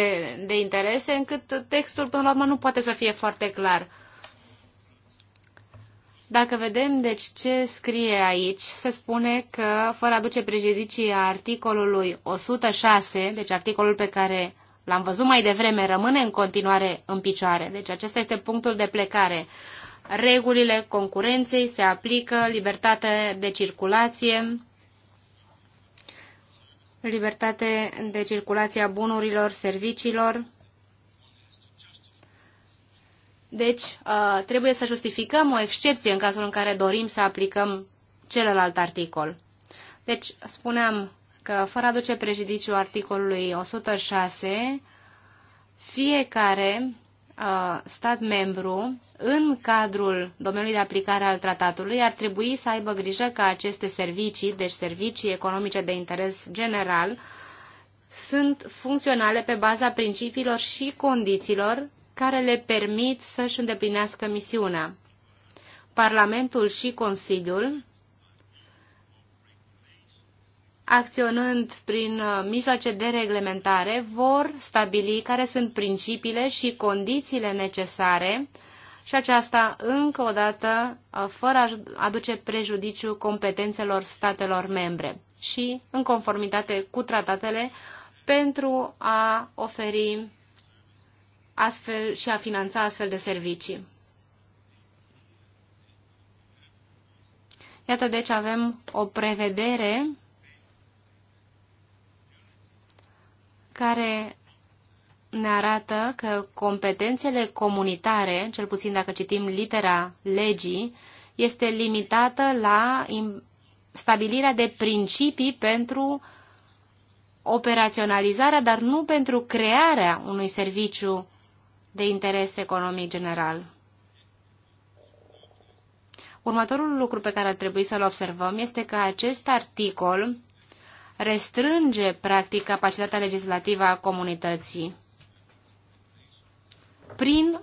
de interese încât textul până la urmă nu poate să fie foarte clar. Dacă vedem, deci, ce scrie aici, se spune că, fără a duce prejudicii a articolului 106, deci articolul pe care l-am văzut mai devreme, rămâne în continuare în picioare. Deci acesta este punctul de plecare. Regulile concurenței se aplică, libertate de circulație, libertate de circulație a bunurilor, serviciilor, deci, uh, trebuie să justificăm o excepție în cazul în care dorim să aplicăm celălalt articol. Deci, spuneam că fără a duce prejudiciu articolului 106, fiecare uh, stat membru, în cadrul domeniului de aplicare al tratatului, ar trebui să aibă grijă ca aceste servicii, deci servicii economice de interes general, sunt funcționale pe baza principiilor și condițiilor care le permit să-și îndeplinească misiunea. Parlamentul și Consiliul, acționând prin uh, mijloace de reglementare, vor stabili care sunt principiile și condițiile necesare și aceasta încă o dată uh, fără a aduce prejudiciu competențelor statelor membre și în conformitate cu tratatele pentru a oferi astfel și a finanța astfel de servicii. Iată, deci avem o prevedere care ne arată că competențele comunitare, cel puțin dacă citim litera legii, este limitată la stabilirea de principii pentru operaționalizarea, dar nu pentru crearea unui serviciu de interes economic general. Următorul lucru pe care ar trebui să-l observăm este că acest articol restrânge, practic, capacitatea legislativă a comunității, prin,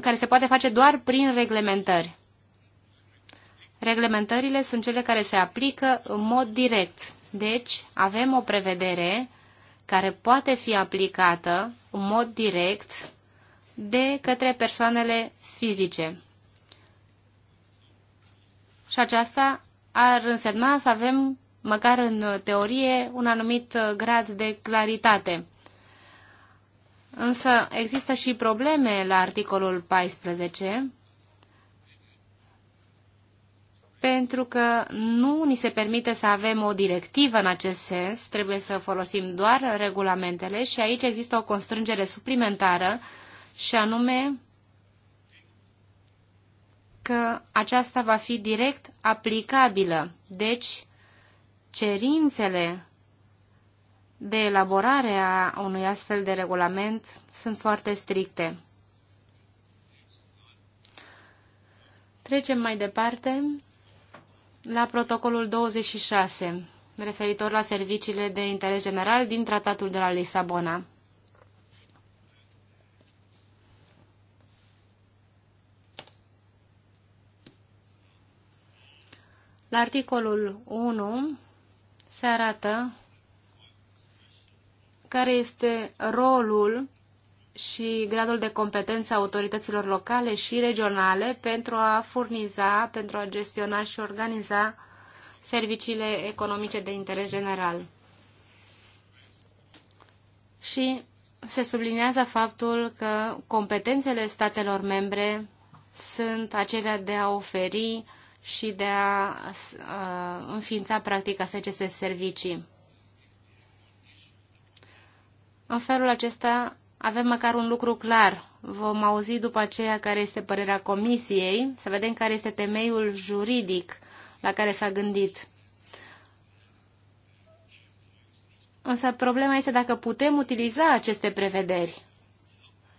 care se poate face doar prin reglementări. Reglementările sunt cele care se aplică în mod direct. Deci, avem o prevedere care poate fi aplicată în mod direct de către persoanele fizice. Și aceasta ar însemna să avem, măcar în teorie, un anumit grad de claritate. Însă există și probleme la articolul 14, pentru că nu ni se permite să avem o directivă în acest sens, trebuie să folosim doar regulamentele și aici există o constrângere suplimentară și anume că aceasta va fi direct aplicabilă. Deci, cerințele de elaborare a unui astfel de regulament sunt foarte stricte. Trecem mai departe la protocolul 26, referitor la serviciile de interes general din Tratatul de la Lisabona. La articolul 1 se arată care este rolul și gradul de competență a autorităților locale și regionale pentru a furniza, pentru a gestiona și organiza serviciile economice de interes general. Și se sublinează faptul că competențele statelor membre sunt acelea de a oferi uh, și de a înființa practic ASCS servicii. În felul acesta avem măcar un lucru clar. Vom auzi după aceea care este părerea comisiei, să vedem care este temeiul juridic la care s-a gândit. Însă problema este dacă putem utiliza aceste prevederi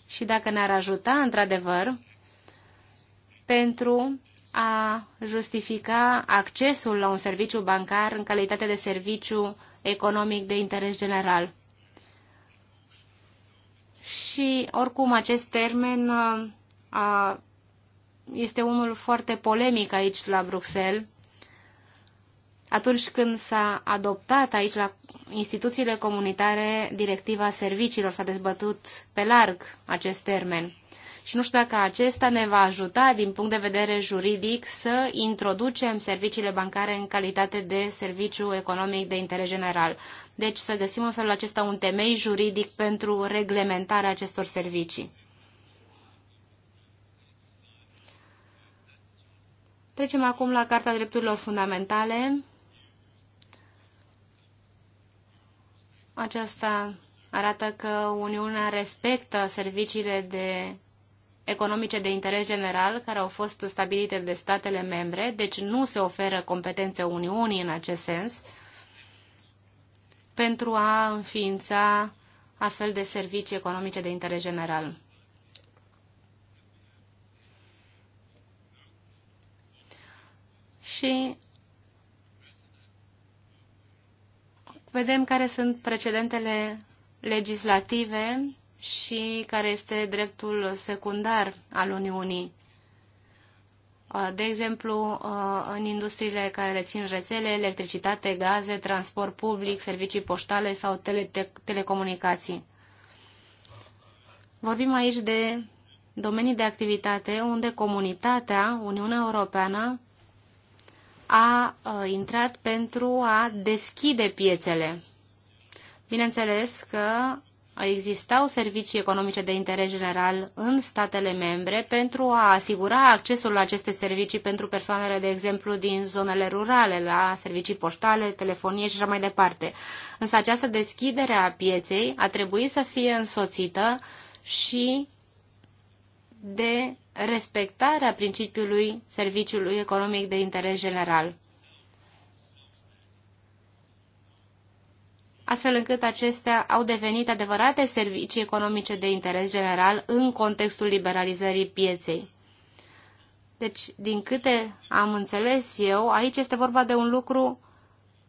și dacă ne-ar ajuta, într-adevăr, pentru a justifica accesul la un serviciu bancar în calitate de serviciu economic de interes general. Și, oricum, acest termen a, este unul foarte polemic aici la Bruxelles. Atunci când s-a adoptat aici la instituțiile comunitare directiva serviciilor, s-a dezbătut pe larg acest termen și nu știu dacă acesta ne va ajuta din punct de vedere juridic să introducem serviciile bancare în calitate de serviciu economic de interes general. Deci să găsim în felul acesta un temei juridic pentru reglementarea acestor servicii. Trecem acum la Carta Drepturilor Fundamentale. Aceasta arată că Uniunea respectă serviciile de economice de interes general care au fost stabilite de statele membre, deci nu se oferă competențe Uniunii în acest sens pentru a înființa astfel de servicii economice de interes general. Și vedem care sunt precedentele legislative și care este dreptul secundar al Uniunii. De exemplu, în industriile care le țin rețele, electricitate, gaze, transport public, servicii poștale sau tele telecomunicații. Vorbim aici de domenii de activitate unde comunitatea, Uniunea Europeană, a intrat pentru a deschide piețele. Bineînțeles că existau servicii economice de interes general în statele membre pentru a asigura accesul la aceste servicii pentru persoanele, de exemplu, din zonele rurale, la servicii poștale, telefonie și așa mai departe. Însă această deschidere a pieței a trebuit să fie însoțită și de respectarea principiului serviciului economic de interes general. astfel încât acestea au devenit adevărate servicii economice de interes general în contextul liberalizării pieței. Deci, din câte am înțeles eu, aici este vorba de un lucru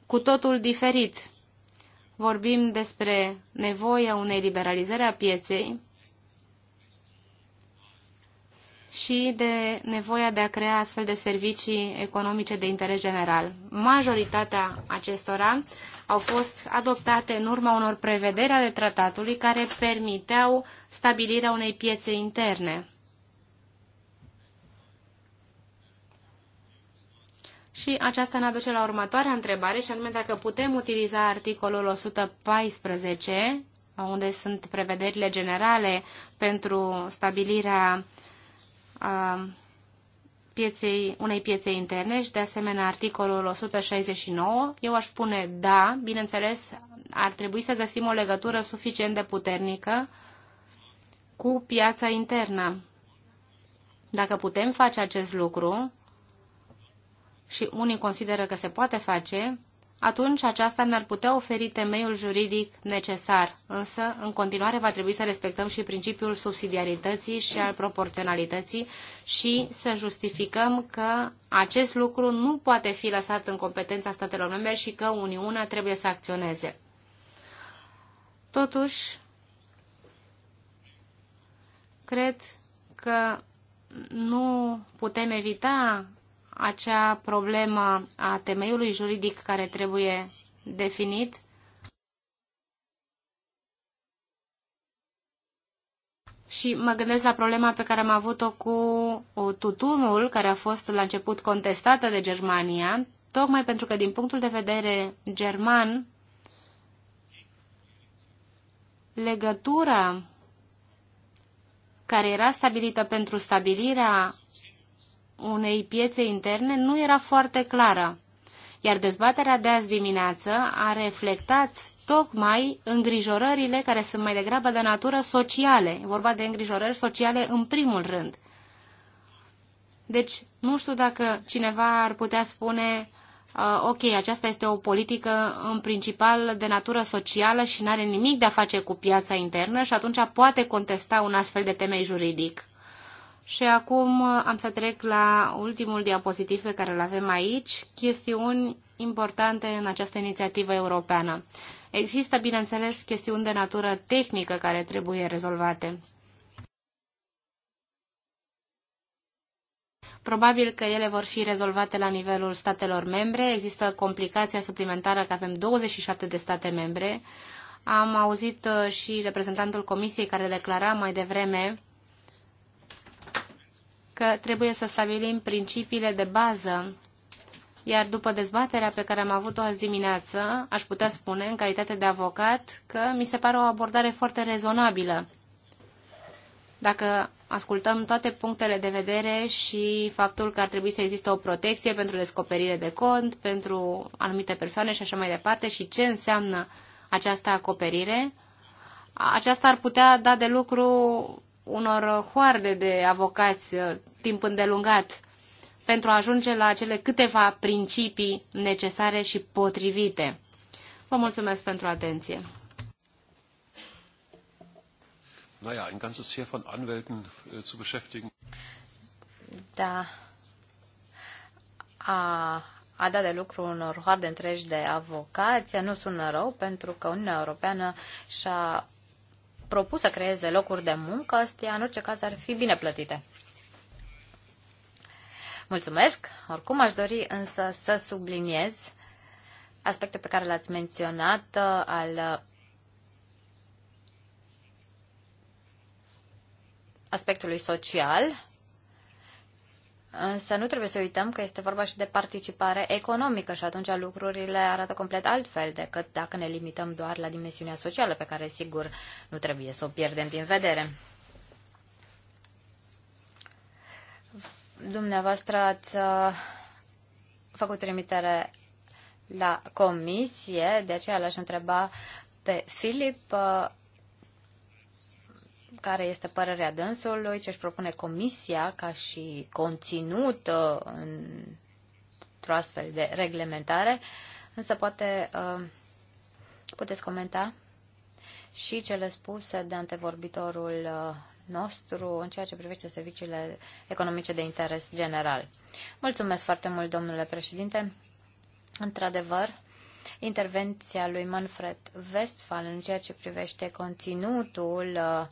cu totul diferit. Vorbim despre nevoia unei liberalizări a pieței și de nevoia de a crea astfel de servicii economice de interes general. Majoritatea acestora au fost adoptate în urma unor prevederi ale tratatului care permiteau stabilirea unei piețe interne. Și aceasta ne aduce la următoarea întrebare, și anume dacă putem utiliza articolul 114, unde sunt prevederile generale pentru stabilirea uh, pieței, unei piețe interne și de asemenea articolul 169, eu aș spune da, bineînțeles, ar trebui să găsim o legătură suficient de puternică cu piața internă. Dacă putem face acest lucru și unii consideră că se poate face, atunci aceasta ne-ar putea oferi temeiul juridic necesar, însă în continuare va trebui să respectăm și principiul subsidiarității și al proporționalității și să justificăm că acest lucru nu poate fi lăsat în competența statelor membre și că Uniunea trebuie să acționeze. Totuși, cred că nu putem evita acea problemă a temeiului juridic care trebuie definit. Și mă gândesc la problema pe care am avut-o cu tutunul, care a fost la început contestată de Germania, tocmai pentru că din punctul de vedere german, legătura care era stabilită pentru stabilirea unei piețe interne nu era foarte clară, iar dezbaterea de azi dimineață a reflectat tocmai îngrijorările care sunt mai degrabă de natură sociale. E vorba de îngrijorări sociale în primul rând. Deci, nu știu dacă cineva ar putea spune, uh, ok, aceasta este o politică în principal de natură socială și nu are nimic de a face cu piața internă și atunci poate contesta un astfel de temei juridic. Și acum uh, am să trec la ultimul diapozitiv pe care îl avem aici, chestiuni importante în această inițiativă europeană. Există, bineînțeles, chestiuni de natură tehnică care trebuie rezolvate. Probabil că ele vor fi rezolvate la nivelul statelor membre. Există complicația suplimentară că avem 27 de state membre. Am auzit uh, și reprezentantul Comisiei care declara mai devreme că trebuie să stabilim principiile de bază, iar după dezbaterea pe care am avut-o azi dimineață, aș putea spune, în calitate de avocat, că mi se pare o abordare foarte rezonabilă. Dacă ascultăm toate punctele de vedere și faptul că ar trebui să existe o protecție pentru descoperire de cont, pentru anumite persoane și așa mai departe, și ce înseamnă această acoperire, aceasta ar putea da de lucru unor hoarde de avocați uh, timp îndelungat pentru a ajunge la cele câteva principii necesare și potrivite. Vă mulțumesc pentru atenție. Naja, ein ganzes Heer von Anwälten äh, zu beschäftigen. Da. A, a dat de lucru unor hoarde întregi de avocați nu sună rău pentru că Uniunea Europeană și-a propus să creeze locuri de muncă, astea în orice caz ar fi bine plătite. Mulțumesc! Oricum aș dori însă să subliniez aspectul pe care l-ați menționat uh, al aspectului social Însă nu trebuie să uităm că este vorba și de participare economică și atunci lucrurile arată complet altfel decât dacă ne limităm doar la dimensiunea socială, pe care sigur nu trebuie să o pierdem din vedere. Dumneavoastră ați uh, făcut trimitere la comisie, de aceea l-aș întreba pe Filip uh, care este părerea dânsului, ce își propune comisia ca și conținut uh, într-o astfel de reglementare, însă poate uh, puteți comenta și cele spuse de antevorbitorul uh, nostru în ceea ce privește serviciile economice de interes general. Mulțumesc foarte mult, domnule președinte. Într-adevăr, intervenția lui Manfred Westphal în ceea ce privește conținutul uh,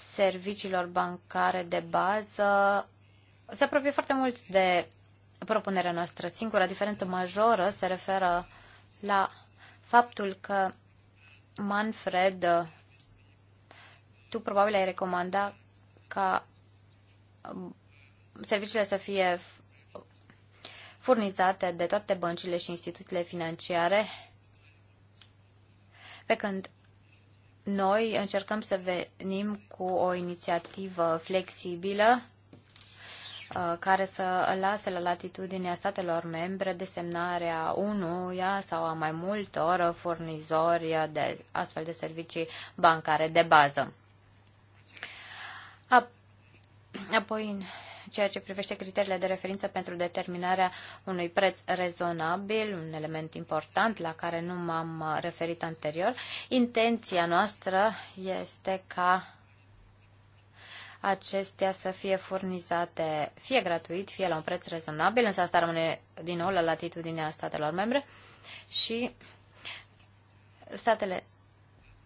serviciilor bancare de bază se apropie foarte mult de propunerea noastră. Singura diferență majoră se referă la faptul că Manfred, tu probabil ai recomanda ca serviciile să fie furnizate de toate băncile și instituțiile financiare, pe când noi încercăm să venim cu o inițiativă flexibilă uh, care să lase la latitudinea statelor membre desemnarea unuia sau a mai multor furnizori de astfel de servicii bancare de bază. Apoi, ceea ce privește criteriile de referință pentru determinarea unui preț rezonabil, un element important la care nu m-am uh, referit anterior, intenția noastră este ca acestea să fie furnizate fie gratuit, fie la un preț rezonabil, însă asta rămâne din nou la latitudinea statelor membre și statele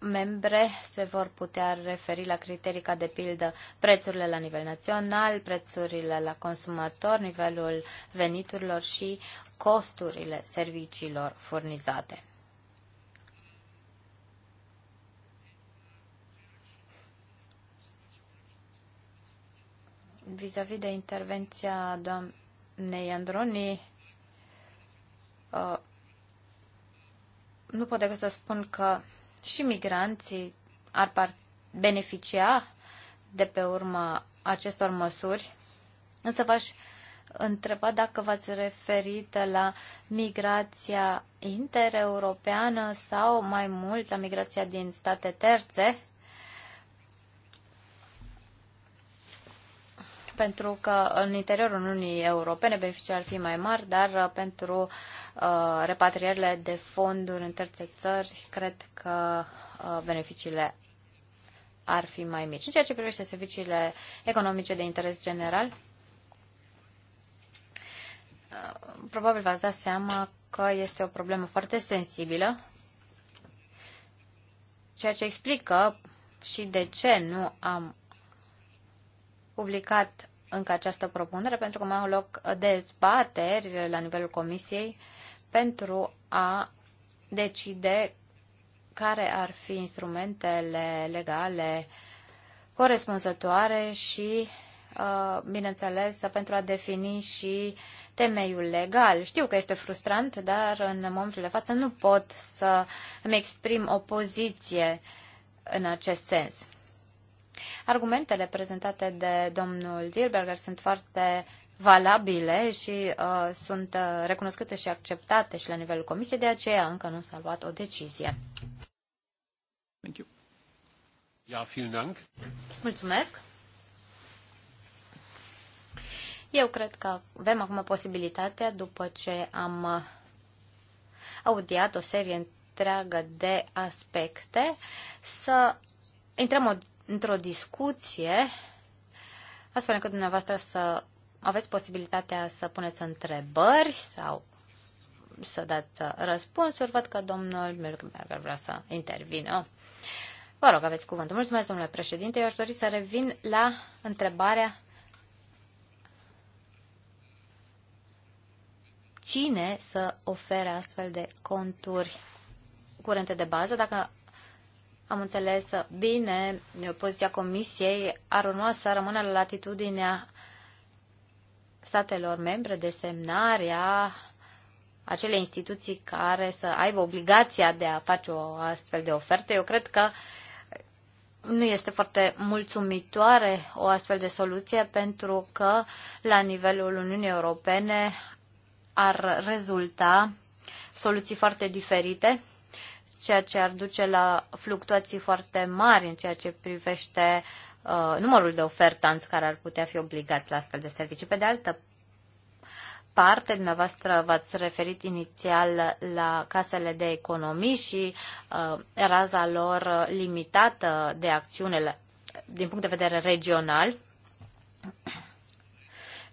membre se vor putea referi la criterii ca de pildă prețurile la nivel național, prețurile la consumator, nivelul veniturilor și costurile serviciilor furnizate. Vis-a-vis -vis de intervenția doamnei Androni, uh, nu pot decât să spun că și migranții ar beneficia de pe urma acestor măsuri. Însă v-aș întreba dacă v-ați referit la migrația intereuropeană sau mai mult la migrația din state terțe pentru că în interiorul Uniunii Europene beneficiile ar fi mai mari, dar uh, pentru uh, repatrierile de fonduri în terțe țări, cred că uh, beneficiile ar fi mai mici. În ceea ce privește serviciile economice de interes general, probabil v-ați dat seama că este o problemă foarte sensibilă, ceea ce explică și de ce nu am publicat încă această propunere pentru că mai au loc dezbateri la nivelul comisiei pentru a decide care ar fi instrumentele legale corespunzătoare și, uh, bineînțeles, pentru a defini și temeiul legal. Știu că este frustrant, dar în momentul de față nu pot să îmi exprim o poziție în acest sens. Argumentele prezentate de domnul Dilberger sunt foarte valabile și uh, sunt uh, recunoscute și acceptate și la nivelul comisiei, de aceea încă nu s-a luat o decizie. Thank you. Ja, vielen Dank. Mulțumesc. Eu cred că avem acum posibilitatea, după ce am uh, audiat o serie întreagă de aspecte, să intrăm într-o discuție, astfel încât dumneavoastră să aveți posibilitatea să puneți întrebări sau să dați uh, răspunsuri. Văd că domnul Milkberger vrea să intervină. Vă rog, aveți cuvântul. Mulțumesc, domnule președinte. Eu aș dori să revin la întrebarea cine să ofere astfel de conturi curente de bază, dacă am înțeles bine poziția Comisiei, ar urma să rămână la latitudinea statelor membre de semnarea acele instituții care să aibă obligația de a face o astfel de ofertă. Eu cred că nu este foarte mulțumitoare o astfel de soluție pentru că la nivelul Uniunii Europene ar rezulta soluții foarte diferite ceea ce ar duce la fluctuații foarte mari în ceea ce privește uh, numărul de ofertanți care ar putea fi obligați la astfel de servicii. Pe de altă parte, dumneavoastră v-ați referit inițial la casele de economii și uh, raza lor limitată de acțiune din punct de vedere regional.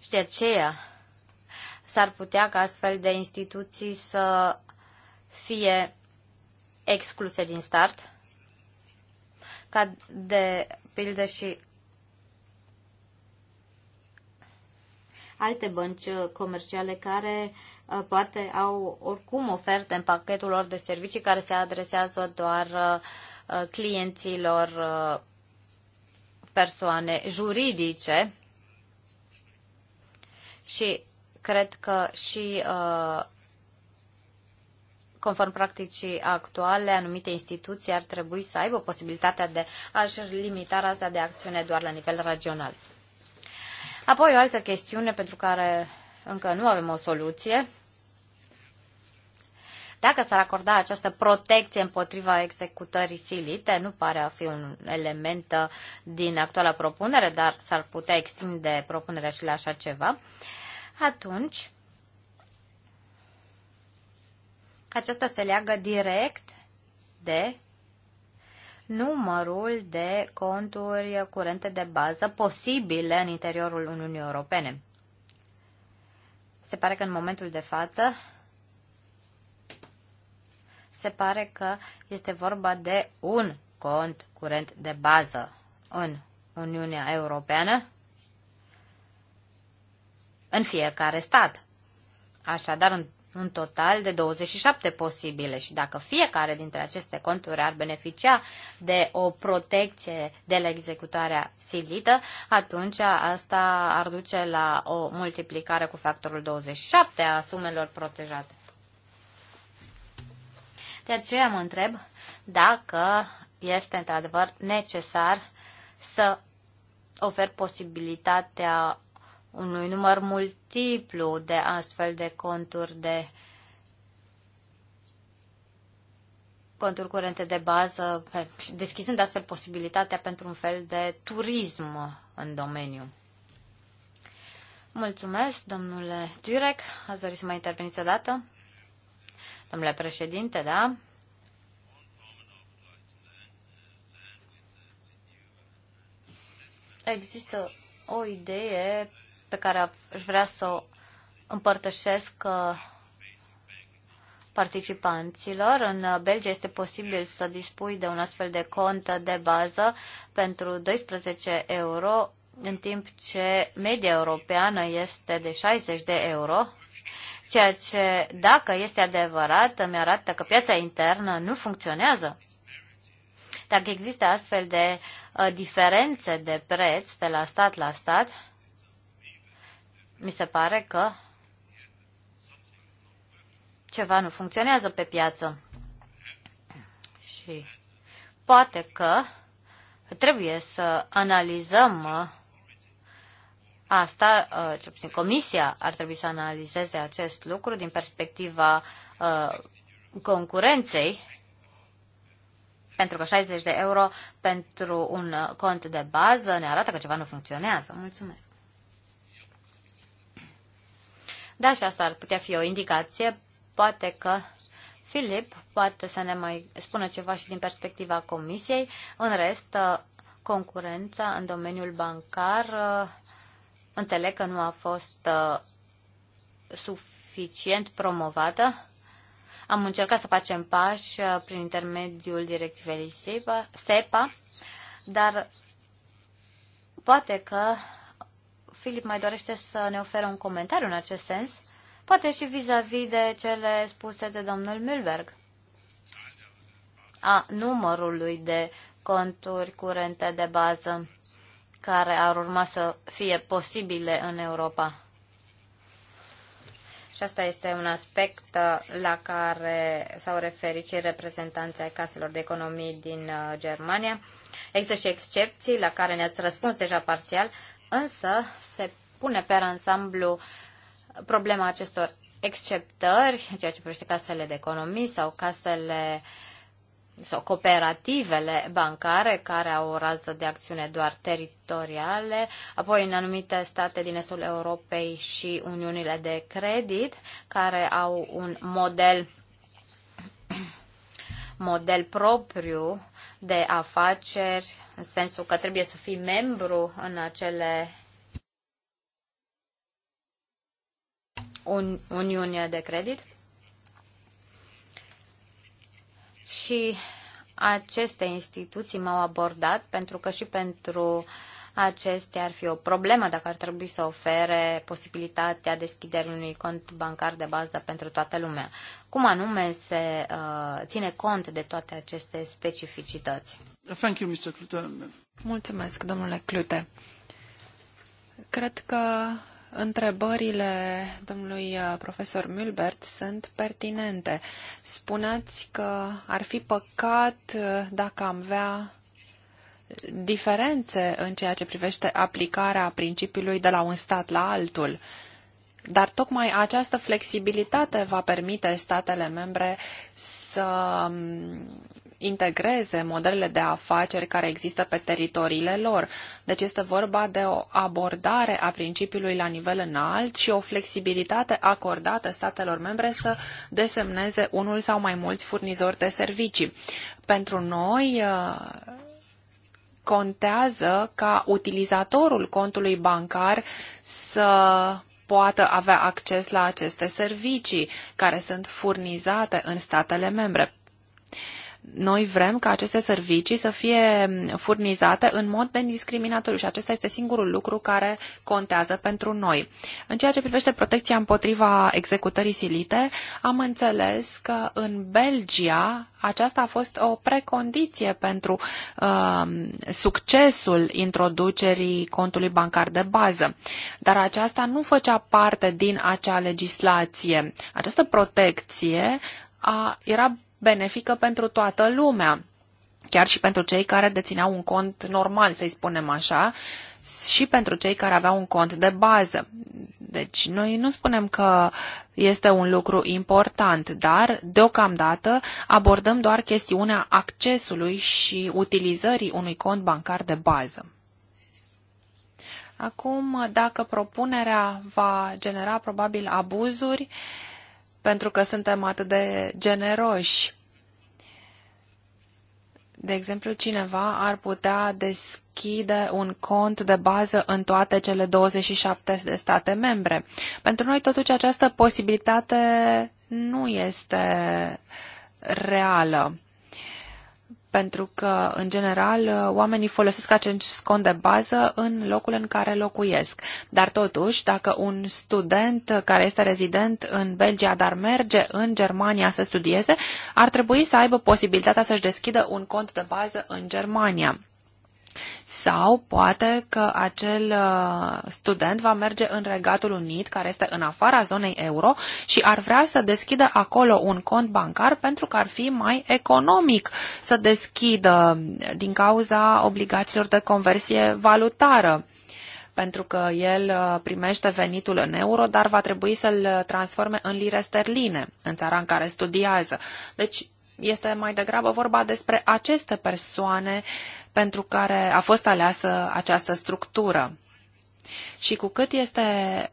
Și de aceea s-ar putea ca astfel de instituții să fie excluse din start, ca de pildă și alte bănci comerciale care uh, poate au oricum oferte în pachetul lor de servicii care se adresează doar uh, uh, clienților persoane juridice și cred că și uh, conform practicii actuale, anumite instituții ar trebui să aibă posibilitatea de a-și limita raza de acțiune doar la nivel regional. Apoi o altă chestiune pentru care încă nu avem o soluție. Dacă s-ar acorda această protecție împotriva executării silite, nu pare a fi un element uh, din actuala propunere, dar s-ar putea extinde propunerea și la așa ceva, atunci Aceasta se leagă direct de numărul de conturi curente de bază posibile în interiorul Uniunii Europene. Se pare că în momentul de față se pare că este vorba de un cont curent de bază în Uniunea Europeană în fiecare stat. Așadar, un total de 27 posibile și dacă fiecare dintre aceste conturi ar beneficia de o protecție de la executarea silită, atunci asta ar duce la o multiplicare cu factorul 27 a sumelor protejate. De aceea mă întreb dacă este într-adevăr necesar să ofer posibilitatea unui număr multiplu de astfel de conturi de conturi curente de bază, deschizând astfel posibilitatea pentru un fel de turism în domeniu. Mulțumesc, domnule Turek. Ați dori să mai interveniți o dată? Domnule președinte, da? Există o idee pe care aș vrea să o împărtășesc uh, participanților. În Belgia este posibil să dispui de un astfel de cont de bază pentru 12 euro, în timp ce media europeană este de 60 de euro, ceea ce, dacă este adevărat, îmi arată că piața internă nu funcționează. Dacă există astfel de uh, diferențe de preț de la stat la stat, mi se pare că ceva nu funcționează pe piață. Și poate că trebuie să analizăm uh, asta, uh, ce puțin comisia ar trebui să analizeze acest lucru din perspectiva uh, concurenței, pentru că 60 de euro pentru un cont de bază ne arată că ceva nu funcționează. Mulțumesc! Da, și asta ar putea fi o indicație. Poate că Filip poate să ne mai spună ceva și din perspectiva Comisiei. În rest, uh, concurența în domeniul bancar uh, înțeleg că nu a fost uh, suficient promovată. Am încercat să facem pași prin intermediul directivei SEPA, dar poate că Filip mai dorește să ne ofere un comentariu în acest sens, poate și vis-a-vis -vis de cele spuse de domnul Mülberg. a numărului de conturi curente de bază care ar urma să fie posibile în Europa. Și asta este un aspect uh, la care s-au referit și reprezentanții ai caselor de economii din uh, Germania. Există și excepții la care ne-ați răspuns deja parțial, însă se pune pe ansamblu problema acestor exceptări, în ceea ce privește casele de economii sau casele sau cooperativele bancare care au o rază de acțiune doar teritoriale, apoi în anumite state din estul Europei și uniunile de credit care au un model model propriu de afaceri, în sensul că trebuie să fii membru în acele uniuni de credit. Și aceste instituții m-au abordat pentru că și pentru uh, acestea ar fi o problemă dacă ar trebui să ofere posibilitatea deschiderii unui cont bancar de bază pentru toată lumea. Cum anume se uh, ține cont de toate aceste specificități? Thank you, Mr. Clute. Mulțumesc, domnule Clute. Cred că întrebările domnului uh, profesor Mulbert sunt pertinente. Spuneați că ar fi păcat uh, dacă am avea diferențe în ceea ce privește aplicarea principiului de la un stat la altul. Dar tocmai această flexibilitate va permite statele membre să mm, integreze modelele de afaceri care există pe teritoriile lor. Deci este vorba de o abordare a principiului la nivel înalt și o flexibilitate acordată statelor membre să desemneze unul sau mai mulți furnizori de servicii. Pentru noi, contează ca utilizatorul contului bancar să poată avea acces la aceste servicii care sunt furnizate în statele membre. Noi vrem ca aceste servicii să fie furnizate în mod nediscriminatoriu și acesta este singurul lucru care contează pentru noi. În ceea ce privește protecția împotriva executării silite, am înțeles că în Belgia aceasta a fost o precondiție pentru uh, succesul introducerii contului bancar de bază. Dar aceasta nu făcea parte din acea legislație. Această protecție a, era benefică pentru toată lumea, chiar și pentru cei care dețineau un cont normal, să-i spunem așa, și pentru cei care aveau un cont de bază. Deci noi nu spunem că este un lucru important, dar deocamdată abordăm doar chestiunea accesului și utilizării unui cont bancar de bază. Acum, dacă propunerea va genera probabil abuzuri, uh, pentru că suntem atât de generoși. De exemplu, cineva ar putea deschide un cont de bază în toate cele 27 de state membre. Pentru noi, totuși, această posibilitate nu este reală pentru că, în general, oamenii folosesc acest cont de bază în locul în care locuiesc. Dar, totuși, dacă un student care este rezident în Belgia, dar merge în Germania să studieze, ar trebui să aibă posibilitatea să-și deschidă un cont de bază în Germania. Sau poate că acel uh, student va merge în Regatul Unit, care este în afara zonei euro, și ar vrea să deschidă acolo un cont bancar pentru că ar fi mai economic să deschidă uh, din cauza obligațiilor de conversie valutară pentru că el uh, primește venitul în euro, dar va trebui să-l transforme în lire sterline în țara în care studiază. Deci este mai degrabă vorba despre aceste persoane pentru care a fost aleasă această structură. Și cu cât este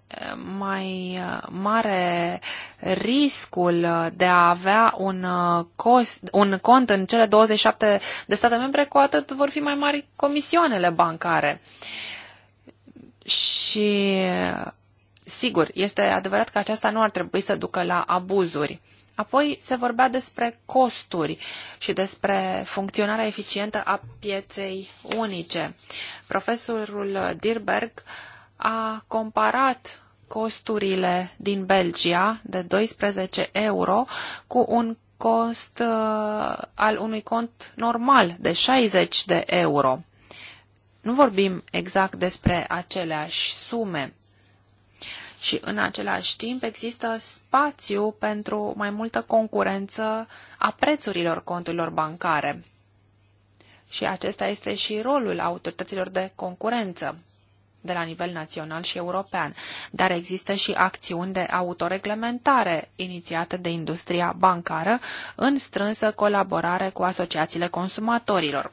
eh, mai eh, mare riscul de a avea un, eh, cost, un cont în cele 27 de state membre, cu atât vor fi mai mari comisioanele bancare. Și sigur, este adevărat că aceasta nu ar trebui să ducă la abuzuri. Apoi se vorbea despre costuri și despre funcționarea eficientă a pieței unice. Profesorul Dirberg a comparat costurile din Belgia de 12 euro cu un cost uh, al unui cont normal de 60 de euro. Nu vorbim exact despre aceleași sume și în același timp există spațiu pentru mai multă concurență a prețurilor conturilor bancare. Și acesta este și rolul autorităților de concurență de la nivel național și european, dar există și acțiuni de autoreglementare inițiate de industria bancară în strânsă colaborare cu asociațiile consumatorilor.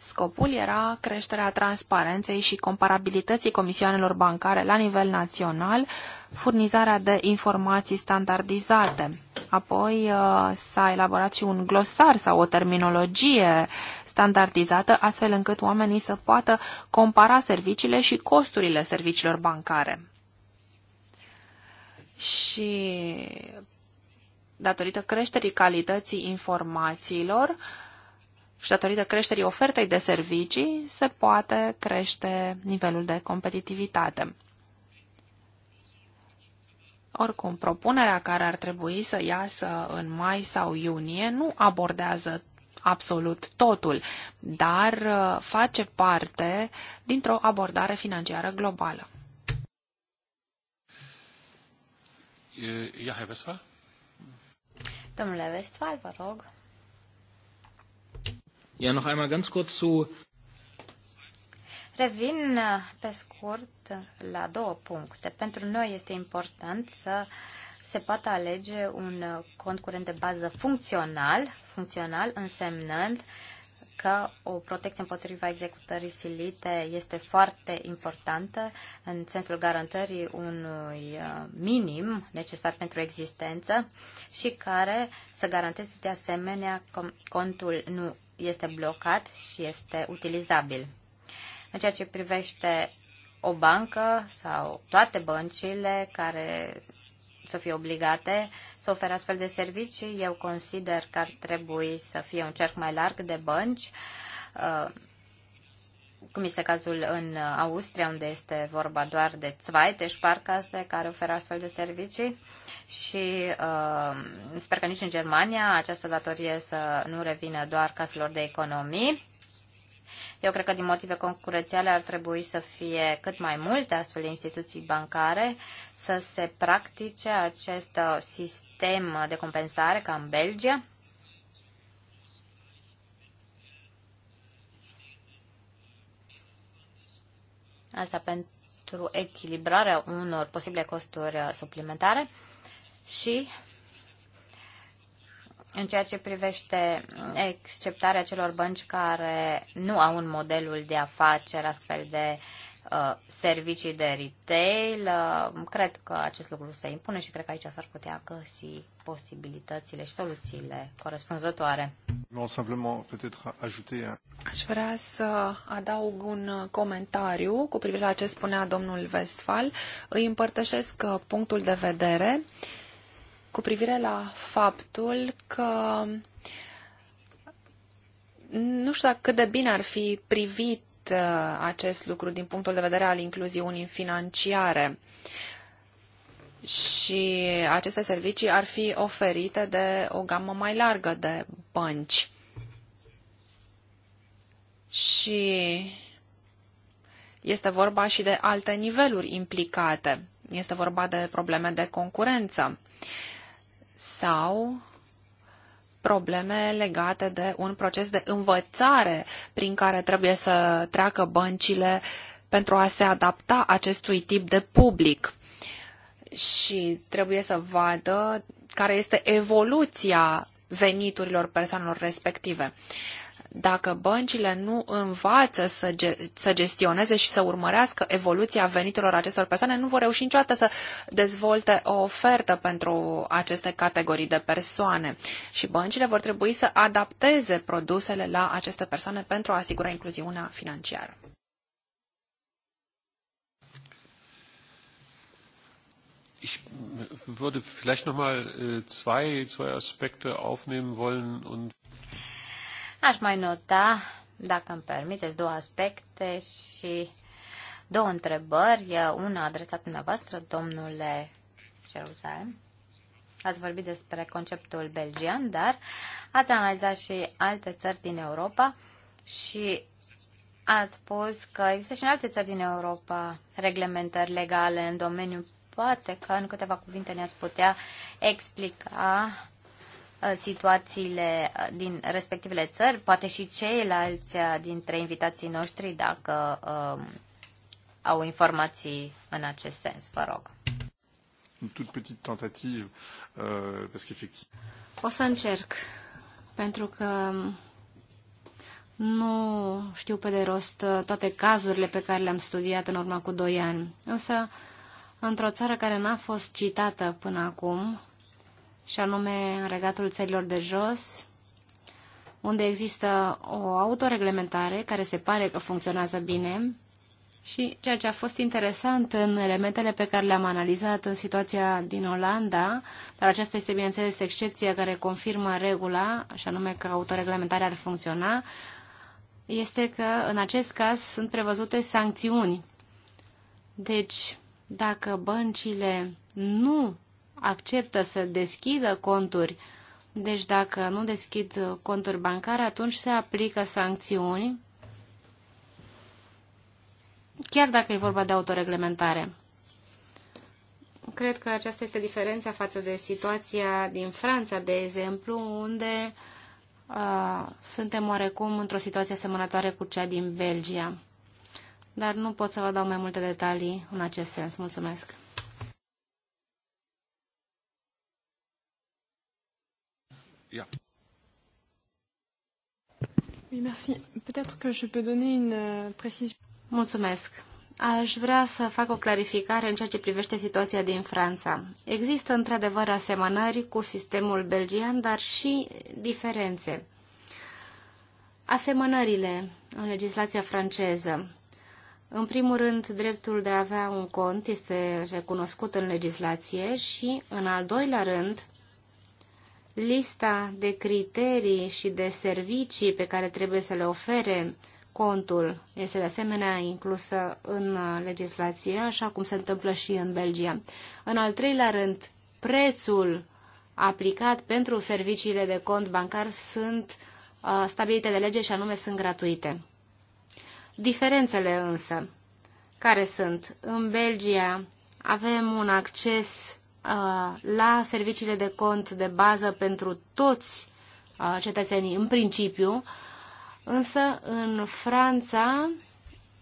Scopul era creșterea transparenței și comparabilității comisioanelor bancare la nivel național, furnizarea de informații standardizate. Apoi uh, s-a elaborat și un glosar sau o terminologie standardizată, astfel încât oamenii să poată compara serviciile și costurile serviciilor bancare. Și datorită creșterii calității informațiilor, uh, și datorită creșterii ofertei de servicii se poate crește nivelul de competitivitate. Oricum, propunerea care ar trebui să iasă în mai sau iunie nu abordează absolut totul, dar uh, face parte dintr-o abordare financiară globală. Domnule Westphal, vă rog. Ja, noch einmal ganz kurz zu Revin pe scurt la două puncte. Pentru noi este important să se poată alege un cont curent de bază funcțional, funcțional însemnând că o protecție împotriva executării silite este foarte importantă în sensul garantării unui uh, minim necesar pentru existență și care să garanteze de asemenea că contul nu este blocat și este utilizabil. În ceea ce privește o bancă sau toate băncile care să fie obligate să ofere astfel de servicii, eu consider că ar trebui să fie un cerc mai larg de bănci uh, cum este cazul în Austria, unde este vorba doar de Zweite-Sparkasse, care oferă astfel de servicii și uh, sper că nici în Germania această datorie să nu revină doar caselor de economii. Eu cred că din motive concurențiale ar trebui să fie cât mai multe astfel de instituții bancare să se practice acest uh, sistem de compensare ca în Belgia Asta pentru echilibrarea unor posibile costuri uh, suplimentare și în ceea ce privește exceptarea celor bănci care nu au un modelul de afaceri astfel de Uh, servicii de retail. Uh, cred că acest lucru se impune și cred că aici s-ar putea găsi posibilitățile și soluțiile corespunzătoare. Aș vrea să adaug un comentariu cu privire la ce spunea domnul Westphal. Îi împărtășesc uh, punctul de vedere cu privire la faptul că nu știu cât de bine ar fi privit Uh, acest lucru din punctul de vedere al incluziunii financiare. Și aceste servicii ar fi oferite de o gamă mai largă de bănci. Și este vorba și de alte niveluri implicate. Este vorba de probleme de concurență sau probleme legate de un proces de învățare prin care trebuie să treacă băncile pentru a se adapta acestui tip de public. Și trebuie să vadă care este evoluția veniturilor persoanelor respective dacă băncile nu învață să, ge- să gestioneze și să urmărească evoluția venitelor acestor persoane, nu vor reuși niciodată să dezvolte o ofertă pentru aceste categorii de persoane. Și băncile vor trebui să adapteze produsele la aceste persoane pentru a asigura incluziunea financiară. Ich würde vielleicht noch mal äh, zwei, zwei Aspekte aufnehmen wollen und Aș mai nota, dacă îmi permiteți, două aspecte și două întrebări. Una adresată dumneavoastră, domnule Ceruzalem. Ați vorbit despre conceptul belgian, dar ați analizat și alte țări din Europa și ați spus că există și în alte țări din Europa reglementări legale în domeniu. Poate că în câteva cuvinte ne-ați putea explica Uh, situațiile uh, din respectivele țări, poate și ceilalți uh, dintre invitații noștri, dacă uh, au informații în acest sens, vă rog. Euh, o să încerc, pentru că um, nu știu pe de rost toate cazurile pe care le-am studiat în urma cu doi ani, însă într-o țară care n-a fost citată până acum, și anume în regatul țărilor de jos, unde există o autoreglementare care se pare că funcționează bine și ceea ce a fost interesant în elementele pe care le-am analizat în situația din Olanda, dar aceasta este bineînțeles excepția care confirmă regula, și anume că autoreglementarea ar funcționa, este că în acest caz sunt prevăzute sancțiuni. Deci, dacă băncile nu acceptă să deschidă conturi, deci dacă nu deschid conturi bancare, atunci se aplică sancțiuni, chiar dacă e vorba de autoreglementare. Cred că aceasta este diferența față de situația din Franța, de exemplu, unde uh, suntem oarecum într-o situație asemănătoare cu cea din Belgia. Dar nu pot să vă dau mai multe detalii în acest sens. Mulțumesc! Yeah. Oui, merci. Peut-être que je peux donner une euh, précision. Mulțumesc. Aș vrea să fac o clarificare în ceea ce privește situația din Franța. Există într-adevăr asemănări cu sistemul belgian, dar și diferențe. Asemănările în legislația franceză. În primul rând, dreptul de a avea un cont este recunoscut în legislație și, în al doilea rând, lista de criterii și de servicii pe care trebuie să le ofere contul este de asemenea inclusă în legislație, așa cum se întâmplă și în Belgia. În al treilea rând, prețul aplicat pentru serviciile de cont bancar sunt uh, stabilite de lege și anume sunt gratuite. Diferențele însă, care sunt? În Belgia avem un acces la serviciile de cont de bază pentru toți cetățenii, în principiu, însă în Franța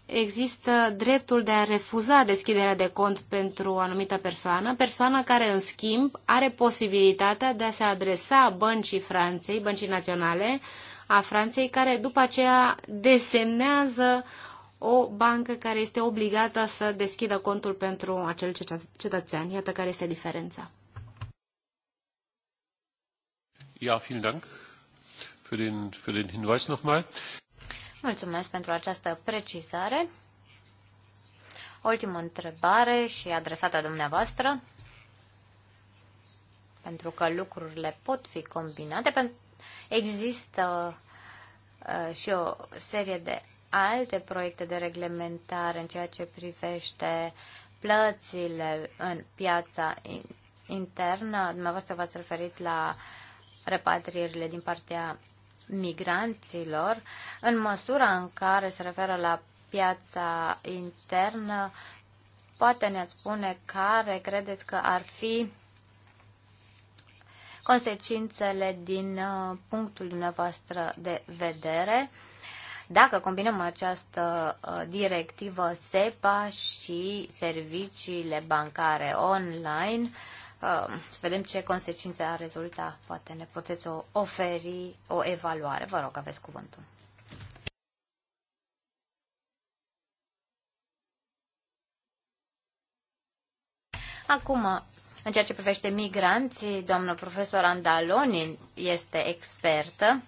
există dreptul de a refuza deschiderea de cont pentru o anumită persoană, persoană care, în schimb, are posibilitatea de a se adresa băncii Franței, băncii naționale, a Franței, care după aceea desemnează o bancă care este obligată să deschidă contul pentru acel cetățean. Iată care este diferența. Ja, vielen Dank für den, für den Hinweis nochmal. Mulțumesc pentru această precizare. Ultimă întrebare și adresată dumneavoastră, pentru că lucrurile pot fi combinate. Există uh, și o serie de alte proiecte de reglementare în ceea ce privește plățile în piața internă. Dumneavoastră v-ați referit la repatrierile din partea migranților. În măsura în care se referă la piața internă, poate ne-ați spune care credeți că ar fi consecințele din uh, punctul dumneavoastră de vedere dacă combinăm această uh, directivă SEPA și serviciile bancare online, să uh, vedem ce consecințe a rezulta. Poate ne puteți oferi o evaluare. Vă rog, aveți cuvântul. Acum, în ceea ce privește migranții, doamnă profesor Andaloni este expertă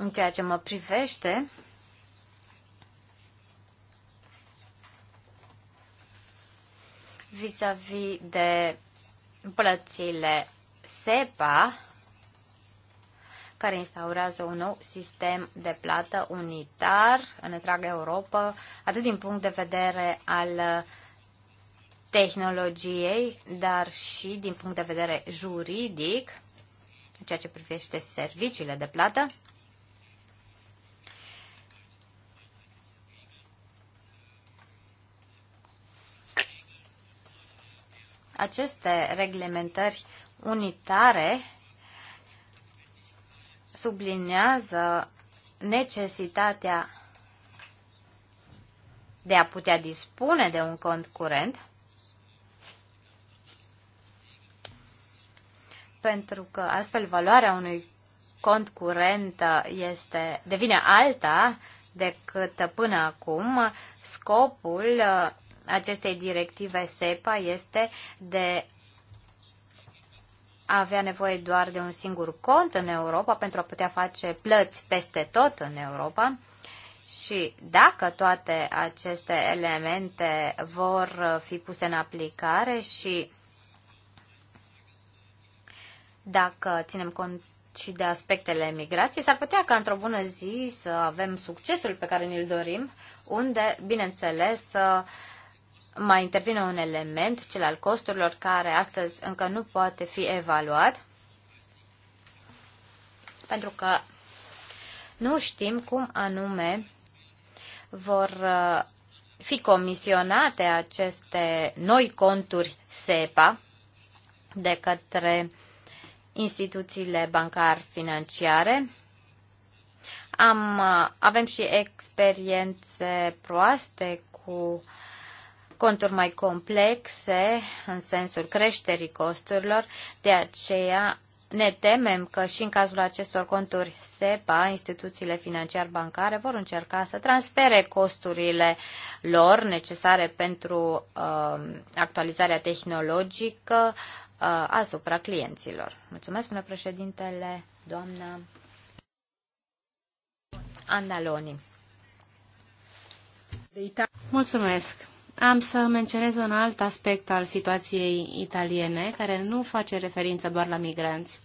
în ceea ce mă privește, vis-a-vis -vis de plățile SEPA, care instaurează un nou sistem de plată unitar în întreaga Europa, atât din punct de vedere al tehnologiei, dar și din punct de vedere juridic, în ceea ce privește serviciile de plată. Aceste reglementări unitare sublinează necesitatea de a putea dispune de un cont curent pentru că astfel valoarea unui cont curent este, devine alta decât până acum. Scopul acestei directive SEPA este de a avea nevoie doar de un singur cont în Europa pentru a putea face plăți peste tot în Europa. Și dacă toate aceste elemente vor fi puse în aplicare și dacă ținem cont și de aspectele migrației, s-ar putea ca într-o bună zi să avem succesul pe care ne-l dorim, unde, bineînțeles, mai intervine un element, cel al costurilor, care astăzi încă nu poate fi evaluat, pentru că nu știm cum anume vor uh, fi comisionate aceste noi conturi SEPA de către instituțiile bancar financiare. Am, uh, avem și experiențe proaste cu uh, conturi mai complexe în sensul creșterii costurilor, de aceea ne temem că și în cazul acestor conturi SEPA, instituțiile financiar-bancare vor încerca să transfere costurile lor necesare pentru uh, actualizarea tehnologică uh, asupra clienților. Mulțumesc, spune președintele, doamna Andaloni. Mulțumesc. Am să menționez un alt aspect al situației italiene, care nu face referință doar la migranți.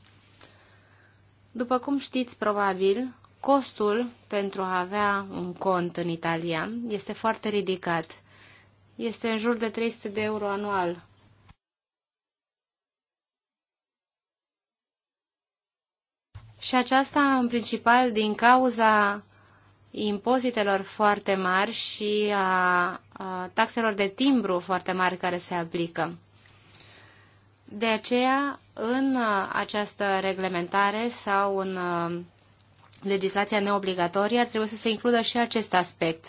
După cum știți, probabil, costul pentru a avea un cont în Italia este foarte ridicat. Este în jur de 300 de euro anual. Și aceasta, în principal, din cauza impozitelor foarte mari și a, a taxelor de timbru foarte mari care se aplică. De aceea, în această reglementare sau în legislația neobligatorie ar trebui să se includă și acest aspect.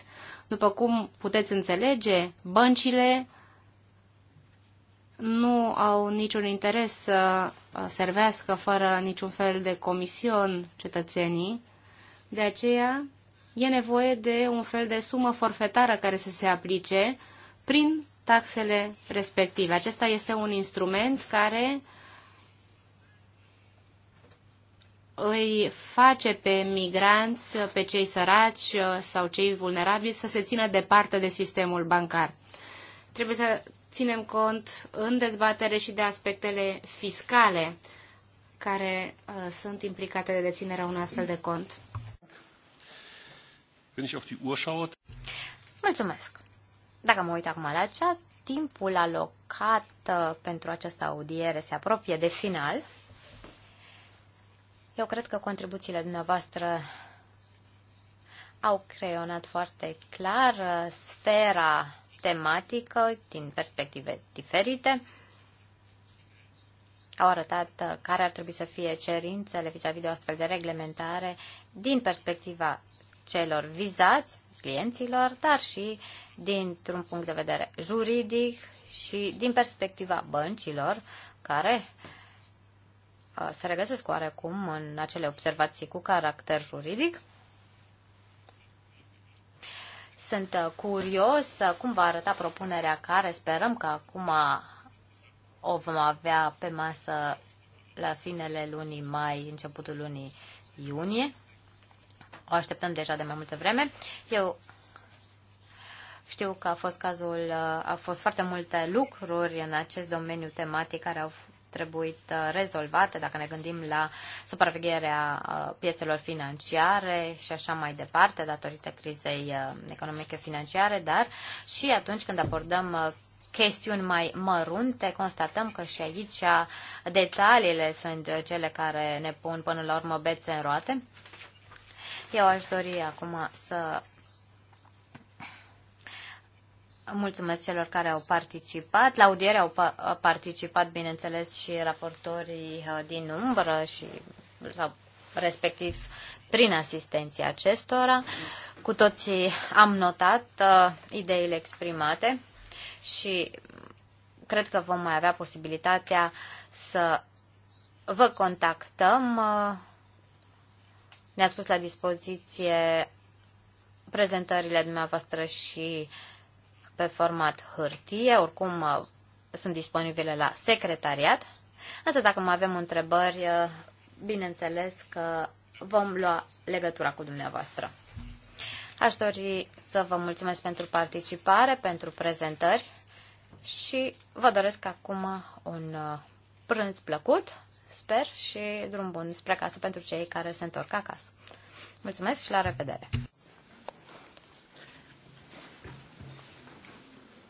După cum puteți înțelege, băncile nu au niciun interes să servească fără niciun fel de comision cetățenii. De aceea e nevoie de un fel de sumă forfetară care să se aplice prin taxele respective. Acesta este un instrument care îi face pe migranți, pe cei săraci sau cei vulnerabili să se țină departe de sistemul bancar. Trebuie să ținem cont în dezbatere și de aspectele fiscale care uh, sunt implicate de deținerea unui astfel de cont. Wenn ich auf die Uhr schaue... Mulțumesc. Dacă mă uit acum la ceas, timpul alocat uh, pentru această audiere se apropie de final. Eu cred că contribuțiile dumneavoastră au creionat foarte clar uh, sfera tematică din perspective diferite. Au arătat uh, care ar trebui să fie cerințele vis-a-vis -vis de o astfel de reglementare din perspectiva celor vizați, clienților, dar și dintr-un punct de vedere juridic și din perspectiva băncilor care uh, se regăsesc oarecum în acele observații cu caracter juridic. Sunt uh, curios uh, cum va arăta propunerea care sperăm că acum o vom avea pe masă la finele lunii mai, începutul lunii iunie. O așteptăm deja de mai multă vreme. Eu știu că a fost cazul, uh, a fost foarte multe lucruri în acest domeniu tematic care au trebuit uh, rezolvate, dacă ne gândim la supravegherea uh, piețelor financiare și așa mai departe, datorită crizei economice financiare, dar și atunci când abordăm chestiuni mai mărunte, constatăm că și aici detaliile sunt cele care ne pun până la urmă bețe în roate. Eu aș dori acum să mulțumesc celor care au participat. La audiere au participat, bineînțeles, și raportorii uh, din umbră și sau, respectiv prin asistenția acestora. Cu toții am notat uh, ideile exprimate și cred că vom mai avea posibilitatea să vă contactăm. Uh, ne-a spus la dispoziție prezentările dumneavoastră și pe format hârtie, oricum uh, sunt disponibile la secretariat. Însă dacă mai avem întrebări, uh, bineînțeles că vom lua legătura cu dumneavoastră. Aș dori să vă mulțumesc pentru participare, pentru prezentări și vă doresc acum un uh, prânz plăcut sper, și drum bun spre casă pentru cei care se întorc acasă. Mulțumesc și la revedere!